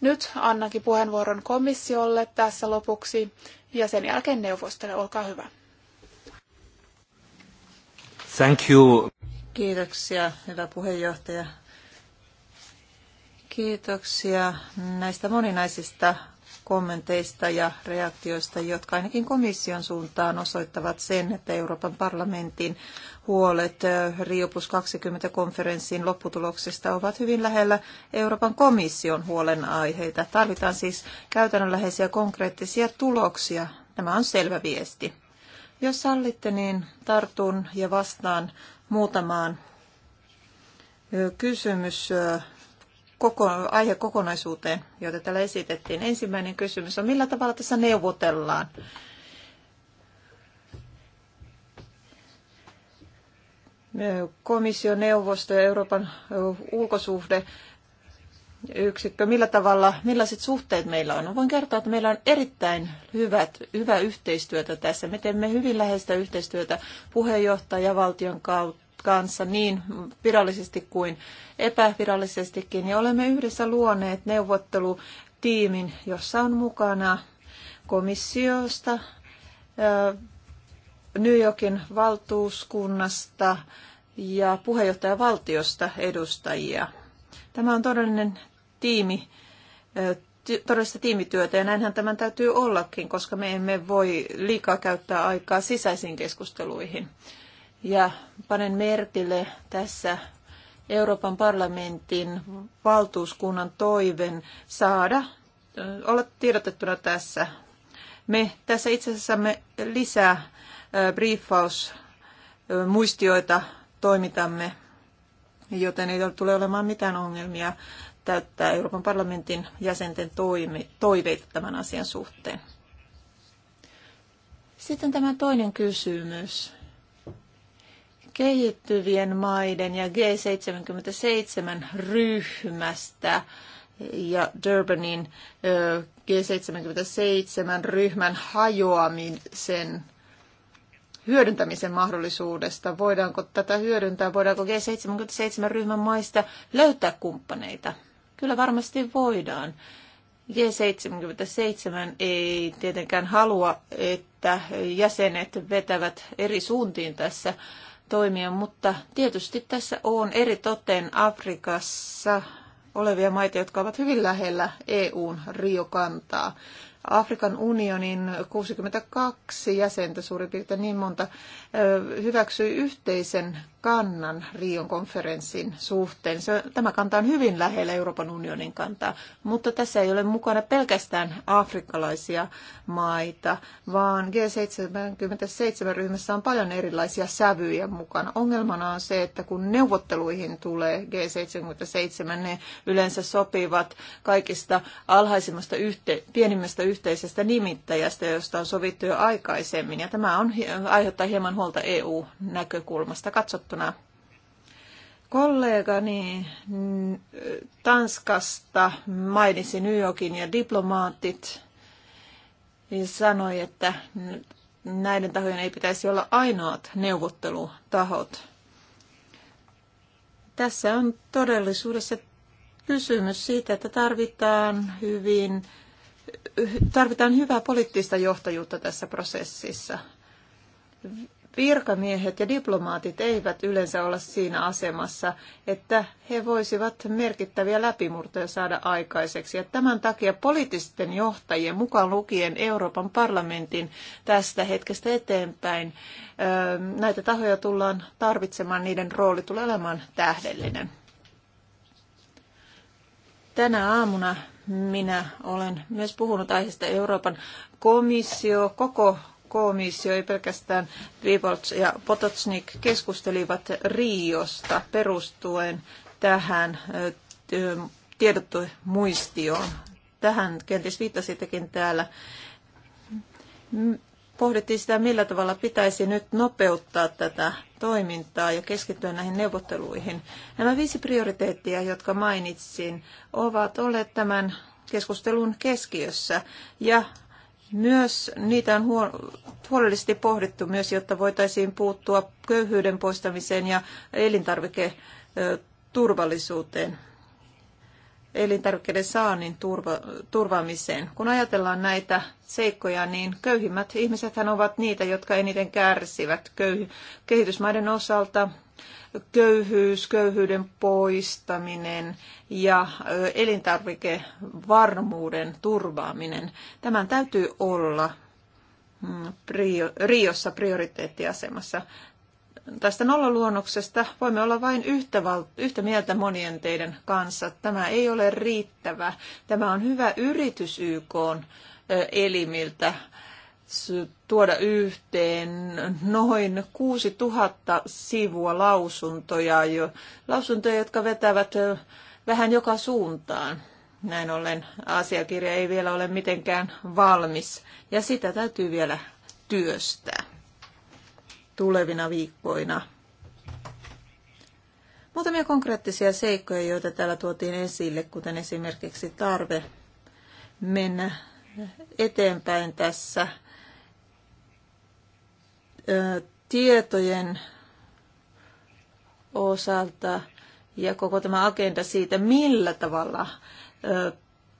Nyt annankin puheenvuoron komissiolle tässä lopuksi ja sen jälkeen neuvostolle. Olkaa hyvä. Thank you. Kiitoksia, hyvä puheenjohtaja. Kiitoksia näistä moninaisista kommenteista ja reaktioista, jotka ainakin komission suuntaan osoittavat sen, että Euroopan parlamentin huolet Rio 20 konferenssin lopputuloksista ovat hyvin lähellä Euroopan komission huolenaiheita. Tarvitaan siis käytännönläheisiä konkreettisia tuloksia. Tämä on selvä viesti. Jos sallitte, niin tartun ja vastaan muutamaan kysymys koko, aihekokonaisuuteen, joita täällä esitettiin. Ensimmäinen kysymys on, millä tavalla tässä neuvotellaan? Komission neuvosto ja Euroopan ulkosuhde yksikkö, millä tavalla, millaiset suhteet meillä on. Voin kertoa, että meillä on erittäin hyvät, hyvä yhteistyötä tässä. Me teemme hyvin läheistä yhteistyötä puheenjohtajavaltion kanssa niin virallisesti kuin epävirallisestikin. Ja olemme yhdessä luoneet neuvottelutiimin, jossa on mukana komissiosta, New Yorkin valtuuskunnasta ja puheenjohtajavaltiosta edustajia. Tämä on todellinen tiimi, todellista tiimityötä ja näinhän tämän täytyy ollakin, koska me emme voi liikaa käyttää aikaa sisäisiin keskusteluihin ja panen merkille tässä Euroopan parlamentin valtuuskunnan toiven saada olla tiedotettuna tässä. Me tässä itse asiassa me lisää briefausmuistioita toimitamme, joten ei tule olemaan mitään ongelmia täyttää Euroopan parlamentin jäsenten toiveita tämän asian suhteen. Sitten tämä toinen kysymys kehittyvien maiden ja G77-ryhmästä ja Durbanin G77-ryhmän hajoamisen hyödyntämisen mahdollisuudesta. Voidaanko tätä hyödyntää? Voidaanko G77-ryhmän maista löytää kumppaneita? Kyllä varmasti voidaan. G77 ei tietenkään halua, että jäsenet vetävät eri suuntiin tässä toimia, mutta tietysti tässä on eri toteen Afrikassa olevia maita, jotka ovat hyvin lähellä EUn riokantaa. Afrikan unionin 62 jäsentä, suurin piirtein niin monta, hyväksyi yhteisen kannan Rion konferenssin suhteen. Se, tämä kanta on hyvin lähellä Euroopan unionin kantaa, mutta tässä ei ole mukana pelkästään afrikkalaisia maita, vaan G77-ryhmässä on paljon erilaisia sävyjä mukana. Ongelmana on se, että kun neuvotteluihin tulee G77, ne yleensä sopivat kaikista alhaisimmasta yhte, pienimmästä yhteisestä nimittäjästä, josta on sovittu jo aikaisemmin. Ja tämä on, aiheuttaa hieman huolta EU-näkökulmasta katsottuna verrattuna kollegani mm, Tanskasta mainitsi New Yorkin ja diplomaatit ja sanoi, että näiden tahojen ei pitäisi olla ainoat neuvottelutahot. Tässä on todellisuudessa kysymys siitä, että tarvitaan hyvin tarvitaan hyvää poliittista johtajuutta tässä prosessissa. Virkamiehet ja diplomaatit eivät yleensä ole siinä asemassa, että he voisivat merkittäviä läpimurtoja saada aikaiseksi. Ja tämän takia poliittisten johtajien, mukaan lukien Euroopan parlamentin tästä hetkestä eteenpäin, näitä tahoja tullaan tarvitsemaan, niiden rooli tulee olemaan tähdellinen. Tänä aamuna minä olen myös puhunut aiheesta Euroopan komissio koko komissio, ei pelkästään Vibolts ja Potocnik keskustelivat Riosta perustuen tähän tiedotuemuistioon. Tähän kenties viittasittekin täällä. Pohdittiin sitä, millä tavalla pitäisi nyt nopeuttaa tätä toimintaa ja keskittyä näihin neuvotteluihin. Nämä viisi prioriteettia, jotka mainitsin, ovat olleet tämän keskustelun keskiössä ja myös niitä on huolellisesti pohdittu myös, jotta voitaisiin puuttua köyhyyden poistamiseen ja elintarviketurvallisuuteen elintarvikkeiden saannin turva, turvaamiseen. Kun ajatellaan näitä seikkoja, niin köyhimmät ihmiset ovat niitä, jotka eniten kärsivät köy, kehitysmaiden osalta. Köyhyys, köyhyyden poistaminen ja elintarvikevarmuuden turvaaminen. Tämän täytyy olla mm, Riossa prioriteettiasemassa tästä nollaluonnoksesta voimme olla vain yhtä, val- yhtä mieltä monien teidän kanssa. Tämä ei ole riittävä. Tämä on hyvä yritys YK elimiltä tuoda yhteen noin 6000 sivua lausuntoja, jo, lausuntoja, jotka vetävät vähän joka suuntaan. Näin ollen asiakirja ei vielä ole mitenkään valmis ja sitä täytyy vielä työstää tulevina viikkoina. Muutamia konkreettisia seikkoja, joita täällä tuotiin esille, kuten esimerkiksi tarve mennä eteenpäin tässä tietojen osalta ja koko tämä agenda siitä, millä tavalla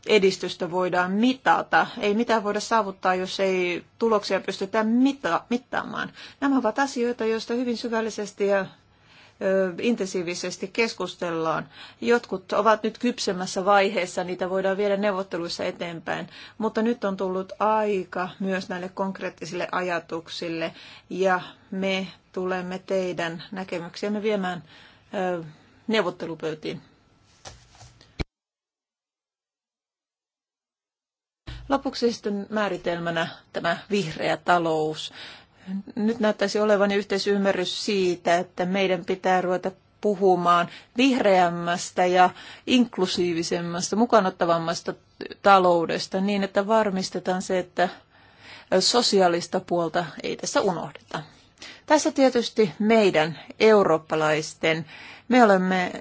edistystä voidaan mitata. Ei mitään voida saavuttaa, jos ei tuloksia pystytä mita- mittaamaan. Nämä ovat asioita, joista hyvin syvällisesti ja intensiivisesti keskustellaan. Jotkut ovat nyt kypsemmässä vaiheessa, niitä voidaan viedä neuvotteluissa eteenpäin, mutta nyt on tullut aika myös näille konkreettisille ajatuksille ja me tulemme teidän näkemyksiämme viemään neuvottelupöytiin. Lopuksi sitten määritelmänä tämä vihreä talous. Nyt näyttäisi olevan yhteisymmärrys siitä, että meidän pitää ruveta puhumaan vihreämmästä ja inklusiivisemmasta, mukanottavammasta taloudesta niin, että varmistetaan se, että sosiaalista puolta ei tässä unohdeta. Tässä tietysti meidän eurooppalaisten, me olemme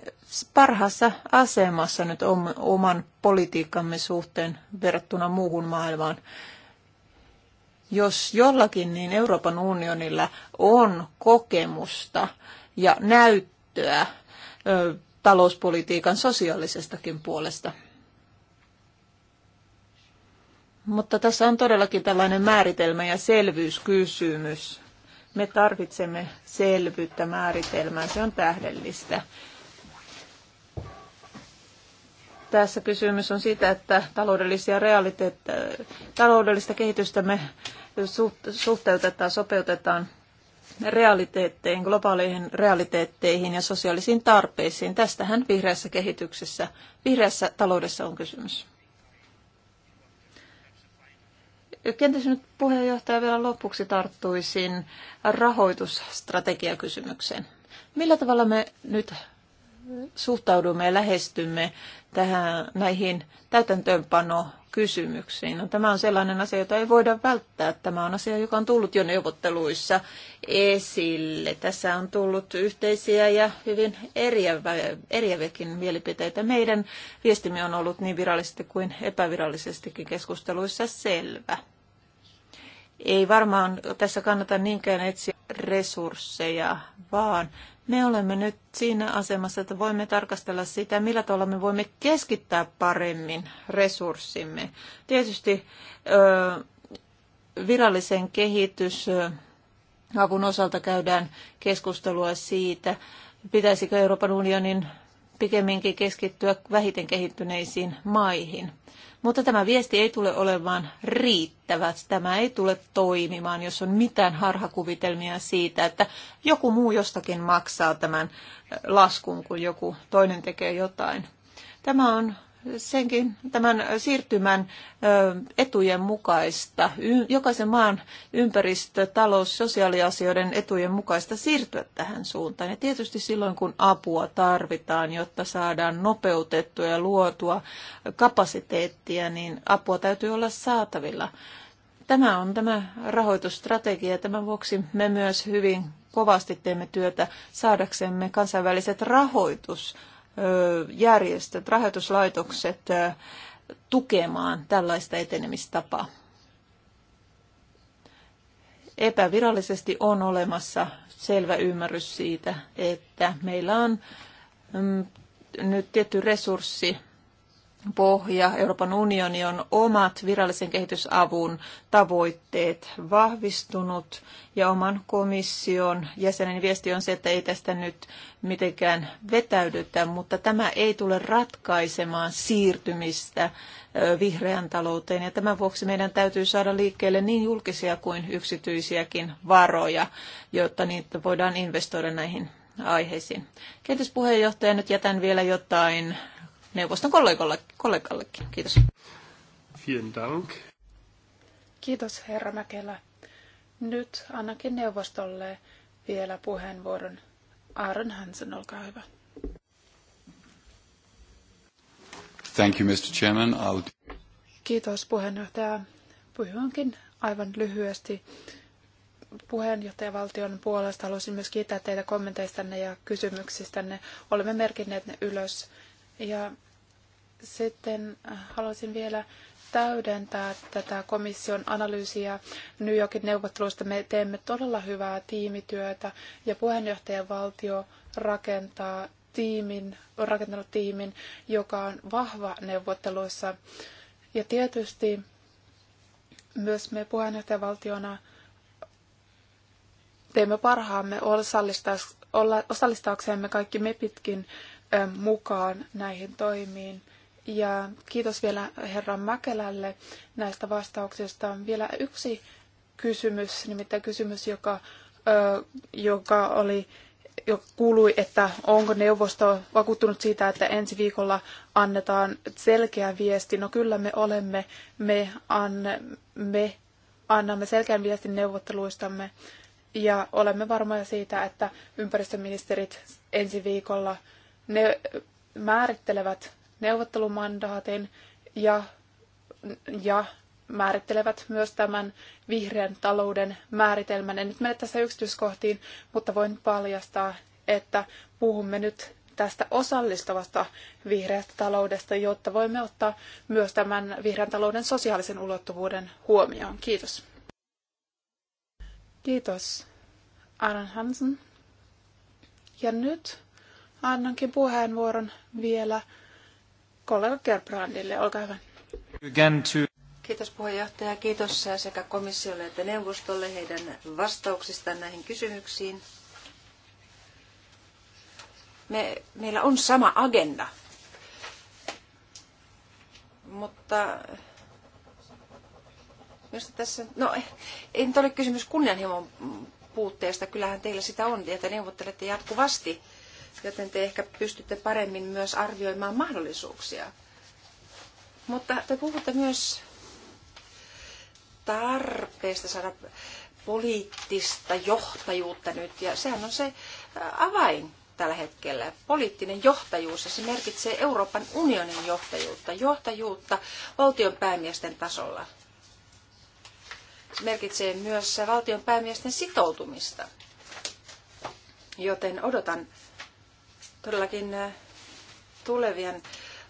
parhaassa asemassa nyt oman politiikkamme suhteen verrattuna muuhun maailmaan. Jos jollakin, niin Euroopan unionilla on kokemusta ja näyttöä talouspolitiikan sosiaalisestakin puolesta. Mutta tässä on todellakin tällainen määritelmä ja selvyyskysymys. Me tarvitsemme selvyyttä määritelmään, se on tähdellistä. Tässä kysymys on siitä, että taloudellisia taloudellista kehitystä me suhteutetaan, sopeutetaan realiteetteihin, globaaleihin realiteetteihin ja sosiaalisiin tarpeisiin. Tästähän vihreässä kehityksessä, vihreässä taloudessa on kysymys. Kenties nyt puheenjohtaja vielä lopuksi tarttuisin rahoitusstrategiakysymykseen. Millä tavalla me nyt suhtaudumme ja lähestymme tähän, näihin täytäntöönpano kysymyksiin. No, tämä on sellainen asia, jota ei voida välttää. Tämä on asia, joka on tullut jo neuvotteluissa esille. Tässä on tullut yhteisiä ja hyvin eriävä, eriäviäkin mielipiteitä. Meidän viestimme on ollut niin virallisesti kuin epävirallisestikin keskusteluissa selvä. Ei varmaan tässä kannata niinkään etsiä resursseja, vaan me olemme nyt siinä asemassa, että voimme tarkastella sitä, millä tavalla me voimme keskittää paremmin resurssimme. Tietysti virallisen kehitysavun osalta käydään keskustelua siitä, pitäisikö Euroopan unionin pikemminkin keskittyä vähiten kehittyneisiin maihin. Mutta tämä viesti ei tule olemaan riittävä. Tämä ei tule toimimaan, jos on mitään harhakuvitelmia siitä, että joku muu jostakin maksaa tämän äh, laskun, kun joku toinen tekee jotain. Tämä on senkin tämän siirtymän etujen mukaista, jokaisen maan ympäristö-, talous-, sosiaaliasioiden etujen mukaista siirtyä tähän suuntaan. Ja tietysti silloin, kun apua tarvitaan, jotta saadaan nopeutettua ja luotua kapasiteettia, niin apua täytyy olla saatavilla. Tämä on tämä rahoitusstrategia. Tämän vuoksi me myös hyvin kovasti teemme työtä saadaksemme kansainväliset rahoitus järjestöt, rahoituslaitokset tukemaan tällaista etenemistapaa. Epävirallisesti on olemassa selvä ymmärrys siitä, että meillä on mm, nyt tietty resurssi pohja. Euroopan unioni on omat virallisen kehitysavun tavoitteet vahvistunut ja oman komission jäsenen viesti on se, että ei tästä nyt mitenkään vetäydytä, mutta tämä ei tule ratkaisemaan siirtymistä vihreän talouteen ja tämän vuoksi meidän täytyy saada liikkeelle niin julkisia kuin yksityisiäkin varoja, jotta niitä voidaan investoida näihin aiheisiin. Kehityspuheenjohtaja, nyt jätän vielä jotain neuvoston kollegallekin. Kiitos. Vielen dank. Kiitos herra Mäkelä. Nyt annakin neuvostolle vielä puheenvuoron. Aaron Hansen, olkaa hyvä. Thank you, Mr. Chairman. I'll... Kiitos puheenjohtaja. Puhunkin aivan lyhyesti puheenjohtajavaltion puolesta haluaisin myös kiittää teitä kommenteistanne ja kysymyksistänne. Olemme merkinneet ne ylös ja sitten haluaisin vielä täydentää tätä komission analyysiä New Yorkin neuvotteluista. Me teemme todella hyvää tiimityötä ja puheenjohtajavaltio rakentaa tiimin, on rakentanut tiimin, joka on vahva neuvotteluissa. Ja tietysti myös me puheenjohtajavaltiona teemme parhaamme osallistaaksemme kaikki mepitkin mukaan näihin toimiin. Ja kiitos vielä herra Mäkelälle näistä vastauksista. Vielä yksi kysymys, nimittäin kysymys, joka, ö, joka oli jo kuului, että onko neuvosto vakuuttunut siitä, että ensi viikolla annetaan selkeä viesti. No kyllä me olemme, me, an, me annamme selkeän viestin neuvotteluistamme ja olemme varmoja siitä, että ympäristöministerit ensi viikolla ne määrittelevät neuvottelumandaatin ja, ja määrittelevät myös tämän vihreän talouden määritelmän. En nyt mene tässä yksityiskohtiin, mutta voin paljastaa, että puhumme nyt tästä osallistavasta vihreästä taloudesta, jotta voimme ottaa myös tämän vihreän talouden sosiaalisen ulottuvuuden huomioon. Kiitos. Kiitos, Aron Hansen. Ja nyt annankin puheenvuoron vielä kollega Gerbrandille. Olkaa hyvä. Kiitos puheenjohtaja. Kiitos sekä komissiolle että neuvostolle heidän vastauksistaan näihin kysymyksiin. Me, meillä on sama agenda, mutta myös tässä, no ei nyt ole kysymys kunnianhimon puutteesta, kyllähän teillä sitä on, että neuvottelette jatkuvasti joten te ehkä pystytte paremmin myös arvioimaan mahdollisuuksia. Mutta te puhutte myös tarpeesta saada poliittista johtajuutta nyt, ja sehän on se äh, avain tällä hetkellä. Poliittinen johtajuus, ja se merkitsee Euroopan unionin johtajuutta, johtajuutta valtion päämiesten tasolla. Se merkitsee myös valtion päämiesten sitoutumista. Joten odotan todellakin eh, tulevien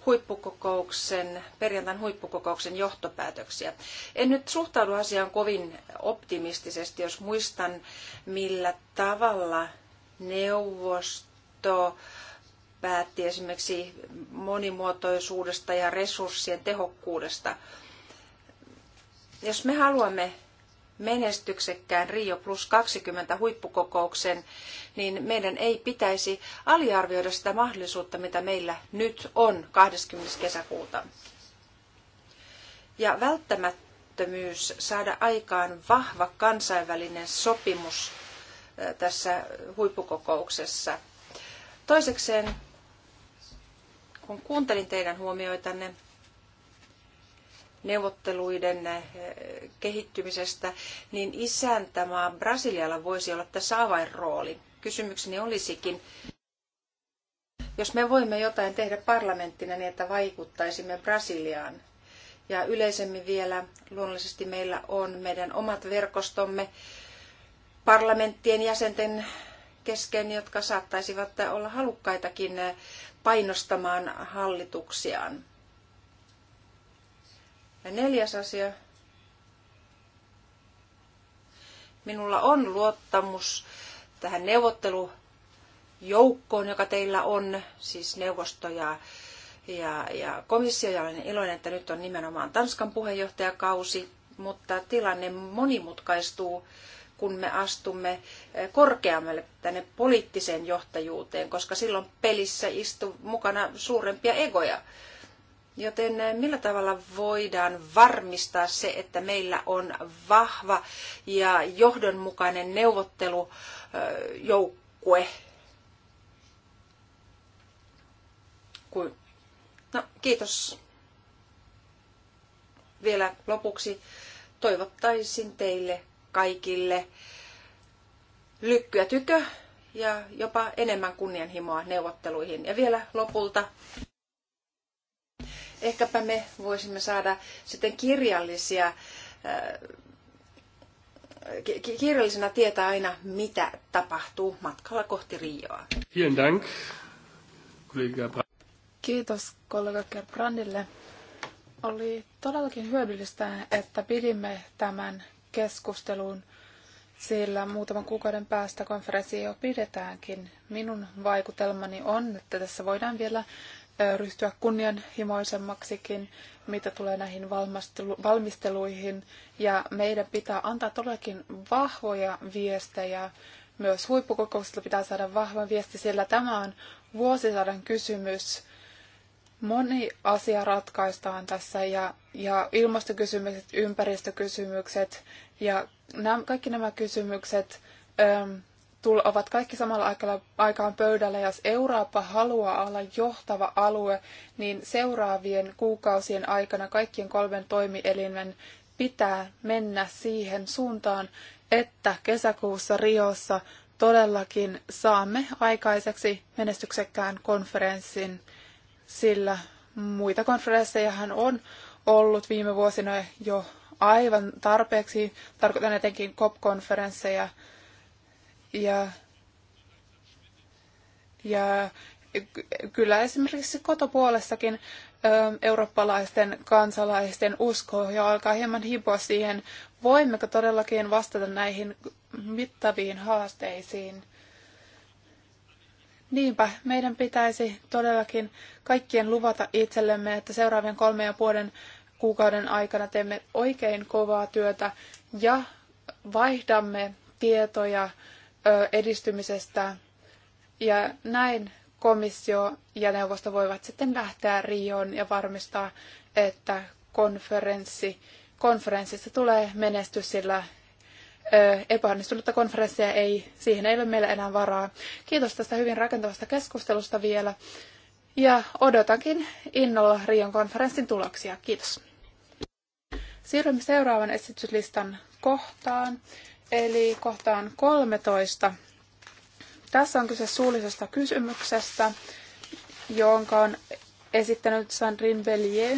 huippukokouksen, perjantain huippukokouksen johtopäätöksiä. En nyt suhtaudu asiaan kovin optimistisesti, jos muistan, millä tavalla neuvosto päätti esimerkiksi monimuotoisuudesta ja resurssien tehokkuudesta. Jos me haluamme menestyksekkään Rio plus 20 huippukokouksen, niin meidän ei pitäisi aliarvioida sitä mahdollisuutta, mitä meillä nyt on 20. kesäkuuta. Ja välttämättömyys saada aikaan vahva kansainvälinen sopimus tässä huippukokouksessa. Toisekseen, kun kuuntelin teidän huomioitanne, neuvotteluiden eh, kehittymisestä, niin isäntämaa Brasilialla voisi olla tässä avainrooli. Kysymykseni olisikin, jos me voimme jotain tehdä parlamenttina niin, että vaikuttaisimme Brasiliaan, ja yleisemmin vielä luonnollisesti meillä on meidän omat verkostomme parlamenttien jäsenten kesken, jotka saattaisivat olla halukkaitakin painostamaan hallituksiaan. Ja neljäs asia. Minulla on luottamus tähän neuvottelujoukkoon, joka teillä on, siis neuvosto ja, ja, ja komissio. Ja olen iloinen, että nyt on nimenomaan Tanskan puheenjohtajakausi, mutta tilanne monimutkaistuu kun me astumme eh, korkeammalle tänne poliittiseen johtajuuteen, koska silloin pelissä istuu mukana suurempia egoja. Joten eh, millä tavalla voidaan varmistaa se, että meillä on vahva ja johdonmukainen neuvottelujoukkue? Eh, no, kiitos. Vielä lopuksi toivottaisin teille kaikille lykkyä tykö ja jopa enemmän kunnianhimoa neuvotteluihin. Ja vielä lopulta ehkäpä me voisimme saada sitten kirjallisia äh, kirjallisena tietää aina, mitä tapahtuu matkalla kohti Rioa. dank, Kiitos kollega Gerbrandille. Oli todellakin hyödyllistä, että pidimme tämän keskustelun, sillä muutaman kuukauden päästä konferenssi jo pidetäänkin. Minun vaikutelmani on, että tässä voidaan vielä ryhtyä kunnianhimoisemmaksikin, mitä tulee näihin valmisteluihin. Ja meidän pitää antaa todellakin vahvoja viestejä. Myös huippukokouksilta pitää saada vahva viesti, sillä tämä on vuosisadan kysymys. Moni asia ratkaistaan tässä ja, ja ilmastokysymykset, ympäristökysymykset ja nämä, kaikki nämä kysymykset äm, ovat kaikki samalla aikaan pöydällä. Jos Eurooppa haluaa olla johtava alue, niin seuraavien kuukausien aikana kaikkien kolmen toimielimen pitää mennä siihen suuntaan, että kesäkuussa Riossa todellakin saamme aikaiseksi menestyksekkään konferenssin, sillä muita konferenssejahan on ollut viime vuosina jo aivan tarpeeksi. Tarkoitan etenkin COP-konferensseja ja, ja kyllä esimerkiksi kotopuolessakin eurooppalaisten kansalaisten usko ja alkaa hieman hipoa siihen, voimmeko todellakin vastata näihin mittaviin haasteisiin. Niinpä, meidän pitäisi todellakin kaikkien luvata itsellemme, että seuraavien kolmen ja puolen kuukauden aikana teemme oikein kovaa työtä ja vaihdamme tietoja edistymisestä. Ja näin komissio ja neuvosto voivat sitten lähteä Rioon ja varmistaa, että konferenssi, konferenssissa tulee menestys, sillä epäonnistunutta konferenssia ei, siihen ei ole meillä enää varaa. Kiitos tästä hyvin rakentavasta keskustelusta vielä ja odotankin innolla Rion konferenssin tuloksia. Kiitos. Siirrymme seuraavan esityslistan kohtaan eli kohtaan 13. Tässä on kyse suullisesta kysymyksestä, jonka on esittänyt Sandrine Bellier.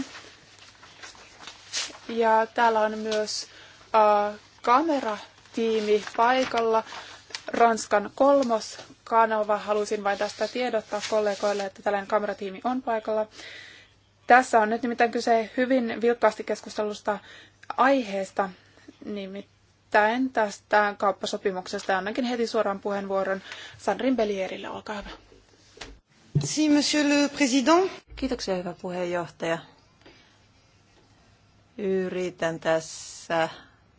Ja täällä on myös äh, kameratiimi paikalla. Ranskan kolmos kanava. Halusin vain tästä tiedottaa kollegoille, että tällainen kameratiimi on paikalla. Tässä on nyt nimittäin kyse hyvin vilkkaasti keskustelusta aiheesta, nimittäin Nimittäin tästä kauppasopimuksesta annankin heti suoran puheenvuoron Sandrin Belierille. Olkaa hyvä. Si, monsieur le président. Kiitoksia, hyvä puheenjohtaja. Yritän tässä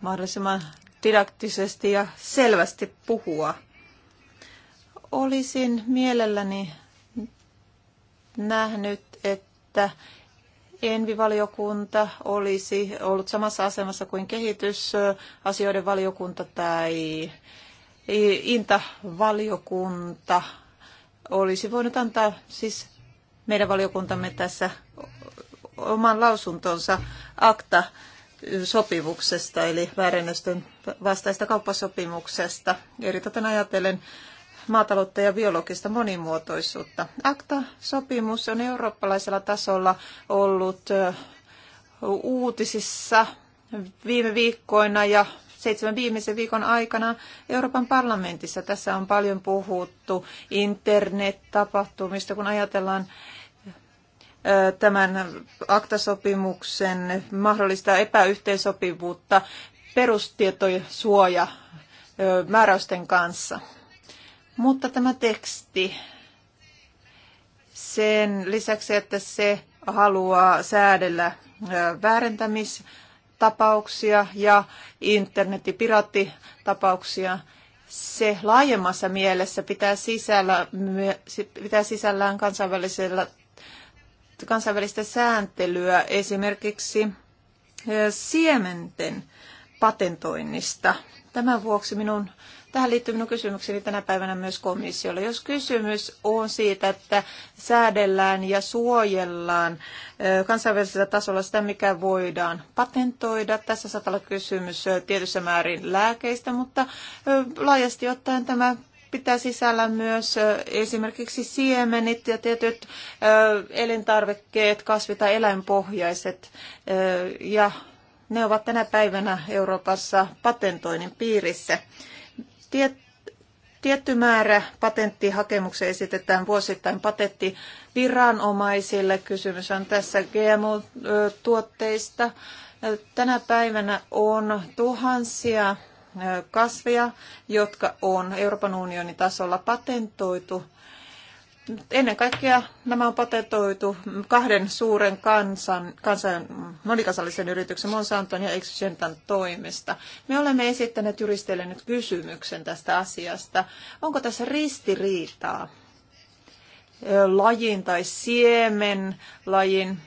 mahdollisimman didaktisesti ja selvästi puhua. Olisin mielelläni nähnyt, että Envivaliokunta olisi ollut samassa asemassa kuin kehitysasioiden valiokunta tai Inta-valiokunta olisi voinut antaa siis meidän valiokuntamme tässä oman lausuntonsa akta sopimuksesta eli väärennösten vastaista kauppasopimuksesta. Eritoten ajatellen maataloutta ja biologista monimuotoisuutta. ACTA-sopimus on eurooppalaisella tasolla ollut uutisissa viime viikkoina ja seitsemän viimeisen viikon aikana Euroopan parlamentissa. Tässä on paljon puhuttu internet-tapahtumista, kun ajatellaan tämän aktasopimuksen mahdollista epäyhteensopivuutta suoja määräysten kanssa. Mutta tämä teksti, sen lisäksi, että se haluaa säädellä väärentämistapauksia ja internetipiraattitapauksia, se laajemmassa mielessä pitää, sisällä, pitää sisällään kansainvälisellä, kansainvälistä sääntelyä esimerkiksi siementen patentoinnista. Tämän vuoksi minun Tähän liittyy minun kysymykseni tänä päivänä myös komissiolle. Jos kysymys on siitä, että säädellään ja suojellaan kansainvälisellä tasolla sitä, mikä voidaan patentoida. Tässä saattaa olla kysymys tietyssä määrin lääkeistä, mutta laajasti ottaen tämä pitää sisällä myös esimerkiksi siemenit ja tietyt elintarvikkeet, kasvi- tai eläinpohjaiset. Ja ne ovat tänä päivänä Euroopassa patentoinnin piirissä. Tiet, tietty määrä patenttihakemuksia esitetään vuosittain patenttiviranomaisille. Kysymys on tässä GMO-tuotteista. Tänä päivänä on tuhansia kasveja, jotka on Euroopan unionin tasolla patentoitu ennen kaikkea nämä on patetoitu kahden suuren kansan, kansan monikansallisen yrityksen Monsanton ja Exgentan toimesta. Me olemme esittäneet juristeille nyt kysymyksen tästä asiasta. Onko tässä ristiriitaa lajin tai siemen lajin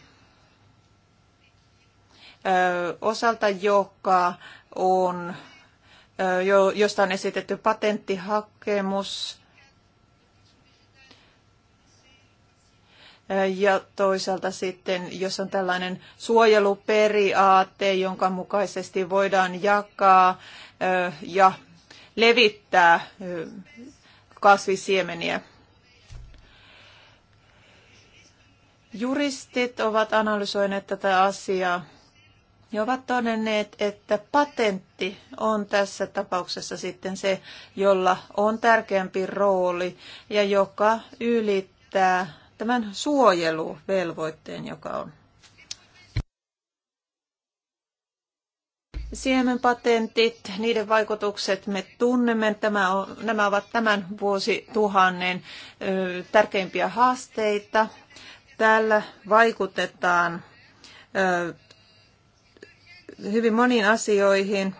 osalta, joka on, josta on esitetty patenttihakemus, Ja toisaalta sitten, jos on tällainen suojeluperiaate, jonka mukaisesti voidaan jakaa ja levittää kasvisiemeniä. Juristit ovat analysoineet tätä asiaa ja ovat todenneet, että patentti on tässä tapauksessa sitten se, jolla on tärkeämpi rooli ja joka ylittää tämän suojeluvelvoitteen, joka on. Siemenpatentit, niiden vaikutukset me tunnemme. Tämä on, nämä ovat tämän vuosituhannen ö, tärkeimpiä haasteita. Täällä vaikutetaan ö, hyvin moniin asioihin,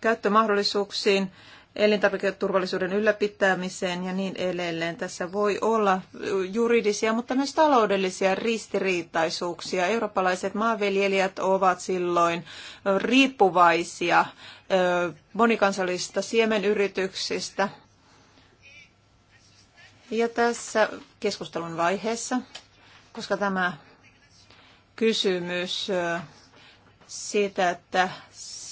käyttömahdollisuuksiin, elintarviketurvallisuuden ylläpitämiseen ja niin edelleen. Tässä voi olla juridisia, mutta myös taloudellisia ristiriitaisuuksia. Eurooppalaiset maanviljelijät ovat silloin riippuvaisia monikansallisista siemenyrityksistä. Ja tässä keskustelun vaiheessa, koska tämä kysymys siitä, että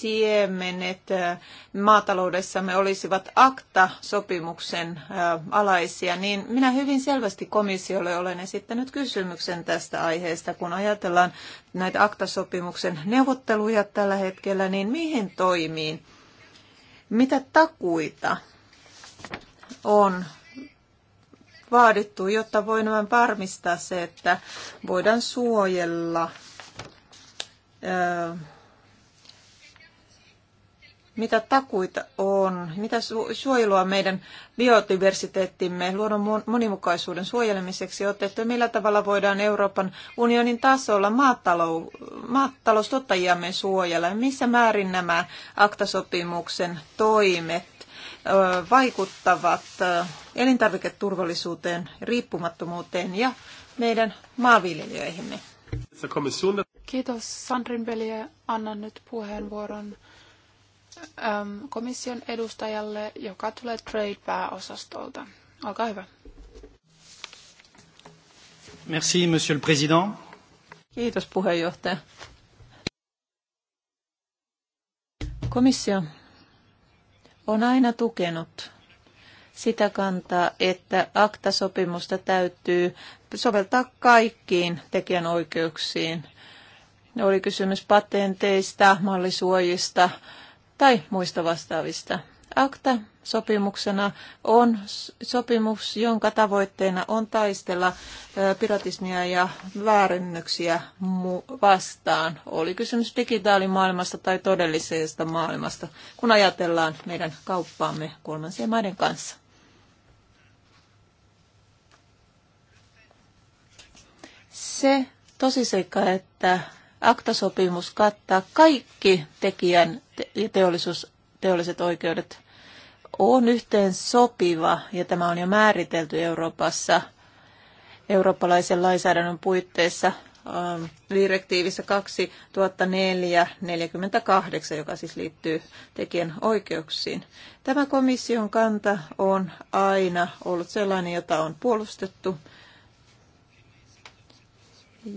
siemenet äh, maataloudessamme olisivat akta-sopimuksen äh, alaisia, niin minä hyvin selvästi komissiolle olen esittänyt kysymyksen tästä aiheesta. Kun ajatellaan näitä akta-sopimuksen neuvotteluja tällä hetkellä, niin mihin toimiin? Mitä takuita on vaadittu, jotta voidaan varmistaa se, että voidaan suojella äh, mitä takuita on, mitä suojelua meidän biodiversiteettimme luonnon monimukaisuuden suojelemiseksi otettu, millä tavalla voidaan Euroopan unionin tasolla maatalou, maataloustuottajiamme suojella, missä määrin nämä aktasopimuksen toimet vaikuttavat elintarviketurvallisuuteen, riippumattomuuteen ja meidän maanviljelijöihimme. Kiitos Sandrin Beliä. Annan nyt puheenvuoron äm, komission edustajalle, joka tulee Trade-pääosastolta. Olkaa hyvä. Merci, monsieur le président. Kiitos puheenjohtaja. Komissio on aina tukenut sitä kantaa, että aktasopimusta täytyy soveltaa kaikkiin tekijänoikeuksiin. Oli kysymys patenteista, mallisuojista, tai muista vastaavista. Akta sopimuksena on sopimus, jonka tavoitteena on taistella piratismia ja väärennöksiä vastaan. Oli kysymys digitaalimaailmasta tai todellisesta maailmasta, kun ajatellaan meidän kauppaamme kolmansien maiden kanssa. Se tosiseikka, että aktasopimus kattaa kaikki tekijän ja teollisuus, teolliset oikeudet on yhteen sopiva, ja tämä on jo määritelty Euroopassa eurooppalaisen lainsäädännön puitteissa ähm, direktiivissä 2004-48, joka siis liittyy tekijän oikeuksiin. Tämä komission kanta on aina ollut sellainen, jota on puolustettu.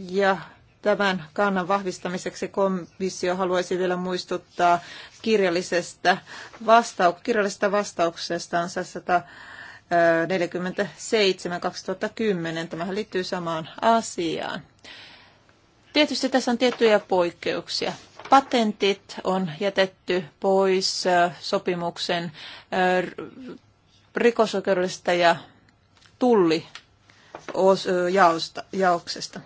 Ja Tämän kannan vahvistamiseksi komissio haluaisi vielä muistuttaa kirjallisesta, vastau- kirjallisesta vastauksestaan 147 2010. Tämähän liittyy samaan asiaan. Tietysti tässä on tiettyjä poikkeuksia. Patentit on jätetty pois sopimuksen rikosoikeudellisesta ja jaoksesta.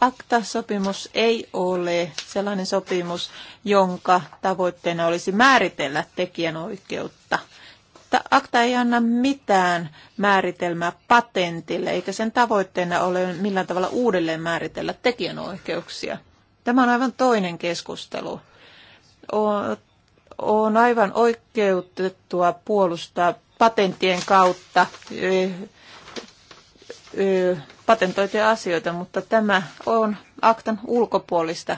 Akta-sopimus ei ole sellainen sopimus, jonka tavoitteena olisi määritellä tekijänoikeutta. Akta ei anna mitään määritelmää patentille, eikä sen tavoitteena ole millään tavalla uudelleen määritellä tekijänoikeuksia. Tämä on aivan toinen keskustelu. On aivan oikeutettua puolustaa patenttien kautta eh, patentoituja asioita, mutta tämä on aktan ulkopuolista.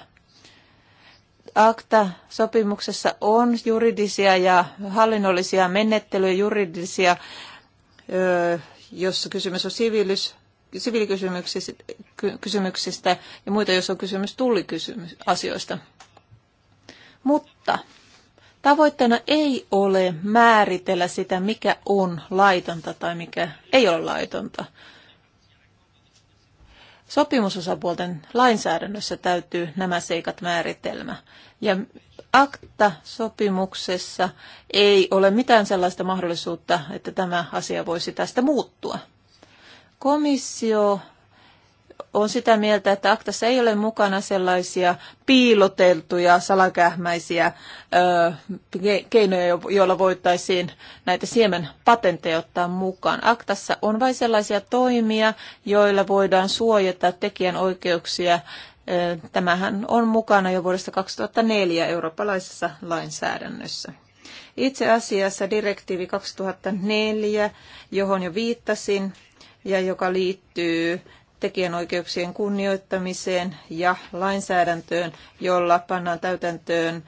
Akta-sopimuksessa on juridisia ja hallinnollisia menettelyjä, juridisia, jos kysymys on siviilys, siviilikysymyksistä ja muita, jos on kysymys tullikysymysasioista. Mutta tavoitteena ei ole määritellä sitä, mikä on laitonta tai mikä ei ole laitonta sopimusosapuolten lainsäädännössä täytyy nämä seikat määritelmä. Ja akta-sopimuksessa ei ole mitään sellaista mahdollisuutta, että tämä asia voisi tästä muuttua. Komissio on sitä mieltä, että aktassa ei ole mukana sellaisia piiloteltuja, salakähmäisiä keinoja, joilla voitaisiin näitä siemenpatentteja ottaa mukaan. Aktassa on vain sellaisia toimia, joilla voidaan suojata tekijänoikeuksia. Tämähän on mukana jo vuodesta 2004 eurooppalaisessa lainsäädännössä. Itse asiassa direktiivi 2004, johon jo viittasin, ja joka liittyy tekijänoikeuksien kunnioittamiseen ja lainsäädäntöön, jolla pannaan täytäntöön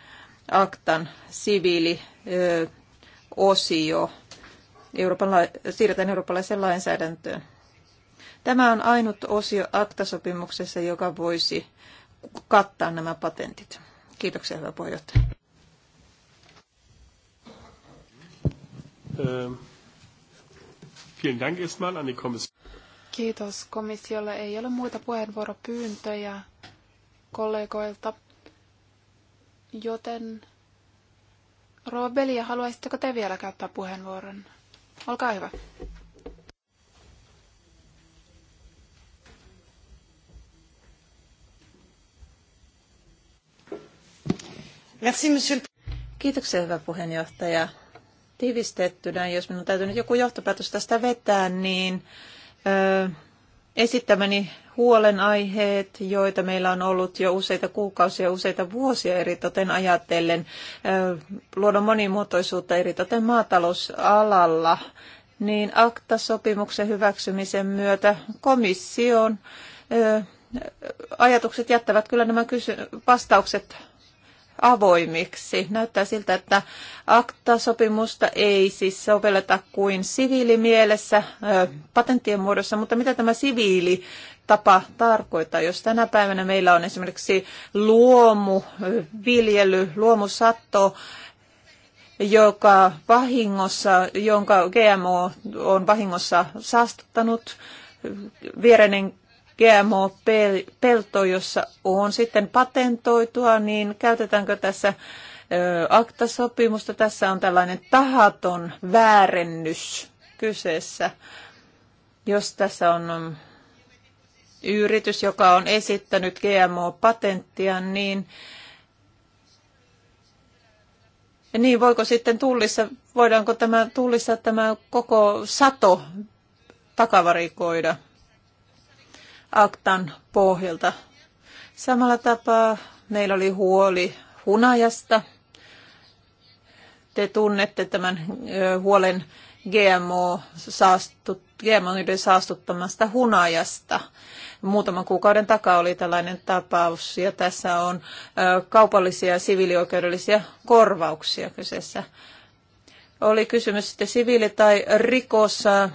aktan siviiliosio siirretään eurooppalaiseen lainsäädäntöön. Tämä on ainut osio aktasopimuksessa, joka voisi kattaa nämä patentit. Kiitoksia, hyvä puheenjohtaja. Ähm, vielen Dank erstmal an die Kommission. Kiitos komissiolle. Ei ole muita puheenvuoropyyntöjä kollegoilta, joten Robelia, haluaisitteko te vielä käyttää puheenvuoron? Olkaa hyvä. Merci, monsieur. Kiitoksia, hyvä puheenjohtaja. Tiivistettynä, jos minun täytyy nyt joku johtopäätös tästä vetää, niin esittämäni huolenaiheet, joita meillä on ollut jo useita kuukausia, useita vuosia eritoten ajatellen, luoda monimuotoisuutta eritoten maatalousalalla, niin akta-sopimuksen hyväksymisen myötä komission ajatukset jättävät kyllä nämä kysy- vastaukset avoimiksi. Näyttää siltä, että akta-sopimusta ei siis sovelleta kuin siviilimielessä patenttien muodossa, mutta mitä tämä siviili tapa tarkoittaa. Jos tänä päivänä meillä on esimerkiksi luomu, viljely, luomusatto, joka vahingossa, jonka GMO on vahingossa saastuttanut, viereinen GMO-pelto, jossa on sitten patentoitua, niin käytetäänkö tässä aktasopimusta? Tässä on tällainen tahaton väärennys kyseessä. Jos tässä on yritys, joka on esittänyt GMO-patenttia, niin niin, voiko sitten tullissa, voidaanko tämä tullissa tämä koko sato takavarikoida? aktan pohjalta. Samalla tapaa meillä oli huoli hunajasta. Te tunnette tämän huolen GMO saastut, GMOiden saastuttamasta hunajasta. Muutaman kuukauden takaa oli tällainen tapaus ja tässä on kaupallisia ja siviilioikeudellisia korvauksia kyseessä. Oli kysymys sitten siviili- tai rikossa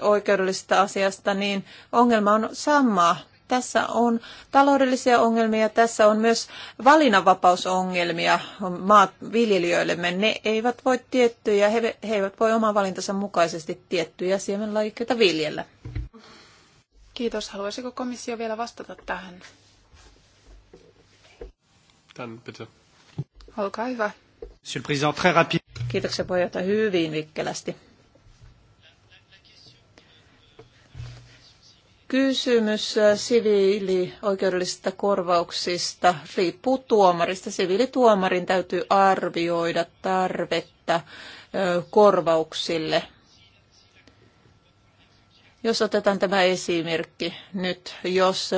oikeudellisesta asiasta, niin ongelma on sama. Tässä on taloudellisia ongelmia, tässä on myös valinnanvapausongelmia maat viljelijöillemme. Ne eivät voi tiettyjä, he, he eivät voi oman valintansa mukaisesti tiettyjä siemenlajikkeita viljellä. Kiitos. Haluaisiko komissio vielä vastata tähän? Tämä Olkaa hyvä. Kiitoksia puheenjohtaja hyvin vikkelästi. Kysymys äh, siviilioikeudellisista korvauksista riippuu tuomarista. Siviilituomarin täytyy arvioida tarvetta korvauksille. Jos otetaan tämä esimerkki nyt, jos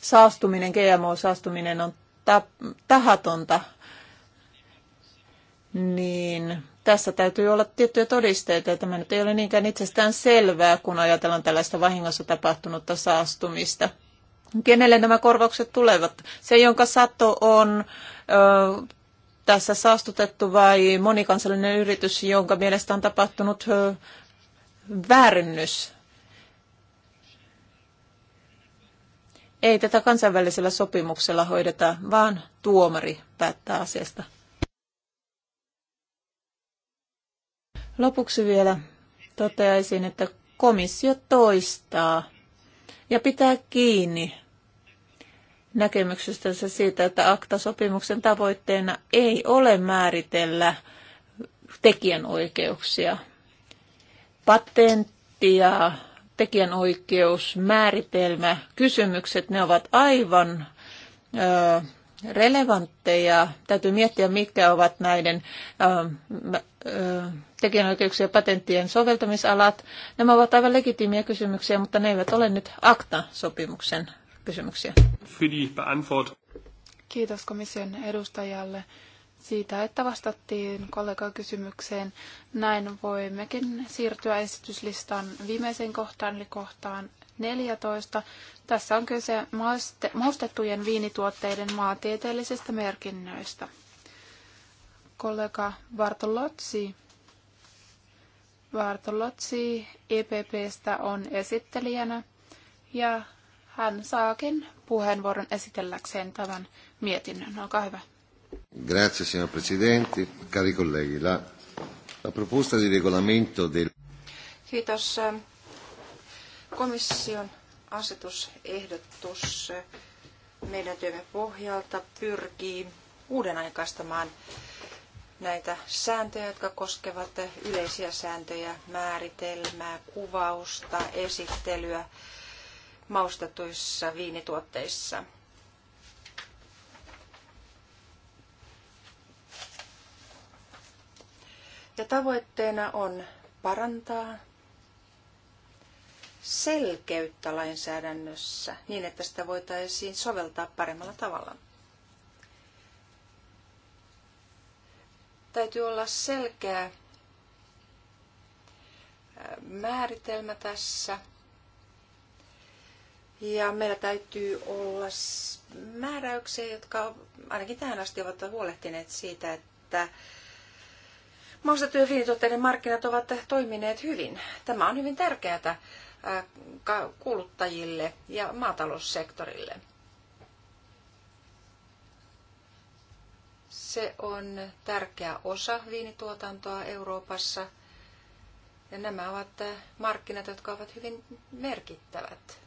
saastuminen, GMO-saastuminen on tahatonta niin tässä täytyy olla tiettyjä todisteita. että Tämä nyt ei ole niinkään itsestään selvää, kun ajatellaan tällaista vahingossa tapahtunutta saastumista. Kenelle nämä korvaukset tulevat? Se, jonka sato on ö, tässä saastutettu vai monikansallinen yritys, jonka mielestä on tapahtunut ö, väärennys? Ei tätä kansainvälisellä sopimuksella hoideta, vaan tuomari päättää asiasta. Lopuksi vielä toteaisin, että komissio toistaa ja pitää kiinni näkemyksestänsä siitä, että aktasopimuksen tavoitteena ei ole määritellä tekijänoikeuksia. Patentti ja tekijänoikeusmääritelmä, kysymykset, ne ovat aivan ö, relevantteja. Täytyy miettiä, mitkä ovat näiden ähm, äh, tekijänoikeuksien ja patenttien soveltamisalat. Nämä ovat aivan legitiimiä kysymyksiä, mutta ne eivät ole nyt akta-sopimuksen kysymyksiä. Kiitos komission edustajalle siitä, että vastattiin kollegan kysymykseen. Näin voimmekin siirtyä esityslistan viimeiseen kohtaan, eli kohtaan 14. Tässä on kyse maustettujen viinituotteiden maantieteellisistä merkinnöistä. Kollega Bartolozzi Bartolozzi EPPstä on esittelijänä ja hän saakin puheenvuoron esitelläkseen tämän mietinnön. Olkaa hyvä. Grazie signor Presidente, cari colleghi. La, la proposta di regolamento del... Kiitos Komission asetusehdotus meidän työmme pohjalta pyrkii uudenaikaistamaan näitä sääntöjä, jotka koskevat yleisiä sääntöjä, määritelmää, kuvausta, esittelyä maustetuissa viinituotteissa. Ja tavoitteena on parantaa selkeyttä lainsäädännössä niin, että sitä voitaisiin soveltaa paremmalla tavalla. Täytyy olla selkeä määritelmä tässä. Ja meillä täytyy olla määräyksiä, jotka ainakin tähän asti ovat huolehtineet siitä, että Maustatyöviinituotteiden markkinat ovat toimineet hyvin. Tämä on hyvin tärkeää kuluttajille ja maataloussektorille. Se on tärkeä osa viinituotantoa Euroopassa ja nämä ovat markkinat, jotka ovat hyvin merkittävät,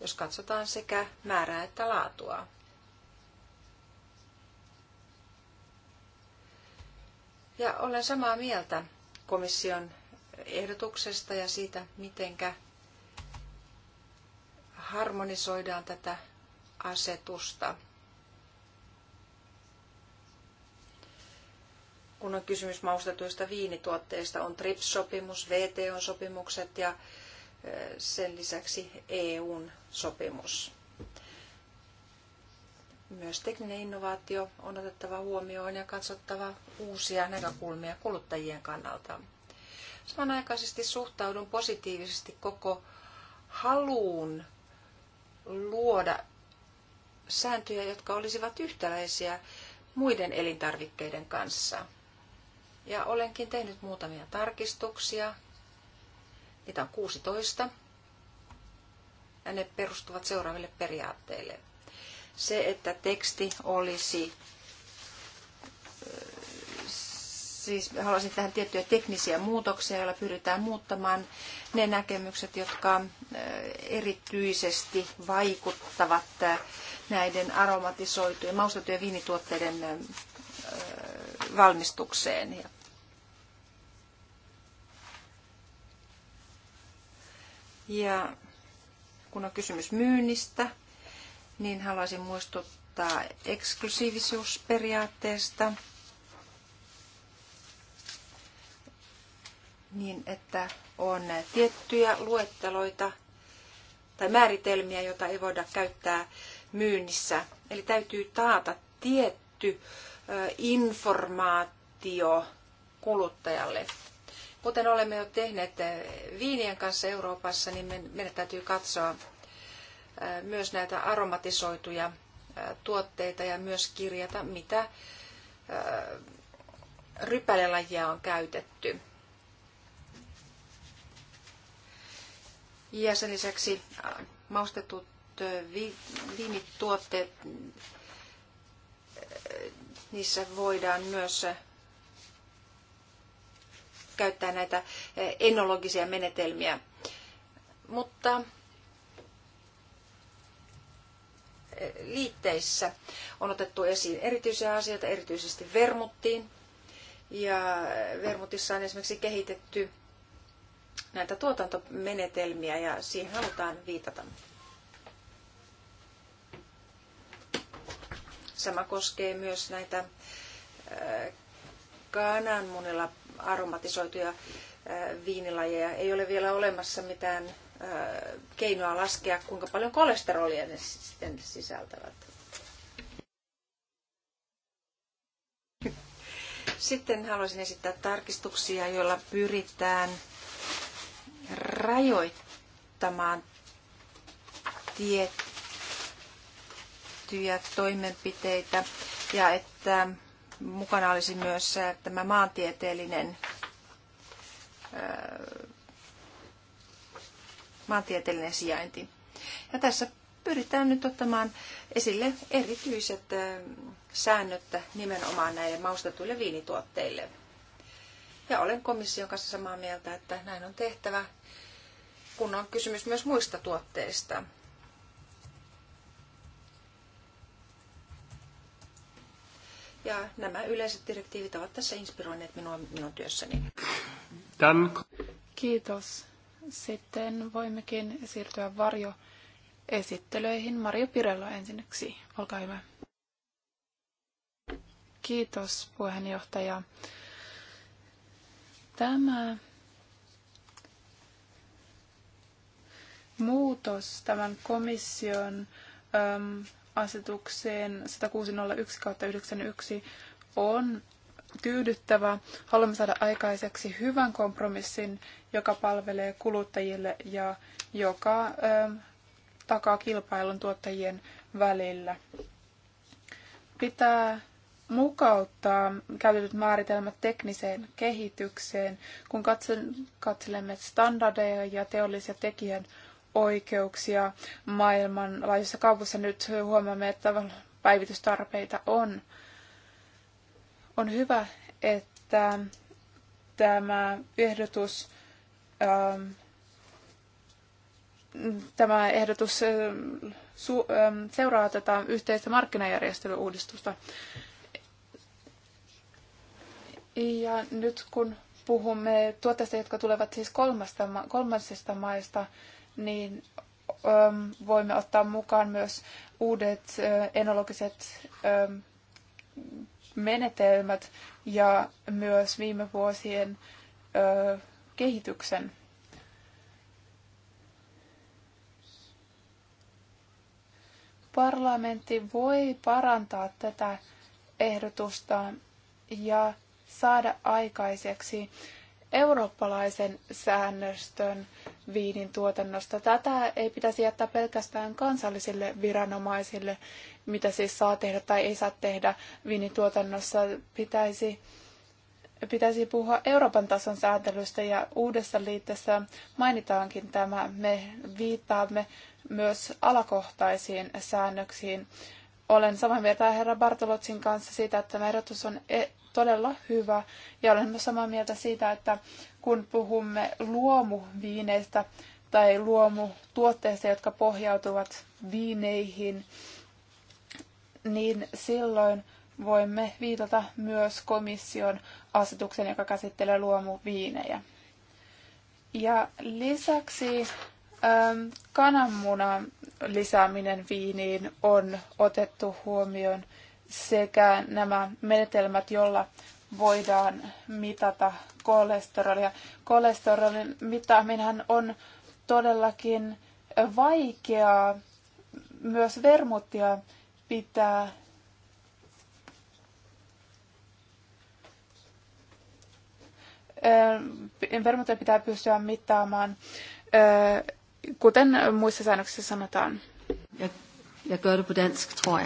jos katsotaan sekä määrää että laatua. Ja olen samaa mieltä komission ehdotuksesta ja siitä, mitenkä harmonisoidaan tätä asetusta. Kun on kysymys maustetuista viinituotteista, on TRIPS-sopimus, VTO-sopimukset ja sen lisäksi EUn sopimus. Myös tekninen innovaatio on otettava huomioon ja katsottava uusia näkökulmia kuluttajien kannalta. Samanaikaisesti suhtaudun positiivisesti koko haluun luoda sääntöjä, jotka olisivat yhtäläisiä muiden elintarvikkeiden kanssa. Ja olenkin tehnyt muutamia tarkistuksia. Niitä on 16. Ja ne perustuvat seuraaville periaatteille. Se, että teksti olisi siis haluaisin tähän tiettyjä teknisiä muutoksia, joilla pyritään muuttamaan ne näkemykset, jotka erityisesti vaikuttavat näiden aromatisoitujen, maustettujen viinituotteiden valmistukseen. Ja kun on kysymys myynnistä, niin haluaisin muistuttaa eksklusiivisuusperiaatteesta – niin, että on tiettyjä luetteloita tai määritelmiä, joita ei voida käyttää myynnissä. Eli täytyy taata tietty informaatio kuluttajalle. Kuten olemme jo tehneet viinien kanssa Euroopassa, niin meidän täytyy katsoa myös näitä aromatisoituja tuotteita ja myös kirjata, mitä rypälelajia on käytetty. Ja sen lisäksi äh, maustetut äh, vi, viinituotteet, äh, niissä voidaan myös käyttää näitä enologisia menetelmiä. Mutta liitteissä on otettu esiin erityisiä asioita, erityisesti vermuttiin. Ja vermutissa on esimerkiksi kehitetty näitä tuotantomenetelmiä ja siihen halutaan viitata. Sama koskee myös näitä äh, kananmunilla aromatisoituja äh, viinilajeja. Ei ole vielä olemassa mitään äh, keinoa laskea, kuinka paljon kolesterolia ne sitten sisältävät. Sitten haluaisin esittää tarkistuksia, joilla pyritään rajoittamaan tiettyjä toimenpiteitä ja että mukana olisi myös äh, tämä maantieteellinen, äh, maantieteellinen sijainti. Ja tässä pyritään nyt ottamaan esille erityiset äh, säännöt nimenomaan näille maustetuille viinituotteille. Ja olen komission kanssa samaa mieltä, että näin on tehtävä, kun on kysymys myös muista tuotteista. Ja nämä yleiset direktiivit ovat tässä inspiroineet minua minun työssäni. Tän... Kiitos. Sitten voimmekin siirtyä varjo esittelyihin. Mario Pirello ensinnäksi. Olkaa hyvä. Kiitos puheenjohtaja. Tämä muutos tämän komission äm, asetukseen 106.01.91 on tyydyttävä. Haluamme saada aikaiseksi hyvän kompromissin, joka palvelee kuluttajille ja joka äm, takaa kilpailun tuottajien välillä. Pitää mukauttaa käytetyt määritelmät tekniseen kehitykseen, kun katselemme standardeja ja teollisia tekijän oikeuksia maailmanlaajuisessa kaupassa. Nyt huomaamme, että päivitystarpeita on. On hyvä, että tämä ehdotus ähm, tämä ehdotus ähm, ähm, seuraa tätä yhteistä markkinajärjestelyuudistusta. Ja nyt kun puhumme tuotteista, jotka tulevat siis kolmasta, kolmansista maista, niin voimme ottaa mukaan myös uudet enologiset menetelmät ja myös viime vuosien kehityksen. Parlamentti voi parantaa tätä ehdotusta ja saada aikaiseksi eurooppalaisen säännöstön viinin tuotannosta. Tätä ei pitäisi jättää pelkästään kansallisille viranomaisille, mitä siis saa tehdä tai ei saa tehdä tuotannossa. Pitäisi, pitäisi puhua Euroopan tason sääntelystä ja uudessa liitteessä mainitaankin tämä. Me viittaamme myös alakohtaisiin säännöksiin. Olen samaa mieltä herra Bartolotsin kanssa siitä, että tämä ehdotus on e- todella hyvä. Ja olen myös samaa mieltä siitä, että kun puhumme luomuviineistä tai luomutuotteista, jotka pohjautuvat viineihin, niin silloin voimme viitata myös komission asetuksen, joka käsittelee luomuviinejä. Ja lisäksi ähm, kananmunan lisääminen viiniin on otettu huomioon sekä nämä menetelmät, joilla voidaan mitata kolesterolia. Kolesterolin mittaaminen on todellakin vaikeaa. Myös vermuttia pitää vermuttia pitää pystyä mittaamaan, kuten muissa säännöksissä sanotaan. Jag gör det på dansk, tror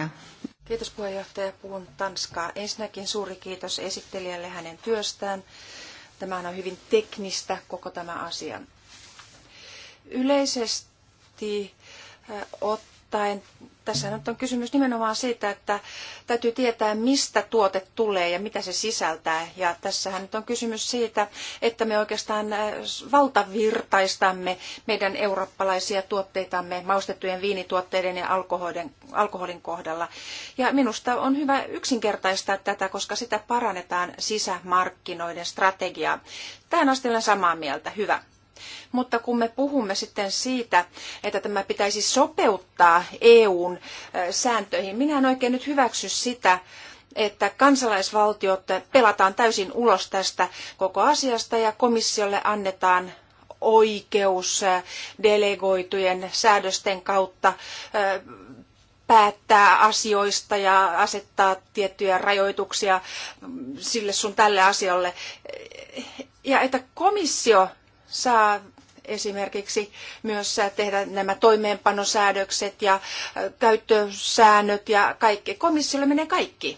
Kiitos puheenjohtaja. Puhun Tanskaa. Ensinnäkin suuri kiitos esittelijälle hänen työstään. Tämä on hyvin teknistä koko tämä asia. Yleisesti ottaen tässä nyt on kysymys nimenomaan siitä, että täytyy tietää, mistä tuote tulee ja mitä se sisältää. Ja tässähän nyt on kysymys siitä, että me oikeastaan äh, valtavirtaistamme meidän eurooppalaisia tuotteitamme maustettujen viinituotteiden ja alkoholin, alkoholin kohdalla. Ja minusta on hyvä yksinkertaistaa tätä, koska sitä parannetaan sisämarkkinoiden strategiaa. Tähän asti olen samaa mieltä. Hyvä. Mutta kun me puhumme sitten siitä, että tämä pitäisi sopeuttaa EUn sääntöihin, minä en oikein nyt hyväksy sitä, että kansalaisvaltiot pelataan täysin ulos tästä koko asiasta ja komissiolle annetaan oikeus delegoitujen säädösten kautta päättää asioista ja asettaa tiettyjä rajoituksia sille sun tälle asialle. Ja että komissio saa esimerkiksi myös tehdä nämä toimeenpanosäädökset ja käyttösäännöt ja kaikki. Komissiolle menee kaikki.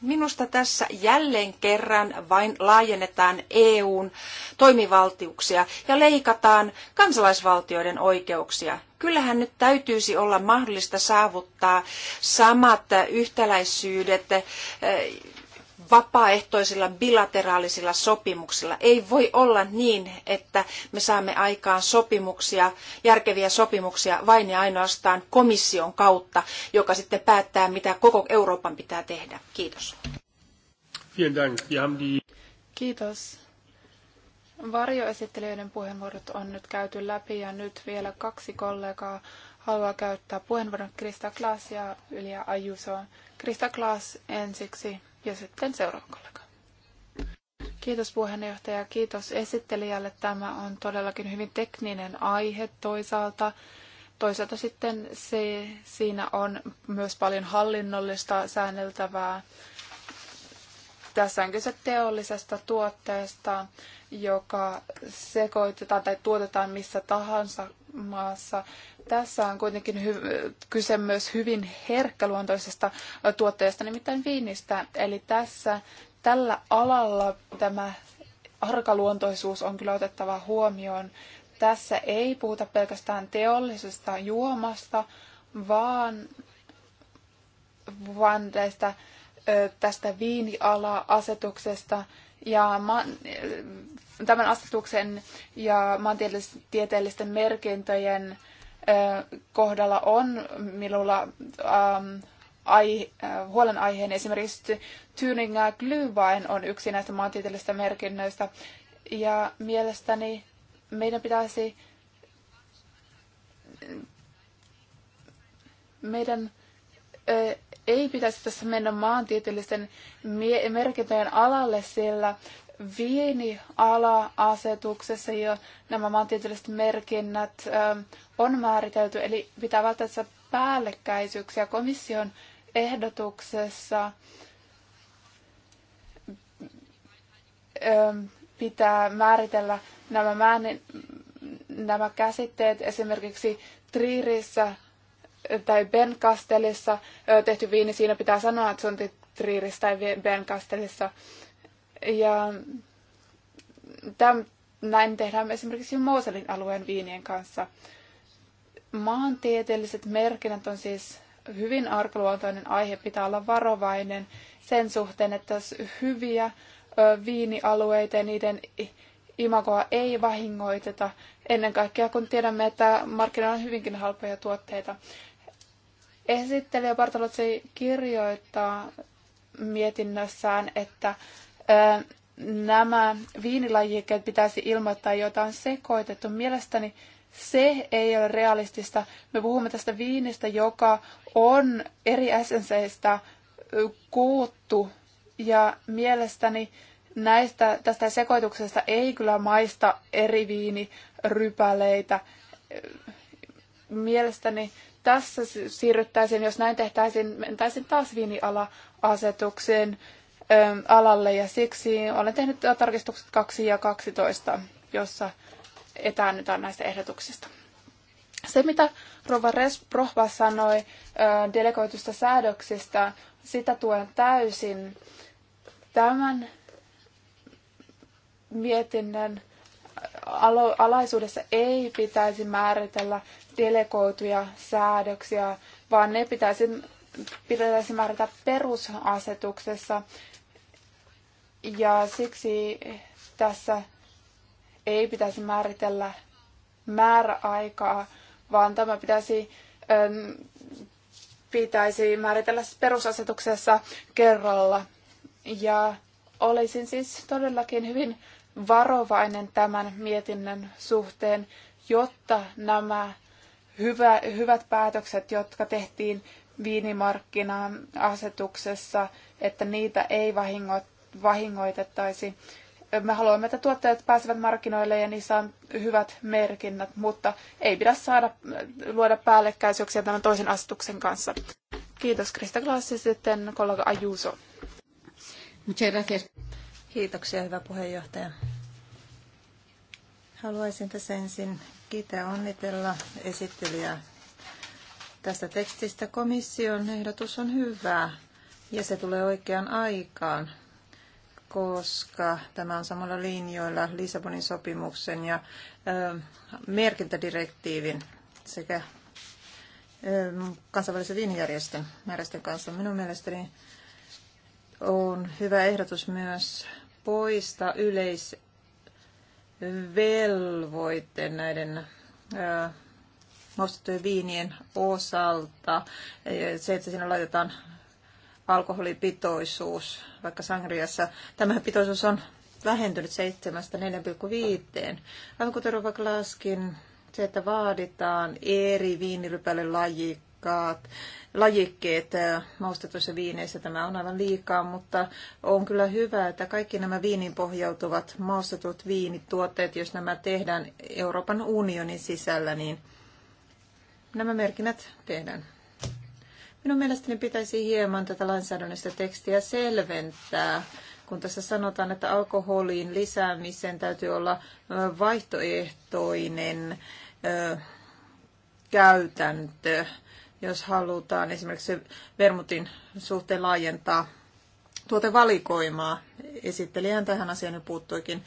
Minusta tässä jälleen kerran vain laajennetaan EUn toimivaltiuksia ja leikataan kansalaisvaltioiden oikeuksia. Kyllähän nyt täytyisi olla mahdollista saavuttaa samat yhtäläisyydet vapaaehtoisilla bilateraalisilla sopimuksilla. Ei voi olla niin, että me saamme aikaan sopimuksia, järkeviä sopimuksia vain ja ainoastaan komission kautta, joka sitten päättää, mitä koko Euroopan pitää tehdä. Kiitos. Kiitos. Varjoesittelijöiden puheenvuorot on nyt käyty läpi ja nyt vielä kaksi kollegaa haluaa käyttää puheenvuoron Krista Klaas ja Ylja Ajuso. Krista Klaas ensiksi. Ja sitten seuraava kollega. Kiitos puheenjohtaja, kiitos esittelijälle. Tämä on todellakin hyvin tekninen aihe toisaalta. Toisaalta sitten se, siinä on myös paljon hallinnollista säänneltävää. Tässä on kyse teollisesta tuotteesta, joka sekoitetaan tai tuotetaan missä tahansa maassa. Tässä on kuitenkin hy- kyse myös hyvin herkkäluontoisesta tuotteesta, nimittäin viinistä. Eli tässä tällä alalla tämä arkaluontoisuus on kyllä otettava huomioon. Tässä ei puhuta pelkästään teollisesta juomasta, vaan, vaan tästä, tästä viiniala-asetuksesta ja ma- tämän asetuksen ja maantieteellisten merkintöjen kohdalla on minulla ähm, ai, äh, huolenaiheen esimerkiksi Thüringer Glühwein on yksi näistä maantieteellisistä merkinnöistä. Ja mielestäni meidän pitäisi meidän äh, ei pitäisi tässä mennä maantieteellisten merkintöjen alalle, sillä viiniala-asetuksessa jo nämä maantieteelliset merkinnät ähm, on määritelty, eli pitää välttää tässä päällekkäisyyksiä komission ehdotuksessa ähm, pitää määritellä nämä, määrin, nämä käsitteet esimerkiksi Triirissä äh, tai Benkastelissa äh, tehty viini, siinä pitää sanoa, että se on Triirissä tai Benkastelissa ja täm, näin tehdään esimerkiksi Mooselin alueen viinien kanssa. Maantieteelliset merkinnät on siis hyvin arkaluontoinen aihe, pitää olla varovainen sen suhteen, että hyviä viinialueita ja niiden imagoa ei vahingoiteta, ennen kaikkea kun tiedämme, että markkinoilla on hyvinkin halpoja tuotteita. Esittelijä Bartolotsi kirjoittaa mietinnössään, että nämä viinilajikkeet pitäisi ilmoittaa, joita on sekoitettu. Mielestäni se ei ole realistista. Me puhumme tästä viinistä, joka on eri essenseistä kuuttu ja mielestäni näistä, tästä sekoituksesta ei kyllä maista eri viinirypäleitä. Mielestäni tässä siirryttäisiin, jos näin tehtäisiin, mentäisiin taas viiniala-asetukseen alalle ja siksi olen tehnyt tarkistukset 2 ja 12, jossa etäännytään näistä ehdotuksista. Se, mitä Rova Resprohva sanoi delegoitusta säädöksistä, sitä tuen täysin. Tämän mietinnön alaisuudessa ei pitäisi määritellä delegoituja säädöksiä, vaan ne pitäisi, pitäisi määritellä perusasetuksessa. Ja siksi tässä ei pitäisi määritellä määräaikaa, vaan tämä pitäisi, ähm, pitäisi määritellä siis perusasetuksessa kerralla. Ja olisin siis todellakin hyvin varovainen tämän mietinnön suhteen, jotta nämä hyvä, hyvät päätökset, jotka tehtiin viinimarkkina-asetuksessa, että niitä ei vahingot, vahingoitettaisi. Me haluamme, että tuotteet pääsevät markkinoille ja niissä on hyvät merkinnät, mutta ei pidä saada luoda päällekkäisyyksiä tämän toisen asetuksen kanssa. Kiitos Krista Klaas ja sitten kollega Ajuso. Kiitoksia, hyvä puheenjohtaja. Haluaisin tässä ensin kiittää onnitella esittelijää tästä tekstistä. Komission ehdotus on hyvä ja se tulee oikeaan aikaan koska tämä on samalla linjoilla Lissabonin sopimuksen ja ö, merkintädirektiivin sekä ö, kansainvälisen viinijärjestön määrästen kanssa. Minun mielestäni on hyvä ehdotus myös poistaa yleisvelvoite näiden ö, nostettujen viinien osalta. Se, että siinä laitetaan alkoholipitoisuus, vaikka sangriassa. Tämä pitoisuus on vähentynyt 7-4,5. Aivan kuten Rova Glaskin, se, että vaaditaan eri viinirypälen lajikkaat, lajikkeet maustetuissa viineissä, tämä on aivan liikaa, mutta on kyllä hyvä, että kaikki nämä viinin pohjautuvat maustetut viinituotteet, jos nämä tehdään Euroopan unionin sisällä, niin nämä merkinnät tehdään Minun mielestäni pitäisi hieman tätä lainsäädännöllistä tekstiä selventää, kun tässä sanotaan, että alkoholin lisäämisen täytyy olla vaihtoehtoinen käytäntö, jos halutaan esimerkiksi vermutin suhteen laajentaa tuotevalikoimaa. Esittelijän tähän asiaan puuttuikin.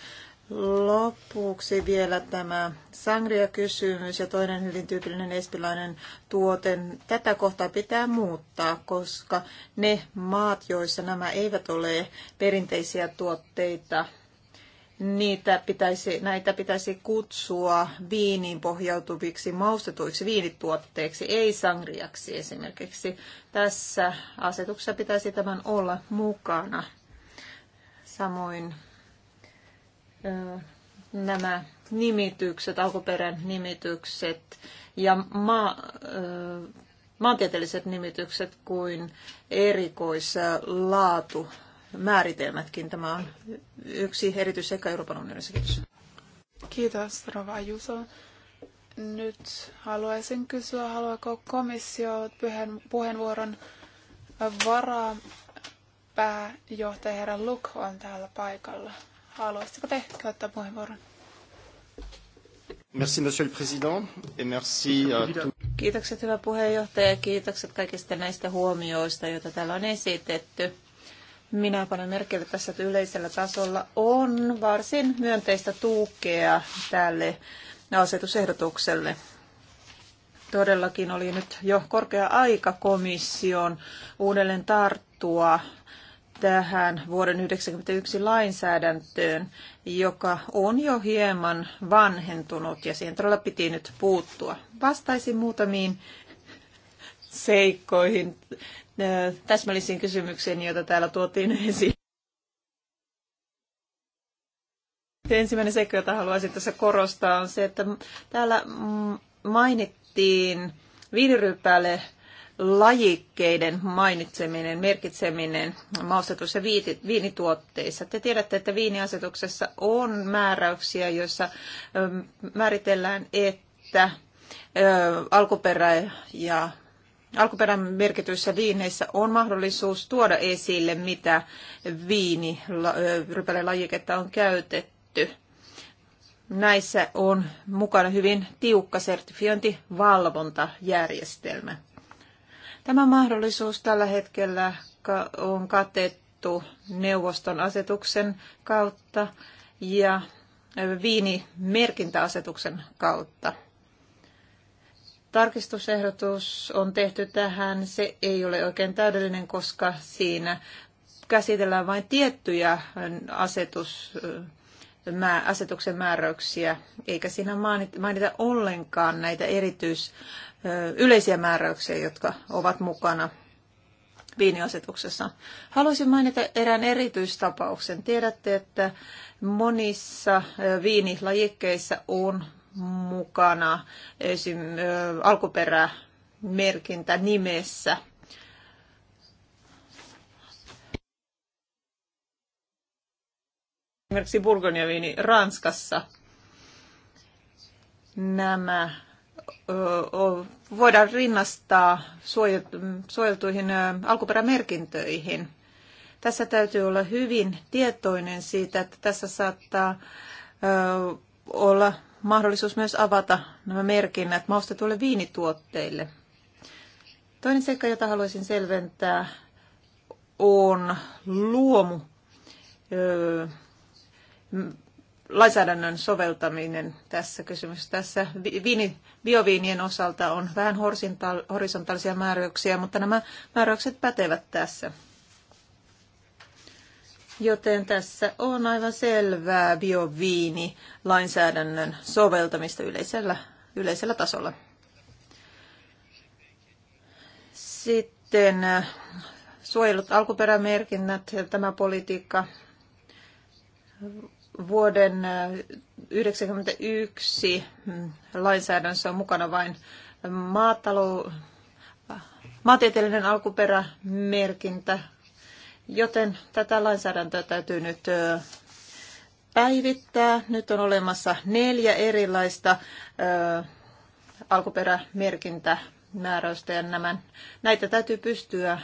Lopuksi vielä tämä sangria-kysymys ja toinen hyvin tyypillinen espilainen tuote. Tätä kohtaa pitää muuttaa, koska ne maat, joissa nämä eivät ole perinteisiä tuotteita, niitä pitäisi, näitä pitäisi kutsua viiniin pohjautuviksi maustetuiksi viinituotteiksi, ei sangriaksi esimerkiksi. Tässä asetuksessa pitäisi tämän olla mukana. Samoin nämä nimitykset, alkuperän nimitykset ja maa, maantieteelliset nimitykset kuin erikoislaatu määritelmätkin. Tämä on yksi sekä Euroopan unionissa. Kiitos. Kiitos, Rova Juso. Nyt haluaisin kysyä, haluaako komissio puheenvuoron varaa pääjohtaja herra Luk on täällä paikalla. Haluaisitteko te käyttää puheenvuoron? Merci, monsieur le président, et merci à euh, Kiitokset hyvä puheenjohtaja ja kiitokset kaikista näistä huomioista, joita täällä on esitetty. Minä panen merkille tässä, että yleisellä tasolla on varsin myönteistä tukea tälle asetusehdotukselle. Todellakin oli nyt jo korkea aika komission uudelleen tarttua tähän vuoden 1991 lainsäädäntöön, joka on jo hieman vanhentunut ja siihen todella piti nyt puuttua. Vastaisin muutamiin seikkoihin, äh, täsmällisiin kysymyksiin, joita täällä tuotiin esiin. Ensimmäinen seikka, jota haluaisin tässä korostaa, on se, että täällä mainittiin viiniryypäälle lajikkeiden mainitseminen, merkitseminen ja viinituotteissa. Te tiedätte, että viiniasetuksessa on määräyksiä, joissa määritellään, että alkuperä ja alkuperän merkityissä viineissä on mahdollisuus tuoda esille, mitä viini lajiketta on käytetty. Näissä on mukana hyvin tiukka sertifiointivalvontajärjestelmä. Tämä mahdollisuus tällä hetkellä on katettu neuvoston asetuksen kautta ja viinimerkintäasetuksen kautta. Tarkistusehdotus on tehty tähän. Se ei ole oikein täydellinen, koska siinä käsitellään vain tiettyjä asetus, asetuksen määräyksiä, eikä siinä mainita ollenkaan näitä erityis yleisiä määräyksiä, jotka ovat mukana viiniasetuksessa. Haluaisin mainita erään erityistapauksen. Tiedätte, että monissa viinilajikkeissa on mukana esim. alkuperämerkintä nimessä – esimerkiksi Burgonjaviini viini Ranskassa. Nämä voidaan rinnastaa suojeltuihin alkuperämerkintöihin. Tässä täytyy olla hyvin tietoinen siitä, että tässä saattaa olla mahdollisuus myös avata nämä merkinnät maustetuille viinituotteille. Toinen seikka, jota haluaisin selventää, on luomu lainsäädännön soveltaminen tässä kysymyksessä. Tässä viini, bioviinien osalta on vähän horisontaalisia määräyksiä, mutta nämä määräykset pätevät tässä. Joten tässä on aivan selvää bioviini lainsäädännön soveltamista yleisellä, yleisellä tasolla. Sitten äh, suojelut alkuperämerkinnät, tämä politiikka vuoden 1991 äh, mm, lainsäädännössä on mukana vain maatalou, maatieteellinen alkuperämerkintä, joten tätä lainsäädäntöä täytyy nyt päivittää. Nyt on olemassa neljä erilaista alkuperämerkintämääräystä ja nämä, näitä täytyy pystyä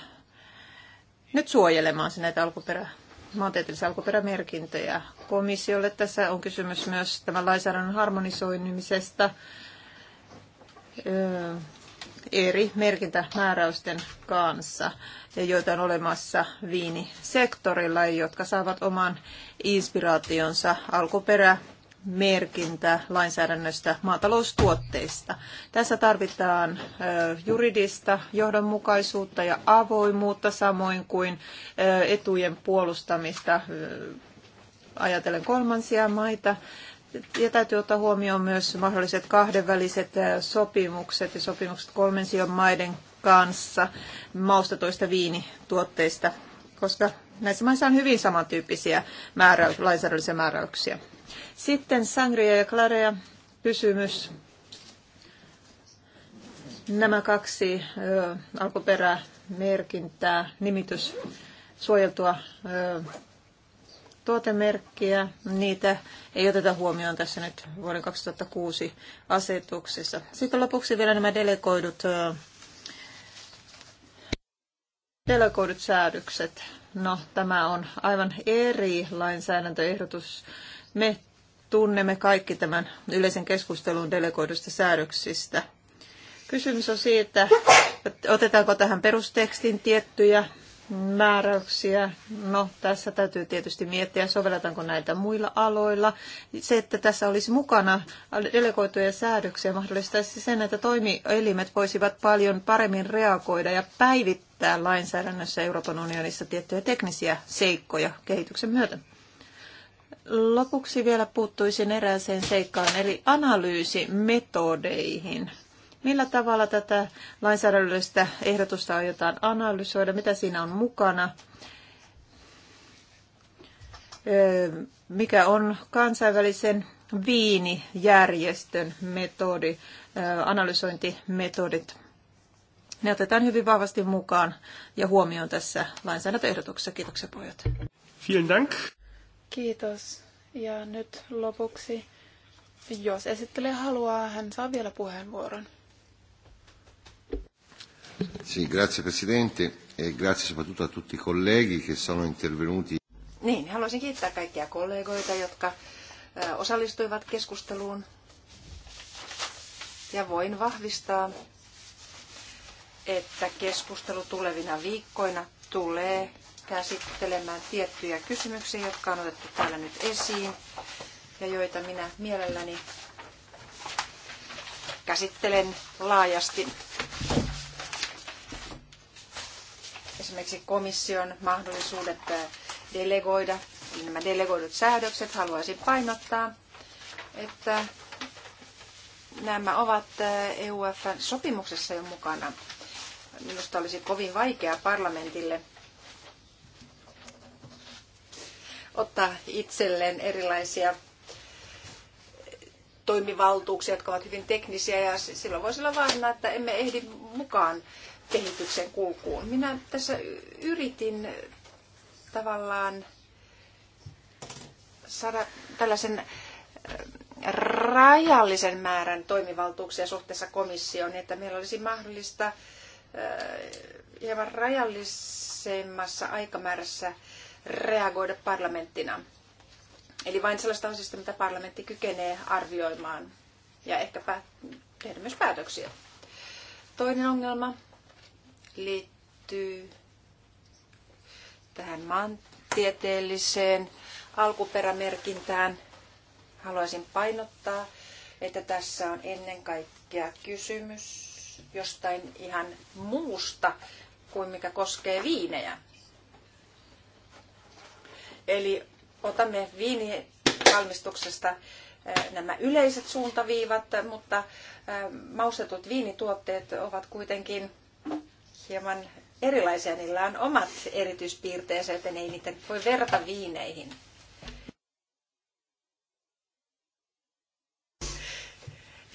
nyt suojelemaan näitä alkuperämerkintä maantieteellisiä alkuperämerkintöjä komissiolle. Tässä on kysymys myös tämän lainsäädännön harmonisoinnimisesta eri merkintämääräysten kanssa, joita on olemassa viinisektorilla, jotka saavat oman inspiraationsa alkuperä merkintä lainsäädännöstä maataloustuotteista. Tässä tarvitaan juridista johdonmukaisuutta ja avoimuutta samoin kuin etujen puolustamista ajatellen kolmansia maita. Ja täytyy ottaa huomioon myös mahdolliset kahdenväliset sopimukset ja sopimukset kolmension maiden kanssa maustatoista viinituotteista, koska näissä maissa on hyvin samantyyppisiä määräys, lainsäädännöllisiä määräyksiä. Sitten Sangria ja Clarea kysymys. Nämä kaksi ö, alkuperämerkintää, nimitys, suojeltua ö, tuotemerkkiä, niitä ei oteta huomioon tässä nyt vuoden 2006 asetuksessa. Sitten lopuksi vielä nämä delegoidut, ö, delegoidut säädökset. No, tämä on aivan eri lainsäädäntöehdotus me tunnemme kaikki tämän yleisen keskustelun delegoidusta säädöksistä. Kysymys on siitä, että otetaanko tähän perustekstin tiettyjä määräyksiä. No, tässä täytyy tietysti miettiä, sovelletaanko näitä muilla aloilla. Se, että tässä olisi mukana delegoituja säädöksiä, mahdollistaisi sen, että toimielimet voisivat paljon paremmin reagoida ja päivittää lainsäädännössä Euroopan unionissa tiettyjä teknisiä seikkoja kehityksen myötä. Lopuksi vielä puuttuisin erääseen seikkaan, eli analyysimetodeihin. Millä tavalla tätä lainsäädännöllistä ehdotusta aiotaan analysoida? Mitä siinä on mukana? Mikä on kansainvälisen viinijärjestön metodi, analysointimetodit? Ne otetaan hyvin vahvasti mukaan ja huomioon tässä lainsäädäntöehdotuksessa. Kiitoksia pojat. Vielen Dank. Kiitos. Ja nyt lopuksi, jos esittelee haluaa, hän saa vielä puheenvuoron. Sì, grazie Presidente e grazie soprattutto a tutti i colleghi che sono intervenuti. Niin, haluaisin kiittää kaikkia kollegoita, jotka osallistuivat keskusteluun. Ja voin vahvistaa, että keskustelu tulevina viikkoina tulee käsittelemään tiettyjä kysymyksiä, jotka on otettu täällä nyt esiin ja joita minä mielelläni käsittelen laajasti. Esimerkiksi komission mahdollisuudet äh, delegoida, eli nämä delegoidut säädökset, haluaisin painottaa, että nämä ovat äh, euf sopimuksessa jo mukana. Minusta olisi kovin vaikea parlamentille ottaa itselleen erilaisia toimivaltuuksia, jotka ovat hyvin teknisiä ja silloin voisi olla vaarana, että emme ehdi mukaan kehityksen kulkuun. Minä tässä yritin tavallaan saada tällaisen rajallisen määrän toimivaltuuksia suhteessa komissioon, niin että meillä olisi mahdollista hieman rajallisemmassa aikamäärässä reagoida parlamenttina. Eli vain sellaista asioista, mitä parlamentti kykenee arvioimaan ja ehkäpä tehdä myös päätöksiä. Toinen ongelma liittyy tähän maantieteelliseen alkuperämerkintään. Haluaisin painottaa, että tässä on ennen kaikkea kysymys jostain ihan muusta kuin mikä koskee viinejä. Eli otamme viinivalmistuksesta eh, nämä yleiset suuntaviivat, mutta eh, maustetut viinituotteet ovat kuitenkin hieman erilaisia. Niillä on omat erityispiirteensä, joten ei niitä voi verrata viineihin.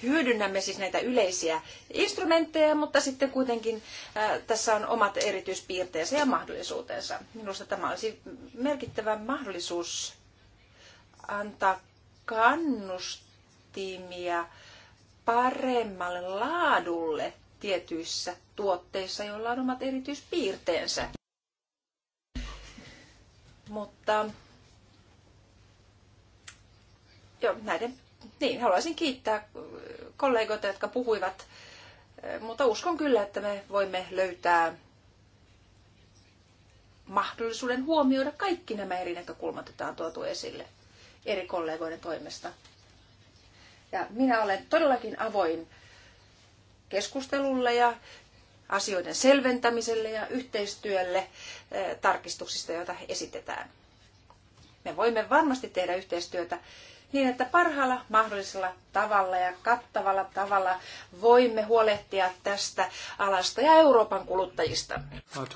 hyödynnämme siis näitä yleisiä instrumentteja, mutta sitten kuitenkin tässä on omat erityispiirteensä ja mahdollisuutensa. Minusta tämä olisi merkittävä mahdollisuus antaa kannustimia paremmalle laadulle tietyissä tuotteissa, joilla on omat erityispiirteensä. Mutta jo, näiden niin, haluaisin kiittää kollegoita, jotka puhuivat, eh, mutta uskon kyllä, että me voimme löytää mahdollisuuden huomioida kaikki nämä eri näkökulmat, joita on tuotu esille eri kollegoiden toimesta. Ja minä olen todellakin avoin keskustelulle ja asioiden selventämiselle ja yhteistyölle eh, tarkistuksista, joita esitetään. Me voimme varmasti tehdä yhteistyötä niin että parhaalla mahdollisella tavalla ja kattavalla tavalla voimme huolehtia tästä alasta ja Euroopan kuluttajista. Äh.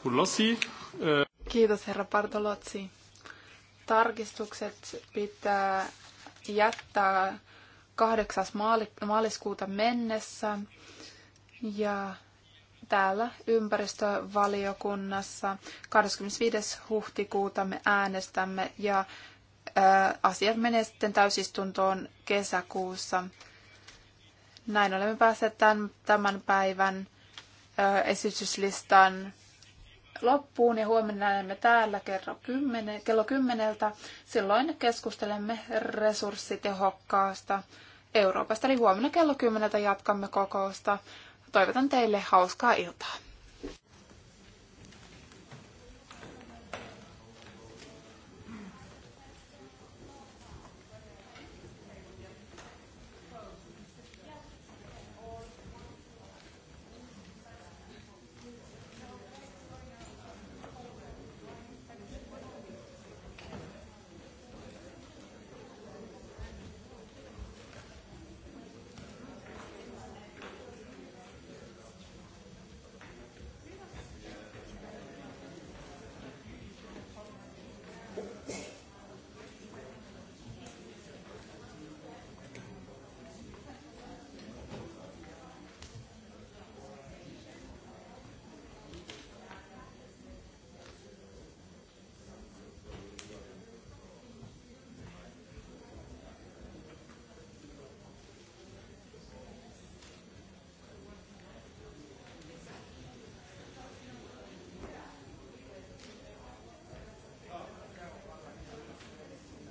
Kiitos herra Bartolozzi. Tarkistukset pitää jättää 8. maaliskuuta mennessä ja täällä ympäristövaliokunnassa 25. huhtikuuta me äänestämme ja asiat menee sitten täysistuntoon kesäkuussa. Näin olemme päässeet tämän, tämän päivän esityslistan loppuun ja huomenna näemme täällä kerran 10, kello kymmeneltä. Silloin keskustelemme resurssitehokkaasta Euroopasta. Eli huomenna kello kymmeneltä jatkamme kokousta. Toivotan teille hauskaa iltaa.